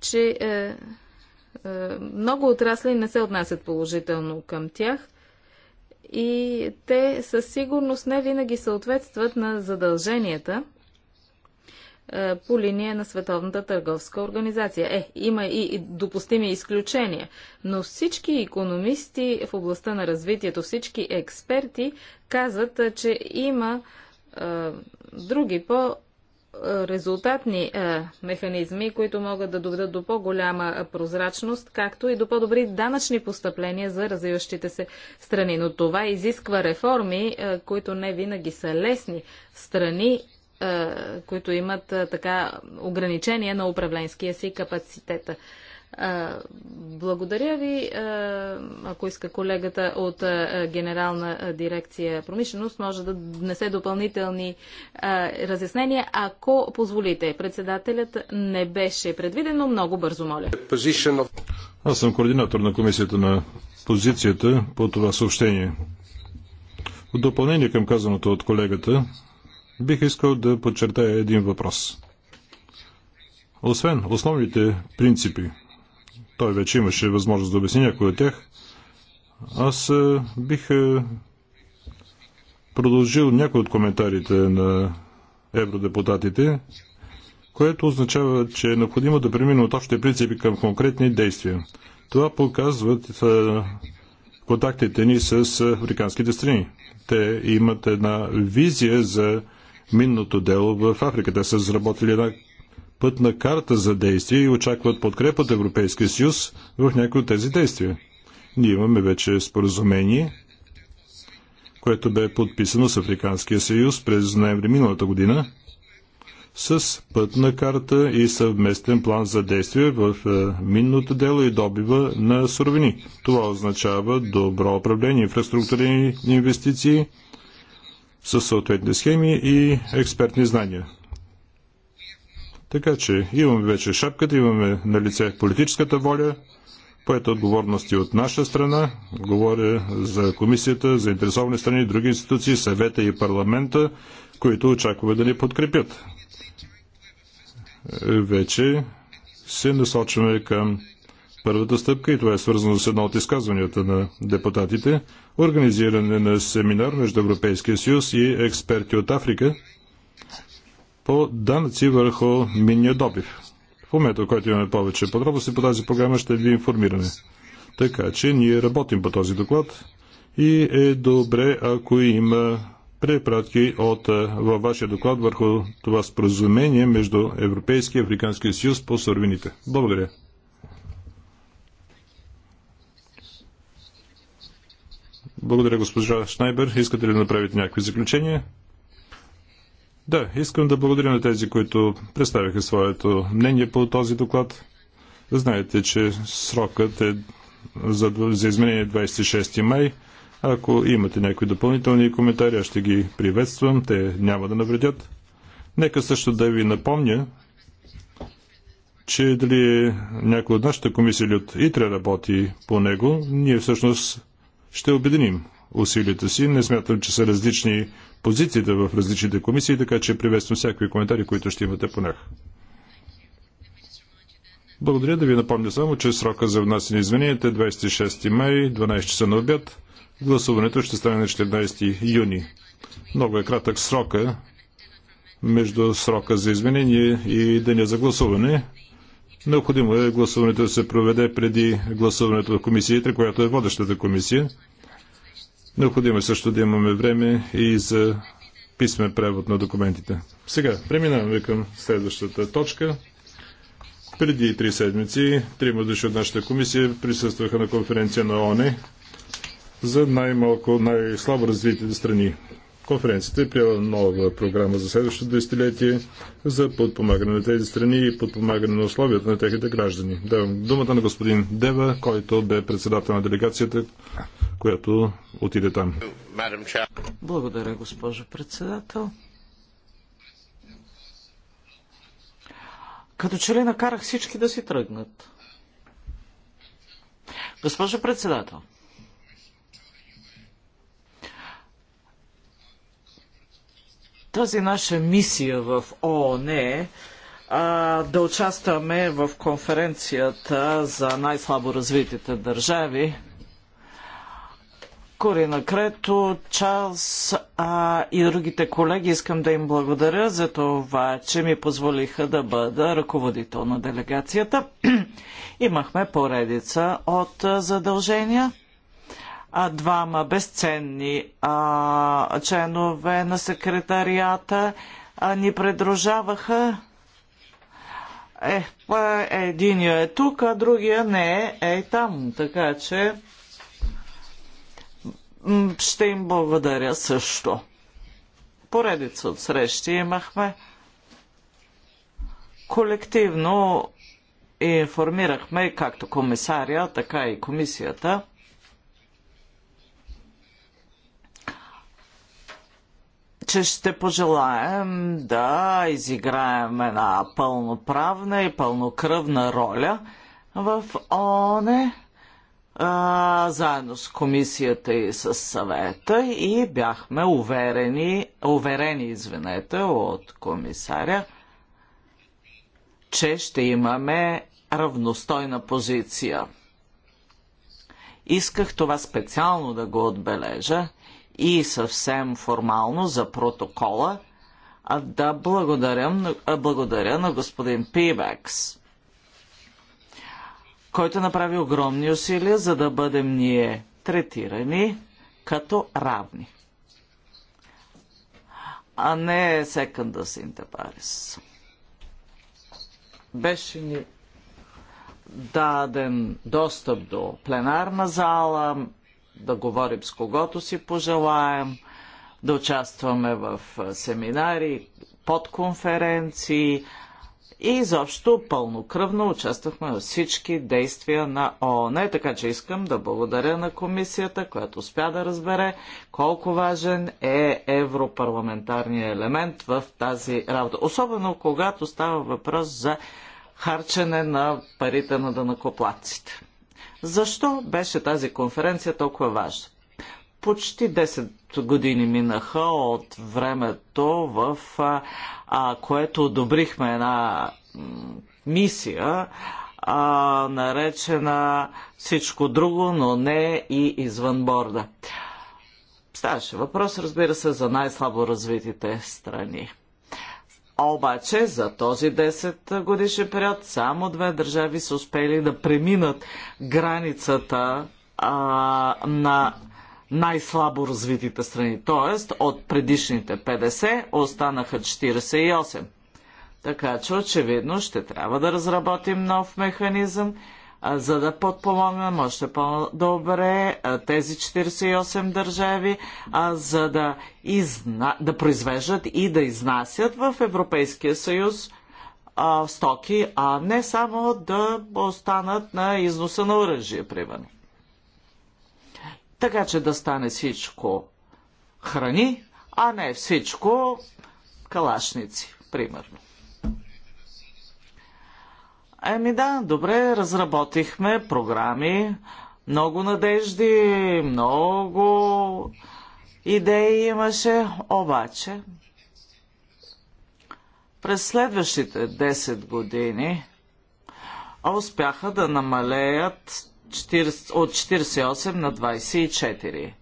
че е, е, много отрасли не се отнасят положително към тях – и те със сигурност не винаги съответстват на задълженията е, по линия на Световната търговска организация. Е, има и, и допустими изключения, но всички економисти в областта на развитието, всички експерти казват, че има е, други по- резултатни е, механизми, които могат да доведат до по-голяма прозрачност, както и до по-добри данъчни постъпления за развиващите се страни. Но това изисква реформи, е, които не винаги са лесни. Страни, е, които имат така ограничения на управленския си капацитета. Благодаря ви. Ако иска колегата от Генерална дирекция промишленост, може да внесе допълнителни разяснения, ако позволите. Председателят не беше предвиден, но Много бързо, моля. Аз съм координатор на комисията на позицията по това съобщение. В допълнение към казаното от колегата, бих искал да подчертая един въпрос. Освен основните принципи, той вече имаше възможност да обясни някой от тях. Аз е, бих е, продължил някои от коментарите на евродепутатите, което означава, че е необходимо да преминем от общите принципи към конкретни действия. Това показват е, контактите ни с африканските страни. Те имат една визия за минното дело в Африка. Те са разработили една пътна карта за действие и очакват подкрепа от Европейския съюз в някои от тези действия. Ние имаме вече споразумение, което бе подписано с Африканския съюз през ноември миналата година с пътна карта и съвместен план за действие в е, минното дело и добива на суровини. Това означава добро управление, инфраструктурни инвестиции с съответни схеми и експертни знания. Така че имаме вече шапката, имаме на лице политическата воля, поета отговорности от наша страна. Говоря за комисията, за интересовани страни, други институции, съвета и парламента, които очакваме да ни подкрепят. Вече се насочваме към първата стъпка и това е свързано с едно от изказванията на депутатите организиране на семинар между Европейския съюз и експерти от Африка по данъци върху минния добив. В момента, в който имаме повече подробности по тази програма, ще ви информираме. Така че ние работим по този доклад и е добре, ако има препратки от, във вашия доклад върху това споразумение между Европейския и Африканския съюз по сървините. Благодаря. Благодаря, госпожа Шнайбер. Искате ли да направите някакви заключения? Да, искам да благодаря на тези, които представиха своето мнение по този доклад. Знаете, че срокът е за, за изменение 26 е май. Ако имате някои допълнителни коментари, аз ще ги приветствам. Те няма да навредят. Нека също да ви напомня, че дали някой от нашата комисия или от ИТРЕ работи по него, ние всъщност ще обединим усилията си. Не смятам, че са различни позициите в различните комисии, така че приветствам всякакви коментари, които ще имате по нях. Благодаря да ви напомня само, че срока за внасяне измененията е 26 май, 12 часа на обяд. Гласуването ще стане на 14 юни. Много е кратък срока между срока за изменение и деня за гласуване. Необходимо е гласуването да се проведе преди гласуването в комисията, която е водещата комисия. Необходимо е също да имаме време и за писмен превод на документите. Сега, преминаваме към следващата точка. Преди три седмици трима души от нашата комисия присъстваха на конференция на ОНЕ за най-малко, най-слабо развитите страни. Конференцията е приела нова програма за следващото десетилетие за подпомагане на тези страни и подпомагане на условията на техните граждани. Давам думата на господин Дева, който бе председател на делегацията, която отиде там. Благодаря, госпожо председател. Като че ли накарах всички да си тръгнат? Госпожо председател, тази наша мисия в ООН е да участваме в конференцията за най-слабо развитите държави Корина Крето, Чарлз а, и другите колеги искам да им благодаря за това, че ми позволиха да бъда ръководител на делегацията. Имахме поредица от задължения. А, двама безценни а, членове на секретарията а, ни предружаваха. Е, единия е тук, а другия не е, е там. Така че ще им благодаря също. Поредица от срещи имахме. Колективно информирахме както комисаря, така и комисията. че ще пожелаем да изиграем една пълноправна и пълнокръвна роля в ОНЕ а, заедно с комисията и с съвета и бяхме уверени, уверени извинете, от комисаря, че ще имаме равностойна позиция. Исках това специално да го отбележа и съвсем формално за протокола да благодаря, благодаря на господин Пибекс който направи огромни усилия, за да бъдем ние третирани като равни. А не секундас интерпарис. Беше ни даден достъп до пленарна зала, да говорим с когото си пожелаем, да участваме в семинари, подконференции, конференции, и изобщо пълнокръвно участвахме във всички действия на ООН, така че искам да благодаря на комисията, която успя да разбере колко важен е европарламентарният елемент в тази работа. Особено когато става въпрос за харчене на парите на дънакоплатците. Защо беше тази конференция толкова важна? почти 10 години минаха от времето, в а, което одобрихме една мисия, а, наречена всичко друго, но не и извън борда. Ставаше въпрос, разбира се, за най-слабо развитите страни. Обаче за този 10 годишен период само две държави са успели да преминат границата а, на най-слабо развитите страни, т.е. от предишните 50 останаха 48. Така че очевидно ще трябва да разработим нов механизъм, за да подпомогнем още по-добре тези 48 държави, а, за да, изна... да произвеждат и да изнасят в Европейския съюз а, стоки, а не само да останат на износа на оръжие, примерно така че да стане всичко храни, а не всичко калашници, примерно. Еми да, добре, разработихме програми, много надежди, много идеи имаше, обаче през следващите 10 години успяха да намалеят 40, от 48 на 24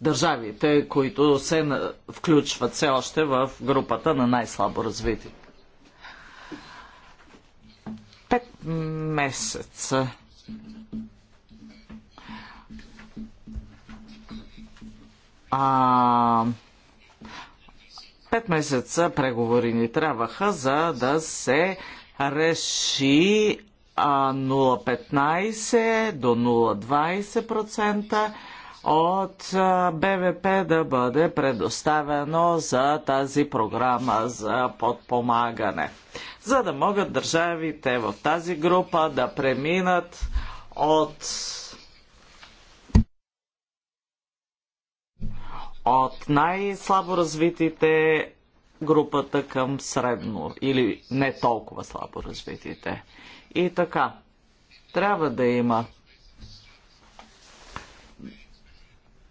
държавите, които се включват все още в групата на най-слабо развити. Пет месеца. А, пет месеца преговори ни трябваха, за да се реши 0,15 до 0,20% от БВП да бъде предоставено за тази програма за подпомагане, за да могат държавите в тази група да преминат от от най-слабо развитите групата към средно или не толкова слабо развитите. И така, трябва да има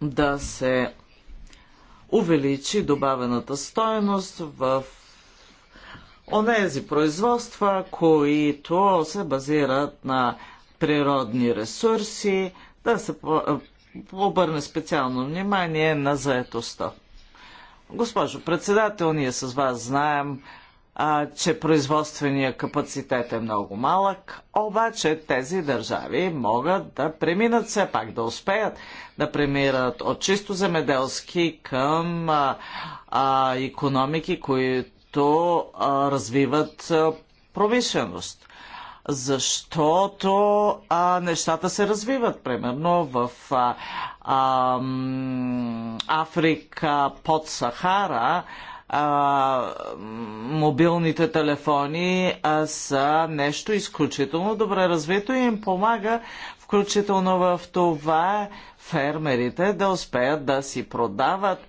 да се увеличи добавената стоеност в онези производства, които се базират на природни ресурси, да се обърне специално внимание на заетостта. Госпожо председател, ние с вас знаем а, че производствения капацитет е много малък, обаче тези държави могат да преминат все пак, да успеят да премират от чисто земеделски към а, а, економики, които а, развиват а, промишленост. Защото а, нещата се развиват, примерно в а, а, Африка под Сахара, а, мобилните телефони а, са нещо изключително добре развито и им помага включително в това фермерите да успеят да си продават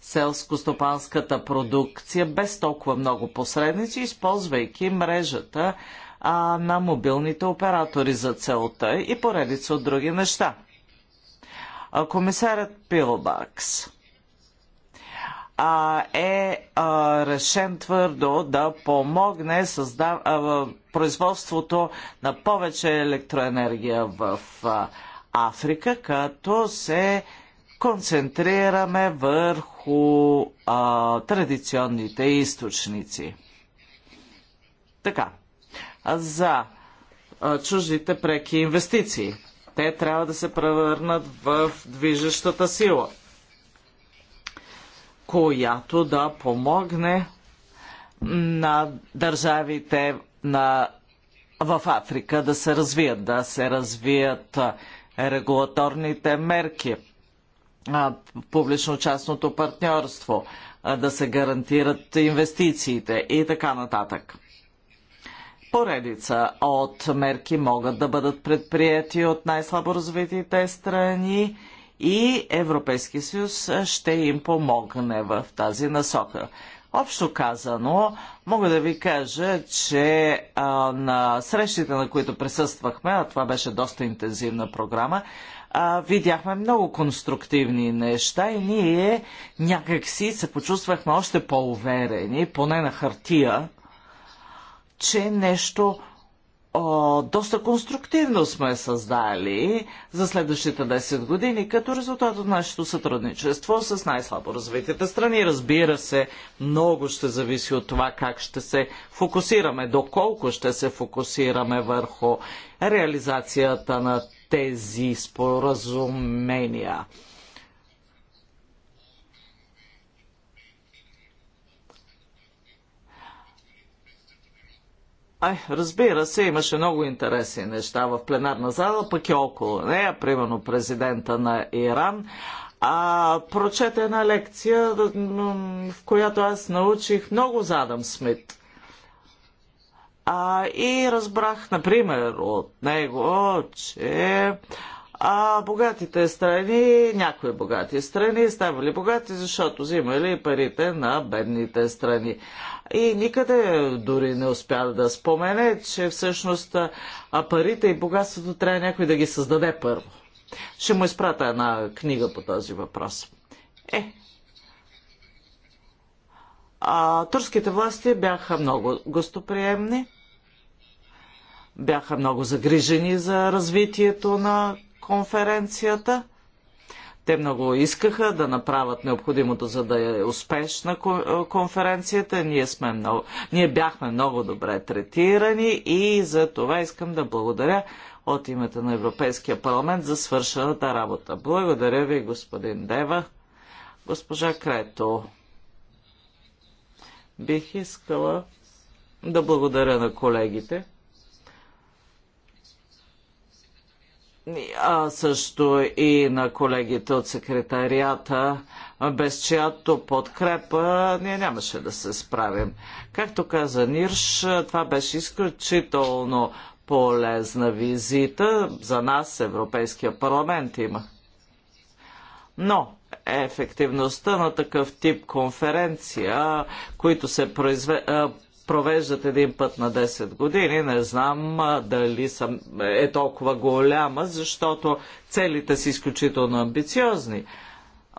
селско-стопанската продукция без толкова много посредници, използвайки мрежата а, на мобилните оператори за целта и поредица от други неща. Комисарят Пилбакс а, е а, решен твърдо да помогне създав... а, производството на повече електроенергия в а, Африка, като се концентрираме върху а, традиционните източници. Така, за а, чуждите преки инвестиции. Те трябва да се превърнат в движещата сила – която да помогне на държавите на, в Африка да се развият, да се развият регулаторните мерки, публично-частното партньорство, да се гарантират инвестициите и така нататък. Поредица от мерки могат да бъдат предприяти от най-слабо развитите страни и Европейския съюз ще им помогне в тази насока. Общо казано, мога да ви кажа, че а, на срещите, на които присъствахме, а това беше доста интензивна програма, а, видяхме много конструктивни неща и ние някакси се почувствахме още по-уверени, поне на хартия, че нещо О, доста конструктивно сме създали за следващите 10 години, като резултат от нашето сътрудничество с най-слабо развитите страни. Разбира се, много ще зависи от това как ще се фокусираме, доколко ще се фокусираме върху реализацията на тези споразумения. Ай, разбира се, имаше много интересни неща в пленарна зала, пък и около нея, примерно президента на Иран. А прочете една лекция, в която аз научих много за Адам Смит. А, и разбрах, например, от него, че а богатите страни, някои богати страни, ставали богати, защото взимали парите на бедните страни. И никъде дори не успя да спомене, че всъщност парите и богатството трябва някой да ги създаде първо. Ще му изпрата една книга по този въпрос. Е, а, турските власти бяха много гостоприемни, бяха много загрижени за развитието на конференцията. Те много искаха да направят необходимото, за да е успешна е, конференцията. Ние, сме много, ние бяхме много добре третирани и за това искам да благодаря от името на Европейския парламент за свършената работа. Благодаря ви, господин Дева. Госпожа Крето, бих искала да благодаря на колегите. а също и на колегите от секретарията, без чиято подкрепа ние нямаше да се справим. Както каза Нирш, това беше изключително полезна визита. За нас Европейския парламент има. Но ефективността на такъв тип конференция, които се произвеждат, провеждат един път на 10 години. Не знам дали съм, е толкова голяма, защото целите са изключително амбициозни.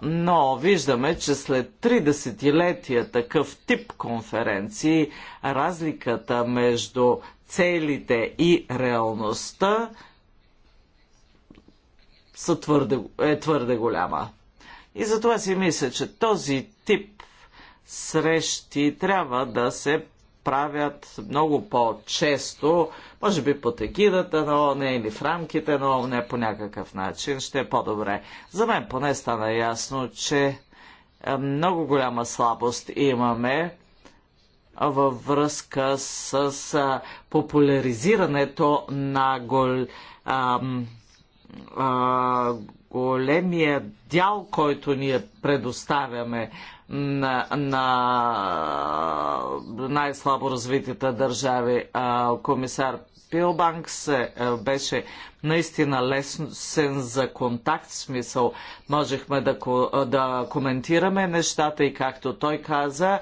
Но виждаме, че след 30-летия такъв тип конференции разликата между целите и реалността са твърде, е твърде голяма. И затова си мисля, че този тип срещи трябва да се правят много по-често, може би под егидата на ОНЕ или в рамките на ОНЕ по някакъв начин, ще е по-добре. За мен поне стана ясно, че е, много голяма слабост имаме във връзка с е, популяризирането на гол, ам, а, големия дял, който ние предоставяме на, на най-слабо развитите държави, а, комисар се беше наистина лесен за контакт, смисъл можехме да, да коментираме нещата и както той каза,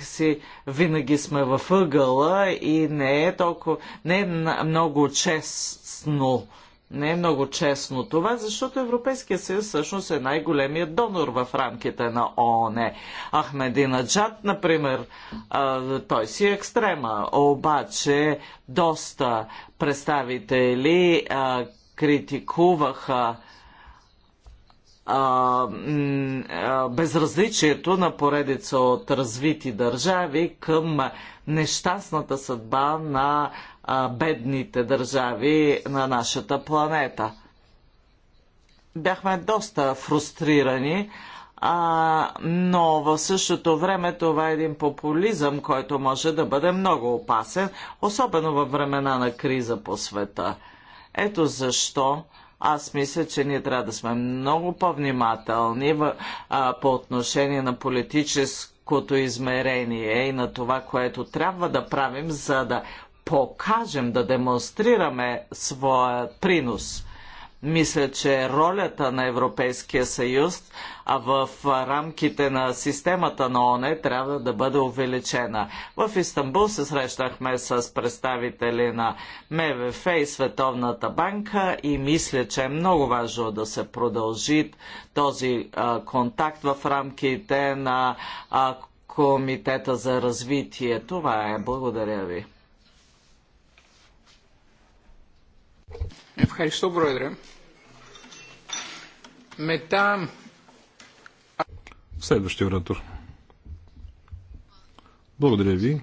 си винаги сме в ъгъла и не е толкова, не е много честно не е много честно това, защото Европейския съюз всъщност е най-големият донор в рамките на ООН. Джад, например, той си е екстрема, обаче доста представители критикуваха безразличието на поредица от развити държави към нещастната съдба на а, бедните държави на нашата планета. Бяхме доста фрустрирани, а, но в същото време това е един популизъм, който може да бъде много опасен, особено във времена на криза по света. Ето защо аз мисля, че ние трябва да сме много по-внимателни по отношение на политическото измерение и на това, което трябва да правим, за да покажем, да демонстрираме своя принос. Мисля, че ролята на Европейския съюз в рамките на системата на ОНЕ трябва да бъде увеличена. В Истанбул се срещахме с представители на МВФ и Световната банка и мисля, че е много важно да се продължи този контакт в рамките на Комитета за развитие. Това е. Благодаря ви. Ευχαριστώ, Πρόεδρε. Μετά... Следващия оратор. Благодаря ви.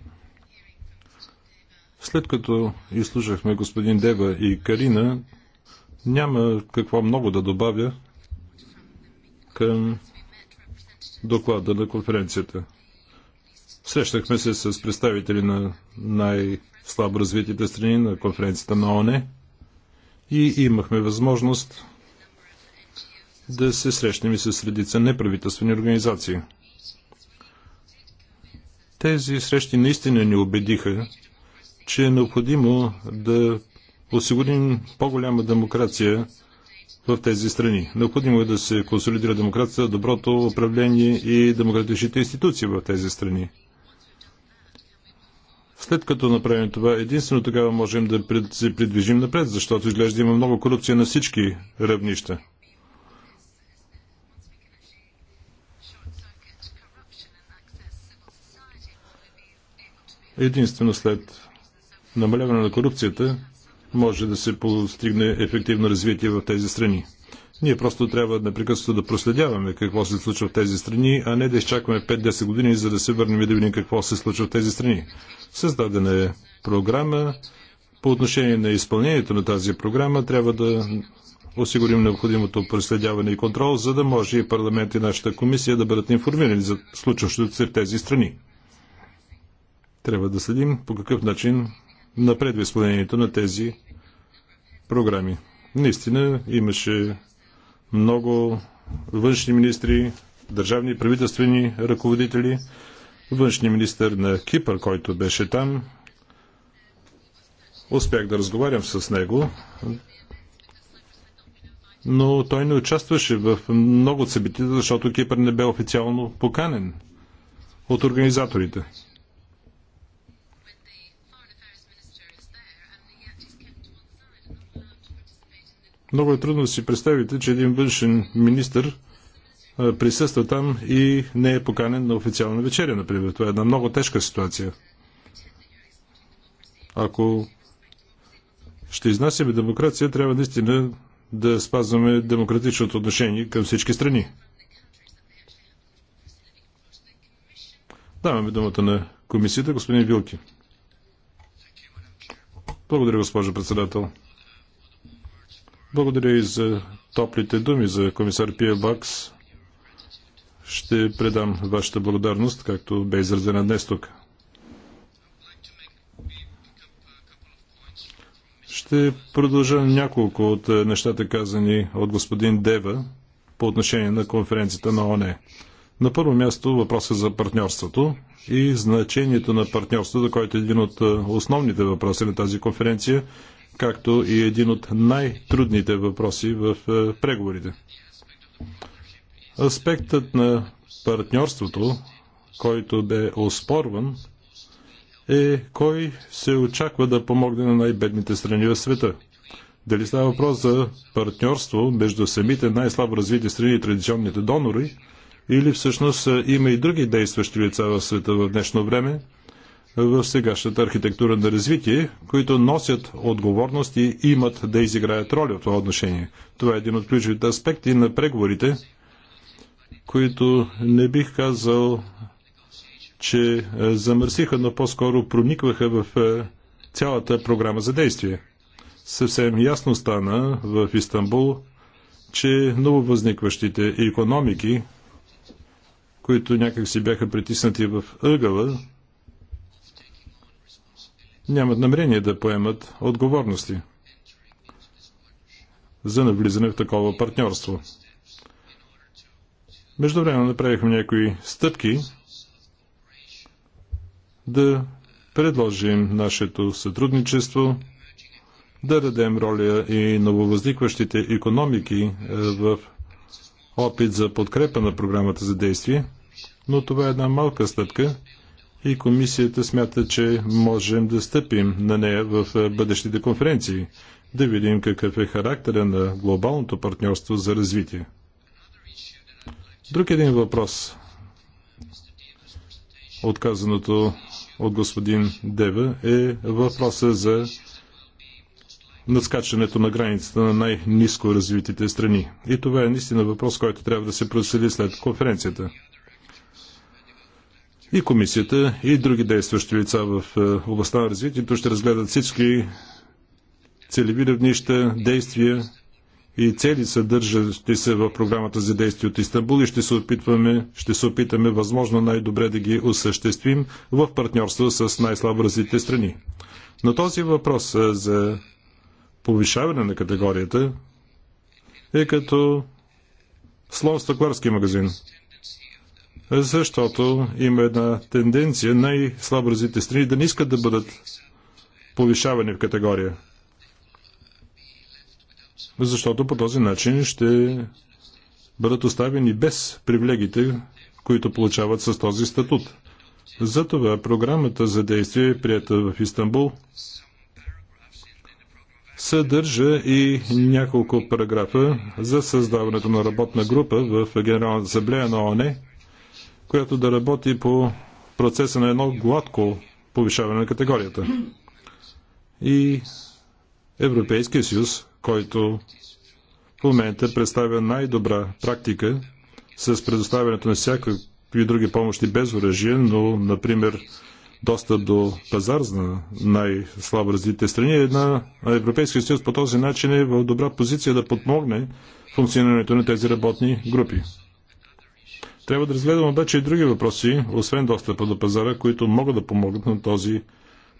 След като изслушахме господин Дева и Карина, няма какво много да добавя към доклада на конференцията. Срещахме се с представители на най-слабо развитите страни на конференцията на ОНЕ – и имахме възможност да се срещнем и с редица неправителствени организации. Тези срещи наистина ни убедиха, че е необходимо да осигурим по-голяма демокрация в тези страни. Необходимо е да се консолидира демокрацията, доброто управление и демократичните институции в тези страни. След като направим това, единствено тогава можем да се придвижим напред, защото изглежда има много корупция на всички равнища. Единствено след намаляване на корупцията може да се постигне ефективно развитие в тези страни. Ние просто трябва непрекъснато да проследяваме какво се случва в тези страни, а не да изчакваме 5-10 години, за да се върнем и да видим какво се случва в тези страни. Създадена е програма. По отношение на изпълнението на тази програма трябва да осигурим необходимото проследяване и контрол, за да може и парламент и нашата комисия да бъдат информирани за случващото се в тези страни. Трябва да следим по какъв начин напредва изпълнението на тези програми. Наистина имаше много външни министри, държавни и правителствени ръководители, външния министр на Кипър, който беше там. Успях да разговарям с него, но той не участваше в много събития, защото Кипър не бе официално поканен от организаторите. Много е трудно да си представите, че един външен министр присъства там и не е поканен на официална вечеря, например. Това е една много тежка ситуация. Ако ще изнасяме демокрация, трябва наистина да спазваме демократичното отношение към всички страни. Даваме думата на комисията, господин Вилки. Благодаря, госпожо председател. Благодаря и за топлите думи за комисар Пия Бакс. Ще предам вашата благодарност, както бе изразена днес тук. Ще продължа няколко от е, нещата казани от господин Дева по отношение на конференцията на ОНЕ. На първо място въпросът за партньорството и значението на партньорството, който е един от е, основните въпроси на тази конференция както и един от най-трудните въпроси в е, преговорите. Аспектът на партньорството, който бе оспорван, е кой се очаква да помогне на най-бедните страни в света. Дали става въпрос за партньорство между самите най-слабо развити страни и традиционните донори, или всъщност има и други действащи лица в света в днешно време, в сегашната архитектура на развитие, които носят отговорност и имат да изиграят роля в това отношение. Това е един от ключовите аспекти на преговорите, които не бих казал, че е, замърсиха, но по-скоро проникваха в е, цялата програма за действие. Съвсем ясно стана в Истанбул, че нововъзникващите економики, които някак си бяха притиснати в ъгъла, нямат намерение да поемат отговорности за навлизане в такова партньорство. Между време направихме някои стъпки да предложим нашето сътрудничество, да дадем роля и нововъзникващите економики е, в опит за подкрепа на програмата за действие, но това е една малка стъпка – и комисията смята, че можем да стъпим на нея в е, бъдещите конференции, да видим какъв е характера на глобалното партньорство за развитие. Друг един въпрос, отказаното от господин Дева, е въпроса за надскачането на границата на най-низко развитите страни. И това е наистина въпрос, който трябва да се проследи след конференцията и комисията и други действащи лица в е, областта на развитието ще разгледат всички целеви равнища, действия и цели съдържащи се в програмата за действие от Истанбул и ще се, опитваме, ще се опитаме възможно най-добре да ги осъществим в партньорство с най-слабо развитите страни. На този въпрос е, за повишаване на категорията е като слон в стъкларски магазин – защото има една тенденция най-слабо развитите страни да не искат да бъдат повишавани в категория. Защото по този начин ще бъдат оставени без привилегите, които получават с този статут. Затова програмата за действие, прията в Истанбул, съдържа и няколко параграфа за създаването на работна група в Генералната асамблея на ОНЕ която да работи по процеса на едно гладко повишаване на категорията. И Европейския съюз, който в момента представя най-добра практика с предоставянето на всякакви други помощи без оръжие, но, например, достъп до пазар на най-слабо развитите страни. Е една Европейския съюз по този начин е в добра позиция да подмогне функционирането на тези работни групи. Трябва да разгледаме обаче и други въпроси, освен достъпа до пазара, които могат да помогнат на този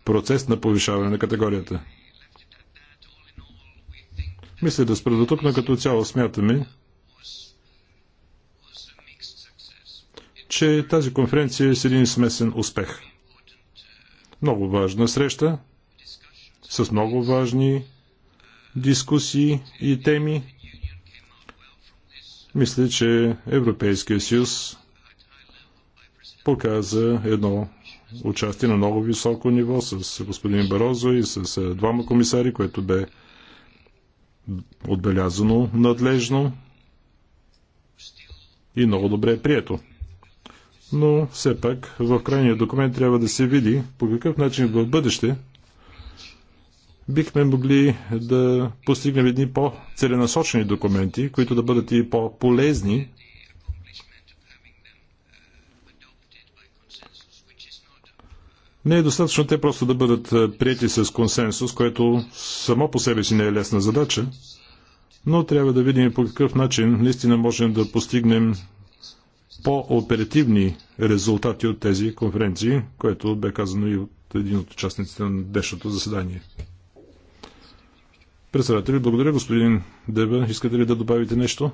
процес на повишаване на категорията. Мисля да спра до тук, но като цяло смятаме, че тази конференция е с един смесен успех. Много важна среща, с много важни дискусии и теми, мисля, че Европейския съюз показа едно участие на много високо ниво с господин Барозо и с е, двама комисари, което бе отбелязано надлежно и много добре е прието. Но все пак в крайния документ трябва да се види по какъв начин в бъдеще – бихме могли да постигнем едни по-целенасочени документи, които да бъдат и по-полезни Не е достатъчно те просто да бъдат прияти с консенсус, което само по себе си не е лесна задача, но трябва да видим по какъв начин наистина можем да постигнем по-оперативни резултати от тези конференции, което бе казано и от един от участниците на днешното заседание. Председатели, благодаря господин Деба. Искате ли да добавите нещо?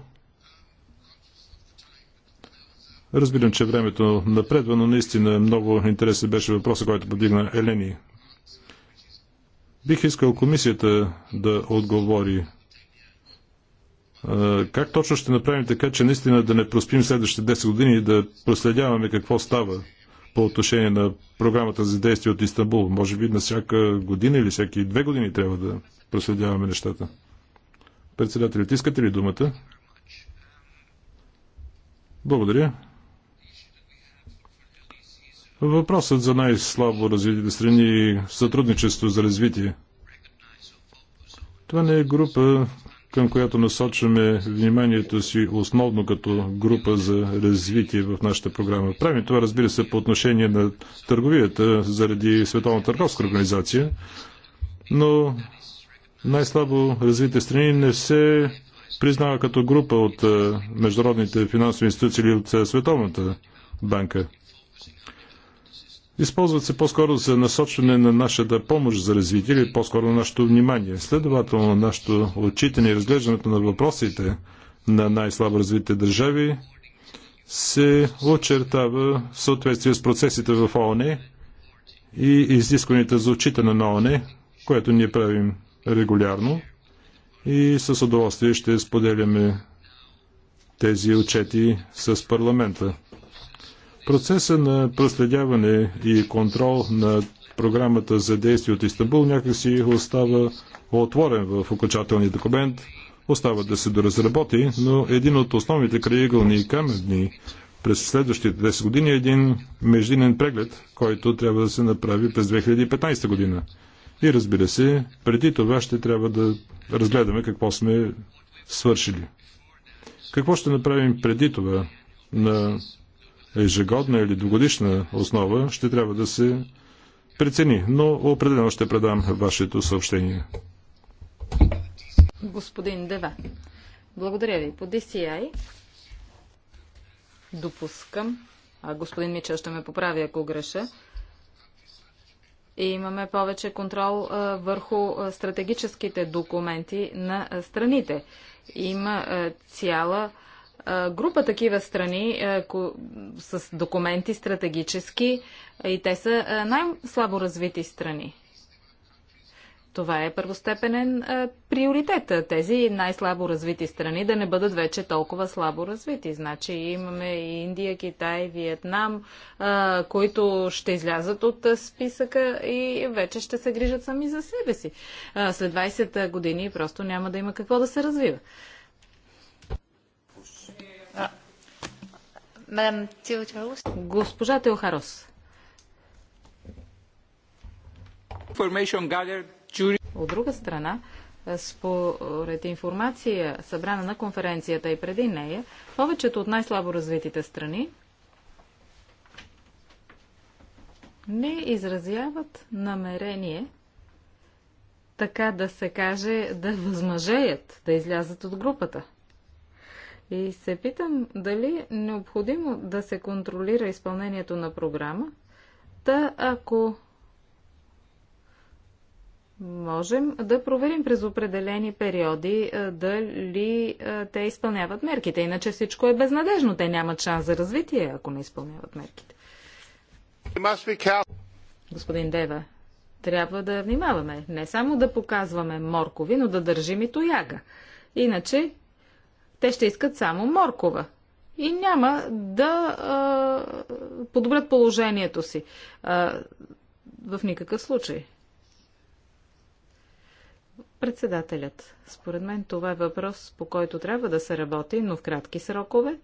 Разбирам, че времето напредва, но наистина много интересен беше въпроса, който подигна Елени. Бих искал комисията да отговори. Как точно ще направим така, че наистина да не проспим следващите 10 години и да проследяваме какво става по отношение на програмата за действие от Истанбул? Може би на всяка година или всеки две години трябва да проследяваме нещата. Председателят, искате ли думата? Благодаря. Въпросът за най-слабо развитите страни сътрудничество за развитие. Това не е група, към която насочваме вниманието си основно като група за развитие в нашата програма. Правим това, разбира се, по отношение на търговията заради Световна търговска организация, но най-слабо развитите страни не се признава като група от е, международните финансови институции или от е, Световната банка. Използват се по-скоро за насочване на нашата помощ за развитие или по-скоро на нашето внимание. Следователно, нашето отчитане и разглеждането на въпросите на най-слабо развитите държави се очертава в съответствие с процесите в ООН и изискванията за отчитане на ООН, което ние правим регулярно и с удоволствие ще споделяме тези отчети с парламента. Процеса на проследяване и контрол на програмата за действие от Истанбул някакси остава отворен в окончателния документ, остава да се доразработи, но един от основните краигълни и камъни през следващите 10 години е един междинен преглед, който трябва да се направи през 2015 година. И разбира се, преди това ще трябва да разгледаме какво сме свършили. Какво ще направим преди това на ежегодна или двогодишна основа, ще трябва да се прецени, но определено ще предам вашето съобщение. Господин Дева, благодаря ви. По DCI допускам, а господин Мичел ще ме поправи, ако греша, и имаме повече контрол върху стратегическите документи на страните. Има цяла група такива страни с документи стратегически и те са най-слабо развити страни. Това е първостепенен е, приоритет. Тези най-слабо развити страни да не бъдат вече толкова слабо развити. Значи имаме и Индия, Китай, Виетнам, е, които ще излязат от е, списъка и вече ще се грижат сами за себе си. Е, след 20 е, години просто няма да има какво да се развива. Госпожа Теохарос. Information gathered от друга страна, е, според информация, събрана на конференцията и преди нея, повечето от най-слабо развитите страни не изразяват намерение, така да се каже, да възмъжеят, да излязат от групата. И се питам дали необходимо да се контролира изпълнението на програма, да ако Можем да проверим през определени периоди дали те изпълняват мерките. Иначе всичко е безнадежно. Те нямат шанс за развитие, ако не изпълняват мерките. Господин Дева, трябва да внимаваме. Не само да показваме моркови, но да държим и тояга. Иначе те ще искат само моркова и няма да а, подобрят положението си. А, в никакъв случай. Председателят. Според мен това е въпрос, по който трябва да се работи, но в кратки срокове.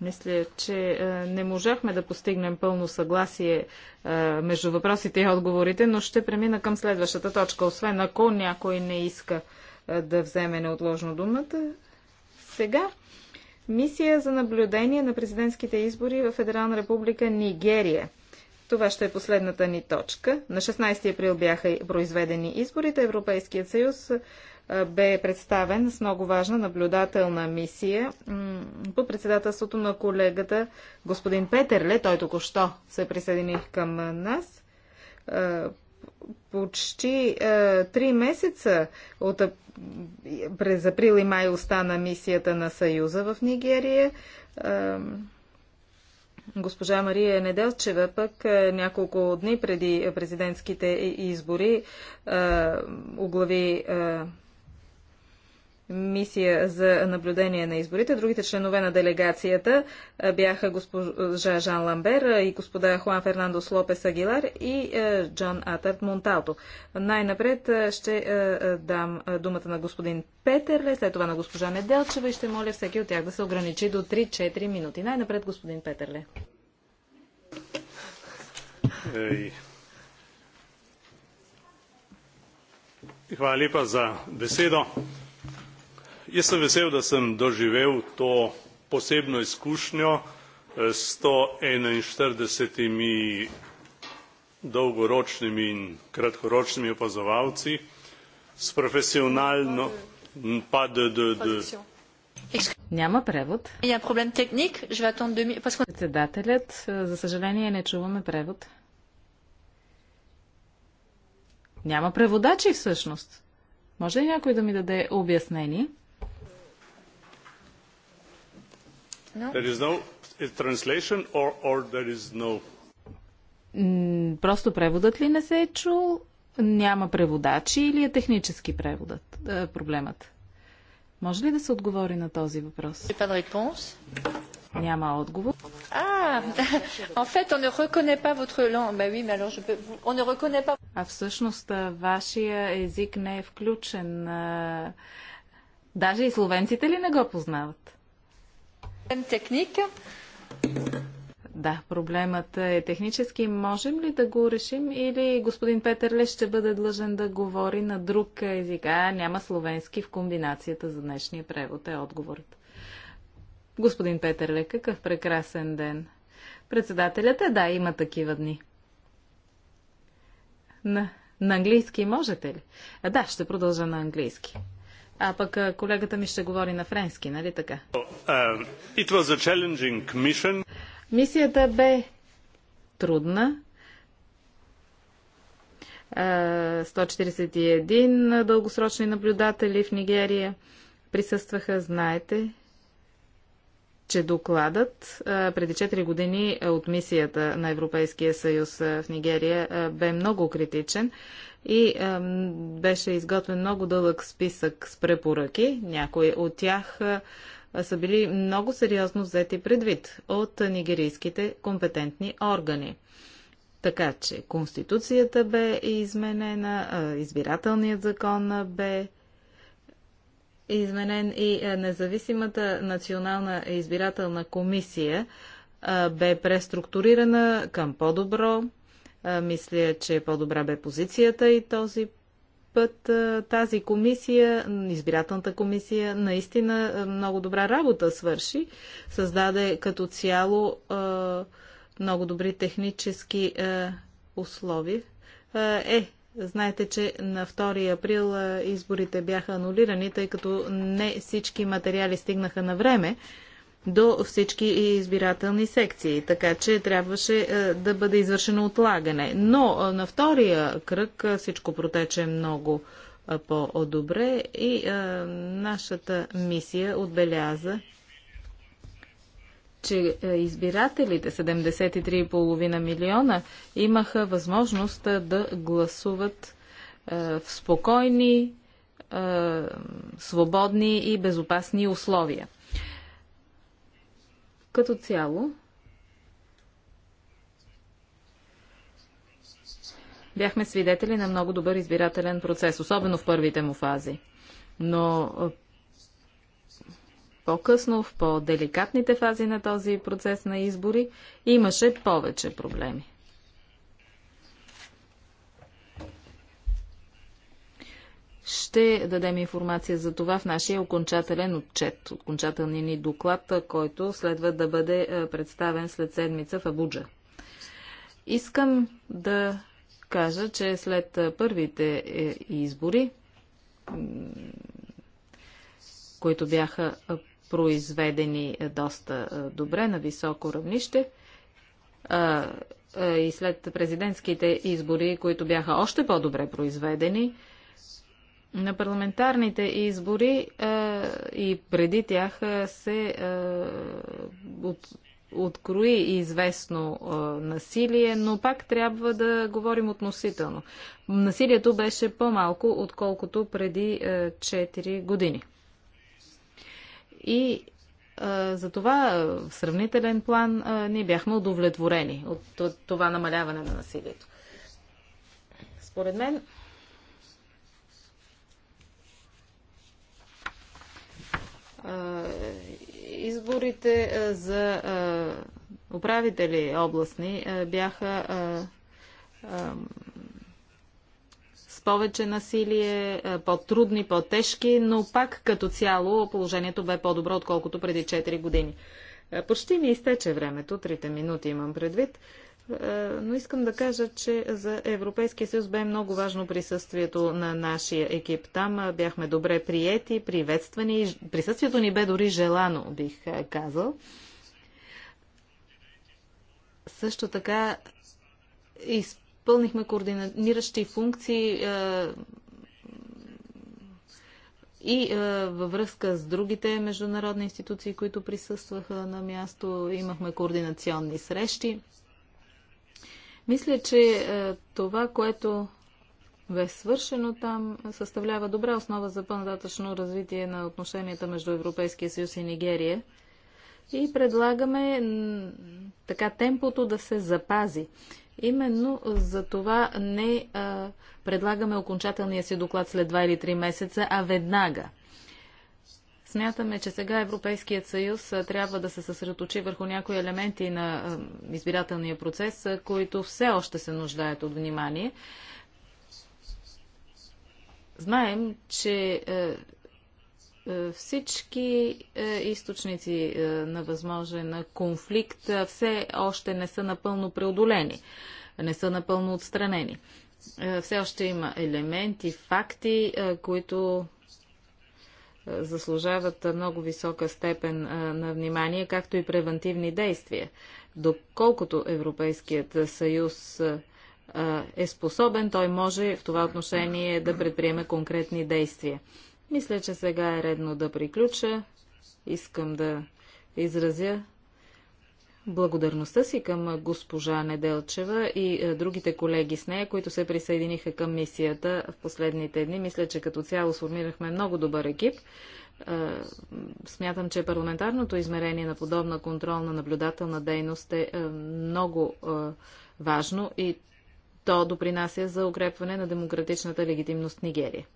Мисля, че е, не можахме да постигнем пълно съгласие е, между въпросите и отговорите, но ще премина към следващата точка, освен ако някой не иска е, да вземе неотложно думата. Сега мисия за наблюдение на президентските избори в Федерална република Нигерия – това ще е последната ни точка. На 16 април бяха произведени изборите. Европейският съюз бе представен с много важна наблюдателна мисия под председателството на колегата господин Петерле. Той току-що се присъедини към нас. Почти три месеца от през април и май остана мисията на Съюза в Нигерия. Госпожа Мария Неделчева пък е, няколко дни преди президентските избори е, оглави е, мисия за наблюдение на изборите. Другите членове на делегацията бяха госпожа Жан Ламбер и господа Хуан Фернандо Слопес Агилар и Джон Атърт Монталто. Най-напред ще дам думата на господин Петерле, след това на госпожа Неделчева и ще моля всеки от тях да се ограничи до 3-4 минути. Най-напред господин Петерле. Ей. Hvala lepa za besedo. Jaz sem vesel, da sem doživel to posebno izkušnjo s sto enainštirideset dolgoročnimi in kratkoročnimi opazovalci s profesionalno pa Няма превод. Председателят, за съжаление не чуваме превод. Няма преводачи всъщност. Може ли някой да ми даде обяснение? There is no translation or, or there is no... Просто преводът ли не се е чул? Няма преводачи или е технически преводът, е, проблемът? Може ли да се отговори на този въпрос? Няма отговор. А, en fait, on ne reconnaît pas votre langue. oui, mais alors je peux... On ne reconnaît pas... А всъщност вашия език не е включен. Даже и словенците ли не го познават? техник. Да, проблемът е технически. Можем ли да го решим или господин Петърле ще бъде длъжен да говори на друг език? А, няма словенски в комбинацията за днешния превод е отговорът. Господин Петърле, какъв прекрасен ден. Председателят е, да, има такива дни. На, на английски можете ли? А, да, ще продължа на английски. А пък колегата ми ще говори на френски, нали така? Е, е, мисията бе трудна. 141 е, дългосрочни наблюдатели в Нигерия присъстваха, знаете, че докладът преди 4 години от мисията на Европейския съюз в Нигерия бе много критичен и е, беше изготвен много дълъг списък с препоръки. Някои от тях е, са били много сериозно взети предвид от нигерийските компетентни органи. Така че Конституцията бе изменена, е, избирателният закон бе изменен и независимата национална избирателна комисия бе преструктурирана към по-добро мисля, че по-добра бе позицията и този път тази комисия, избирателната комисия, наистина много добра работа свърши. Създаде като цяло много добри технически условия. Е, знаете, че на 2 април изборите бяха анулирани, тъй като не всички материали стигнаха на време до всички избирателни секции, така че трябваше е, да бъде извършено отлагане. Но е, на втория кръг е, всичко протече много по-добре и нашата мисия отбеляза че избирателите, 73,5 милиона, имаха възможност да гласуват в спокойни, свободни и безопасни условия. Като цяло, бяхме свидетели на много добър избирателен процес, особено в първите му фази. Но по-късно, в по-деликатните фази на този процес на избори, имаше повече проблеми. Ще дадем информация за това в нашия окончателен отчет, окончателния ни доклад, който следва да бъде е, представен след седмица в Абуджа. Искам да кажа, че след е, първите е, избори, които бяха произведени доста добре на високо равнище, и след президентските избори, които бяха още по-добре произведени, на парламентарните избори а, е, и преди тях а, е, се а, е, от, открои известно а, насилие, но пак трябва да говорим относително. Насилието беше по-малко, отколкото преди а, 4 години. И а, затова в сравнителен план а, ние бяхме удовлетворени от, от това намаляване на насилието. Според мен, изборите за управители областни бяха с повече насилие, по-трудни, по-тежки, но пак като цяло положението бе по-добро, отколкото преди 4 години. Почти ми изтече времето, трите минути имам предвид. Е, но искам да кажа, че за Европейския съюз бе много важно присъствието на нашия екип. Там е, бяхме добре приети, приветствани. Присъствието ни бе дори желано, бих е, казал. Също така изпълнихме координиращи функции и във връзка с другите международни институции, които присъстваха на място, имахме координационни срещи. Мисля, че е, това, което бе свършено там, съставлява добра основа за по-нататъчно развитие на отношенията между Европейския съюз и Нигерия. И предлагаме така темпото да се запази. Именно за това не а, предлагаме окончателния си доклад след 2 или 3 месеца, а веднага – Смятаме, че сега Европейският съюз трябва да се съсредоточи върху някои елементи на избирателния процес, които все още се нуждаят от внимание. Знаем, че всички източници на възможен конфликт все още не са напълно преодолени, не са напълно отстранени. Все още има елементи, факти, които заслужават много висока степен на внимание, както и превентивни действия. Доколкото Европейският съюз е способен, той може в това отношение да предприеме конкретни действия. Мисля, че сега е редно да приключа. Искам да изразя благодарността си към госпожа Неделчева и е, другите колеги с нея, които се присъединиха към мисията в последните дни. Мисля, че като цяло сформирахме много добър екип. Е, смятам, че парламентарното измерение на подобна контролна наблюдателна дейност е, е много важно и то допринася за укрепване на демократичната легитимност в Нигерия.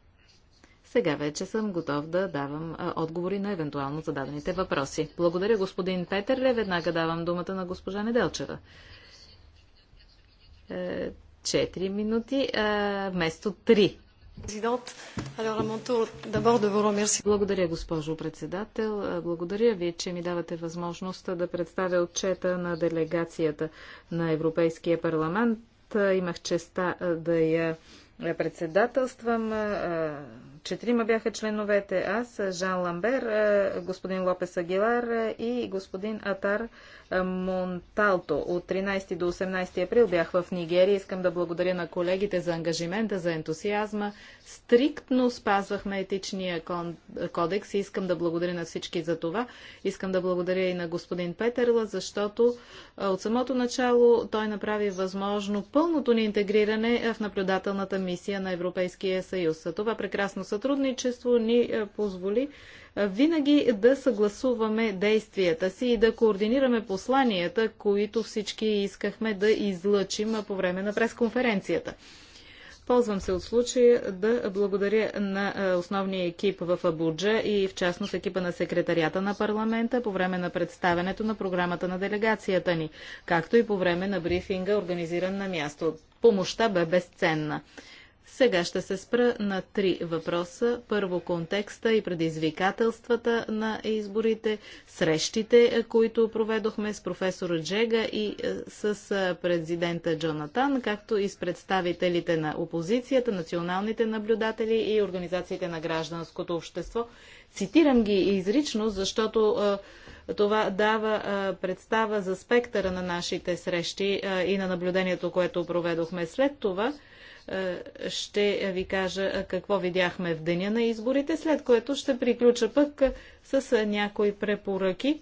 Сега вече съм готов да давам отговори на евентуално зададените въпроси. Благодаря, господин Петърле. Веднага давам думата на госпожа Неделчева. Е, четири минути вместо три. Благодаря, госпожо председател. Благодаря ви, че ми давате възможност да представя отчета на делегацията на Европейския парламент. Имах честа да я председателствам Четирима бяха членовете аз, Жан Ламбер, е, господин Лопес Агилар е, и господин Атар е, Монталто. От 13 до 18 април бях в Нигерия. Искам да благодаря на колегите за ангажимента, за ентусиазма. Стриктно спазвахме етичния кодекс и искам да благодаря на всички за това. Искам да благодаря и на господин Петерла, защото от самото начало той направи възможно пълното ни интегриране в наблюдателната мисия на Европейския съюз. Това прекрасно сътрудничество ни е, позволи е, винаги да съгласуваме действията си и да координираме посланията, които всички искахме да излъчим по време на пресконференцията. Ползвам се от случая да благодаря на е, основния екип в Абуджа и в частност екипа на секретарията на парламента по време на представенето на програмата на делегацията ни, както и по време на брифинга, организиран на място. Помощта бе безценна. Сега ще се спра на три въпроса. Първо контекста и предизвикателствата на изборите, срещите, е, които проведохме с професор Джега и е, с е, президента Джонатан, както и с представителите на опозицията, националните наблюдатели и организациите на гражданското общество. Цитирам ги изрично, защото това дава представа за спектъра на нашите срещи и на наблюдението, което проведохме след това. Е, ще ви кажа е, какво видяхме в деня на изборите, след което ще приключа пък е, с някои препоръки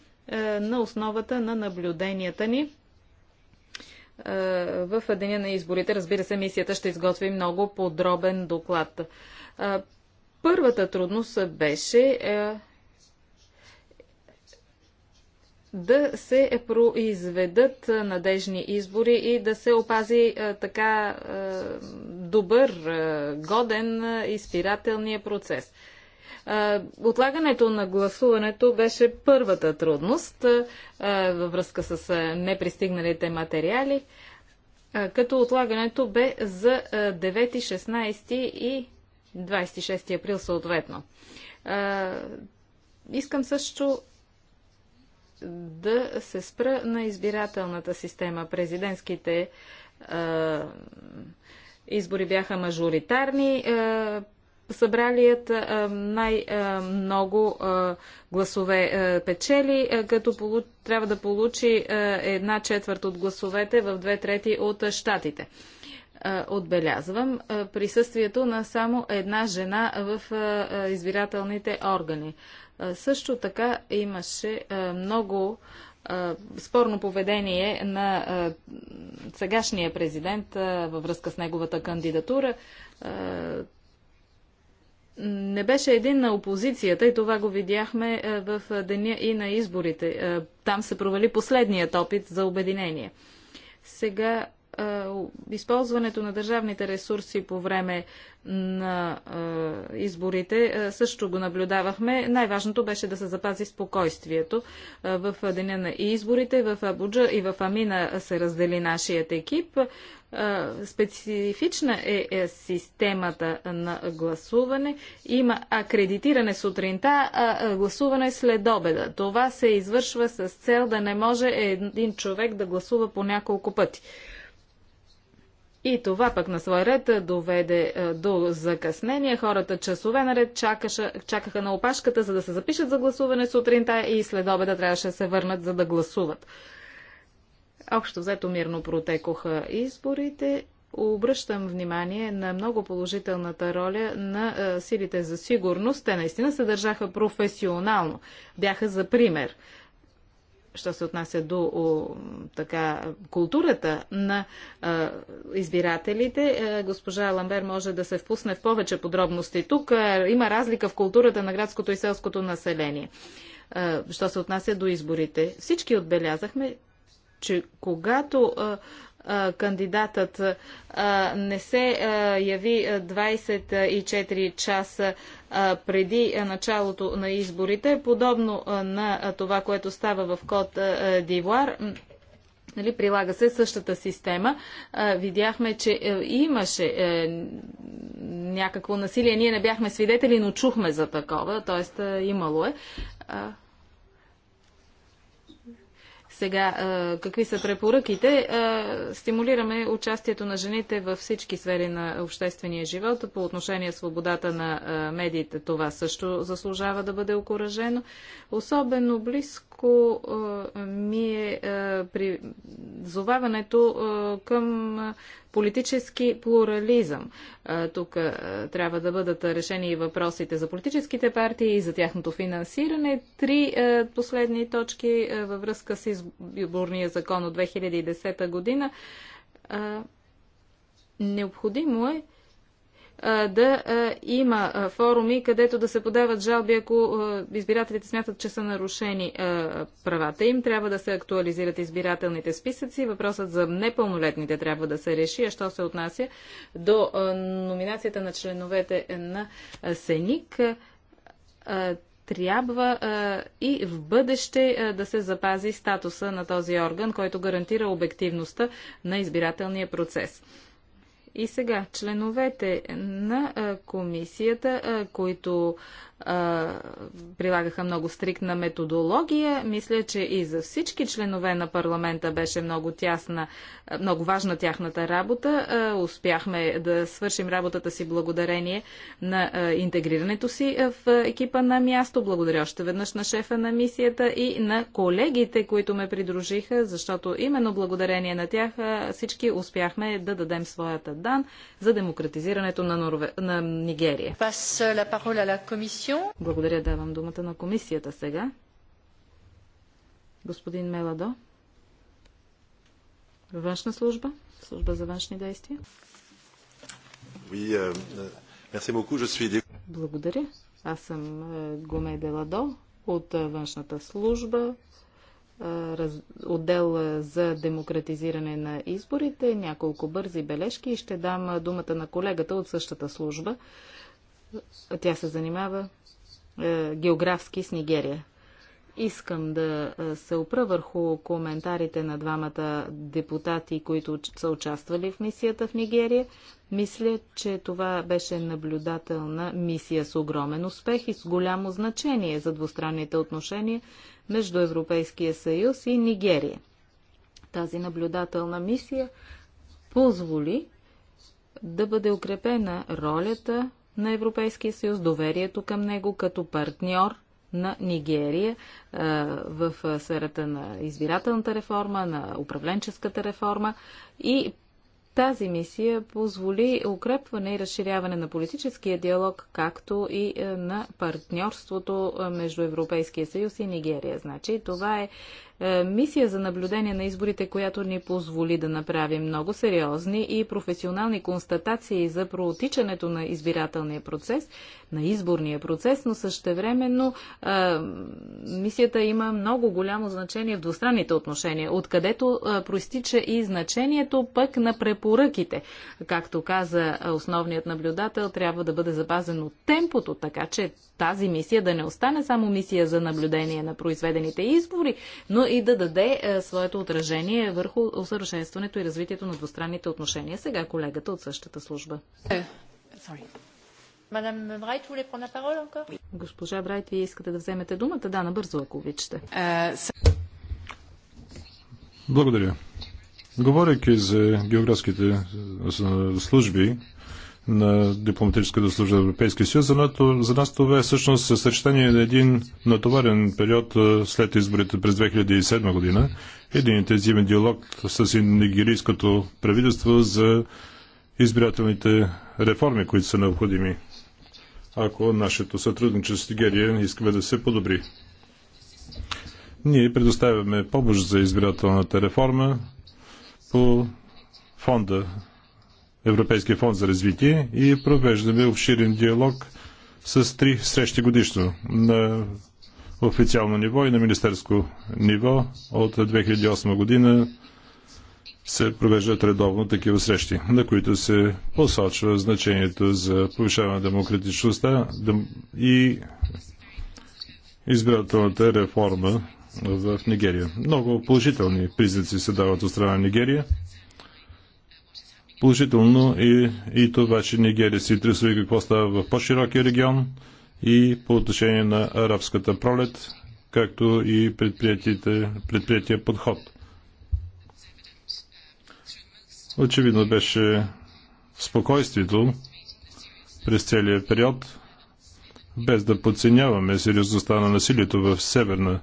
на основата на наблюденията ни в деня на изборите. Разбира се, мисията ще изготви много подробен доклад. Първата трудност беше да се произведат надежни избори и да се опази така добър, годен изпирателния процес. Отлагането на гласуването беше първата трудност във връзка с непристигналите материали, като отлагането бе за 9, 16 и 26 април съответно. Искам също да се спра на избирателната система. Президентските а, избори бяха мажоритарни. А, събралият най-много гласове печели, като трябва да получи една четвърт от гласовете в две трети от щатите. Отбелязвам присъствието на само една жена в избирателните органи. Също така имаше много спорно поведение на сегашния президент във връзка с неговата кандидатура. Не беше един на опозицията и това го видяхме в деня и на изборите. Там се провали последният опит за обединение. Сега използването на държавните ресурси по време на изборите също го наблюдавахме. Най-важното беше да се запази спокойствието в деня на изборите. В Абуджа и в Амина се раздели нашият екип. Специфична е, е системата на гласуване. Има акредитиране сутринта, а гласуване след обеда. Това се извършва с цел да не може един човек да гласува по няколко пъти. И това пък на своя ред доведе до закъснение. Хората часове наред чакаша, чакаха на опашката, за да се запишат за гласуване сутринта и след обеда трябваше да се върнат, за да гласуват. Общо взето мирно протекоха изборите. Обръщам внимание на много положителната роля на силите за сигурност. Те наистина се държаха професионално. Бяха за пример що се отнася до о, така, културата на а, избирателите, а, е, госпожа Ламбер може да се впусне в повече подробности. Тук а, е, има разлика в културата на градското и селското население. А, е, що се отнася до изборите, всички отбелязахме, че когато а, кандидатът не се яви 24 часа преди началото на изборите, подобно на това, което става в код Дивуар, Нали, прилага се същата система. видяхме, че имаше е, някакво насилие. Ние не бяхме свидетели, но чухме за такова, т.е. имало е. Сега, какви са препоръките? Стимулираме участието на жените във всички сфери на обществения живот. По отношение свободата на медиите, това също заслужава да бъде окоръжено. Особено близко кратко ми е призоваването към политически плурализъм. Тук трябва да бъдат решени и въпросите за политическите партии и за тяхното финансиране. Три последни точки във връзка с изборния закон от 2010 година. Необходимо е да има форуми, където да се подават жалби, ако избирателите смятат, че са нарушени правата им. Трябва да се актуализират избирателните списъци. Въпросът за непълнолетните трябва да се реши. А що се отнася до номинацията на членовете на СЕНИК, трябва а, и в бъдеще а, да се запази статуса на този орган, който гарантира обективността на избирателния процес. И сега, членовете на комисията, които прилагаха много стриктна методология. Мисля, че и за всички членове на парламента беше много тясна, много важна тяхната работа. Успяхме да свършим работата си благодарение на интегрирането си в екипа на място. Благодаря още веднъж на шефа на мисията и на колегите, които ме придружиха, защото именно благодарение на тях всички успяхме да дадем своята дан за демократизирането на, Норве... на Нигерия. Пас ла парола ла la благодаря, давам думата на комисията сега. Господин Меладо. Външна служба, служба за външни действия. Oui, euh, merci beaucoup, je suis... Благодаря. Аз съм е, Гоме Деладо от е, външната служба, е, отдел за демократизиране на изборите. Няколко бързи бележки и ще дам думата на колегата от същата служба. Тя се занимава е, географски с Нигерия. Искам да е, се опра върху коментарите на двамата депутати, които са участвали в мисията в Нигерия. Мисля, че това беше наблюдателна мисия с огромен успех и с голямо значение за двустранните отношения между Европейския съюз и Нигерия. Тази наблюдателна мисия позволи да бъде укрепена ролята на Европейския съюз, доверието към него като партньор на Нигерия в сферата на избирателната реформа, на управленческата реформа и тази мисия позволи укрепване и разширяване на политическия диалог, както и е, на партньорството е, между Европейския съюз и Нигерия. Значи това е е, мисия за наблюдение на изборите, която ни позволи да направим много сериозни и професионални констатации за протичането на избирателния процес, на изборния процес, но същевременно а, е, мисията има много голямо значение в двустранните отношения, откъдето а, е, проистича и значението пък на препоръките. Както каза основният наблюдател, трябва да бъде запазено темпото, така че тази мисия да не остане само мисия за наблюдение на произведените избори, но и да даде е, своето отражение върху усъвършенстването и развитието на двустранните отношения. Сега е колегата от същата служба. Е, Госпожа Брайт, вие искате да вземете думата? Да, набързо, ако обичате. Благодаря. Говоряки за географските служби, на дипломатическата служба Европейския съюз. За, НАТО, за нас това е всъщност съчетание на един натоварен период след изборите през 2007 година. Един интензивен диалог с нигерийското правителство за избирателните реформи, които са необходими, ако нашето сътрудничество с Нигерия искаме да се подобри. Ние предоставяме помощ за избирателната реформа по фонда Европейския фонд за развитие и провеждаме обширен диалог с три срещи годишно на официално ниво и на министерско ниво. От 2008 година се провеждат редовно такива срещи, на които се посочва значението за повишаване на демократичността и избирателната реформа в Нигерия. Много положителни признаци се дават от страна на Нигерия. Положително и, и това, че Нигерия се интересува и какво става в по-широкия регион и по отношение на арабската пролет, както и предприятия подход. Очевидно беше спокойствието през целия период, без да подценяваме сериозността на насилието в северна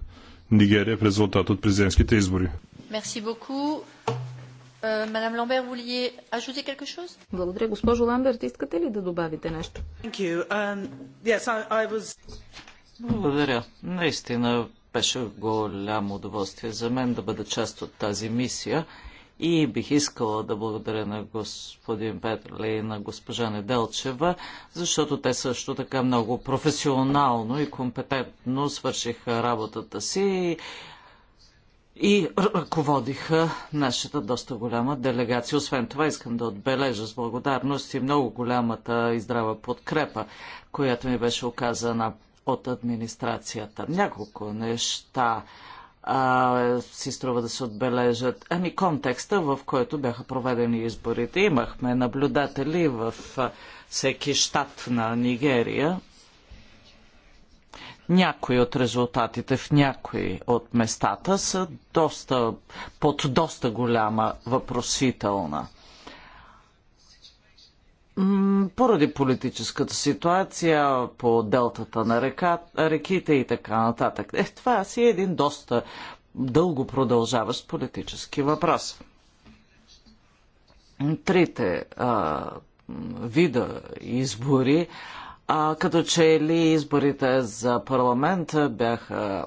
Нигерия в резултат от президентските избори. Мадам Ламбер, ли ажуте quelque chose? Благодаря, госпожо Ламберт. Искате ли да добавите нещо? Um, благодаря. Наистина беше голямо удоволствие за мен да бъда част от тази мисия и бих искала да благодаря на господин Петър и на госпожа Неделчева, защото те също така много професионално и компетентно свършиха работата си и ръководиха нашата доста голяма делегация. Освен това искам да отбележа с благодарност и много голямата и здрава подкрепа, която ми беше оказана от администрацията. Няколко неща а, си струва да се отбележат. Ами контекста, в който бяха проведени изборите. Имахме наблюдатели в всеки щат на Нигерия, някои от резултатите в някои от местата са доста, под доста голяма въпросителна поради политическата ситуация по делтата на река, реките и така нататък. Е, това си е един доста дълго продължаващ политически въпрос. Трите а, вида избори а, като че ли изборите за парламент бяха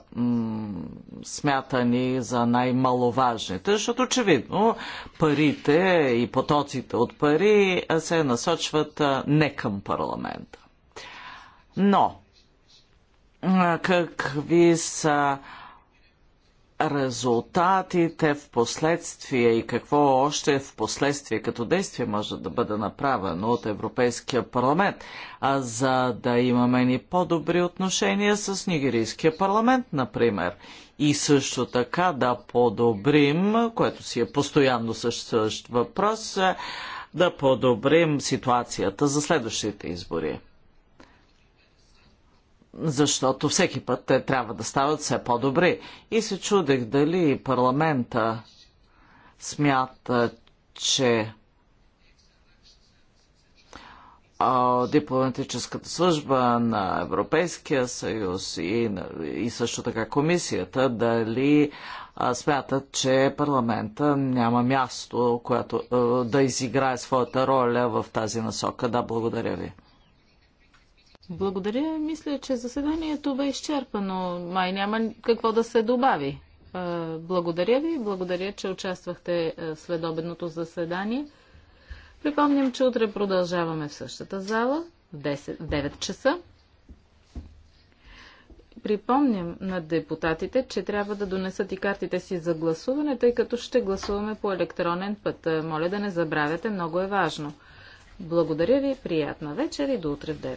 смятани за най-маловажните, защото очевидно парите и потоците от пари се насочват не към парламента. Но, какви са резултатите в последствие и какво още в последствие като действие може да бъде направено от Европейския парламент, а за да имаме ни по-добри отношения с нигерийския парламент, например. И също така да подобрим, което си е постоянно същ въпрос, да подобрим ситуацията за следващите избори защото всеки път те трябва да стават все по-добри. И се чудех дали парламента смята, че дипломатическата служба на Европейския съюз и, и също така комисията, дали смятат, че парламента няма място, което да изиграе своята роля в тази насока. Да, благодаря ви. Благодаря. Мисля, че заседанието бе изчерпано. Май няма какво да се добави. Е, благодаря ви. Благодаря, че участвахте е, в следобедното заседание. Припомням, че утре продължаваме в същата зала в 10, 9 часа. Припомням на депутатите, че трябва да донесат и картите си за гласуване, тъй като ще гласуваме по електронен път. Е, моля да не забравяте, много е важно. Благодаря ви, приятна вечер и до утре в 9.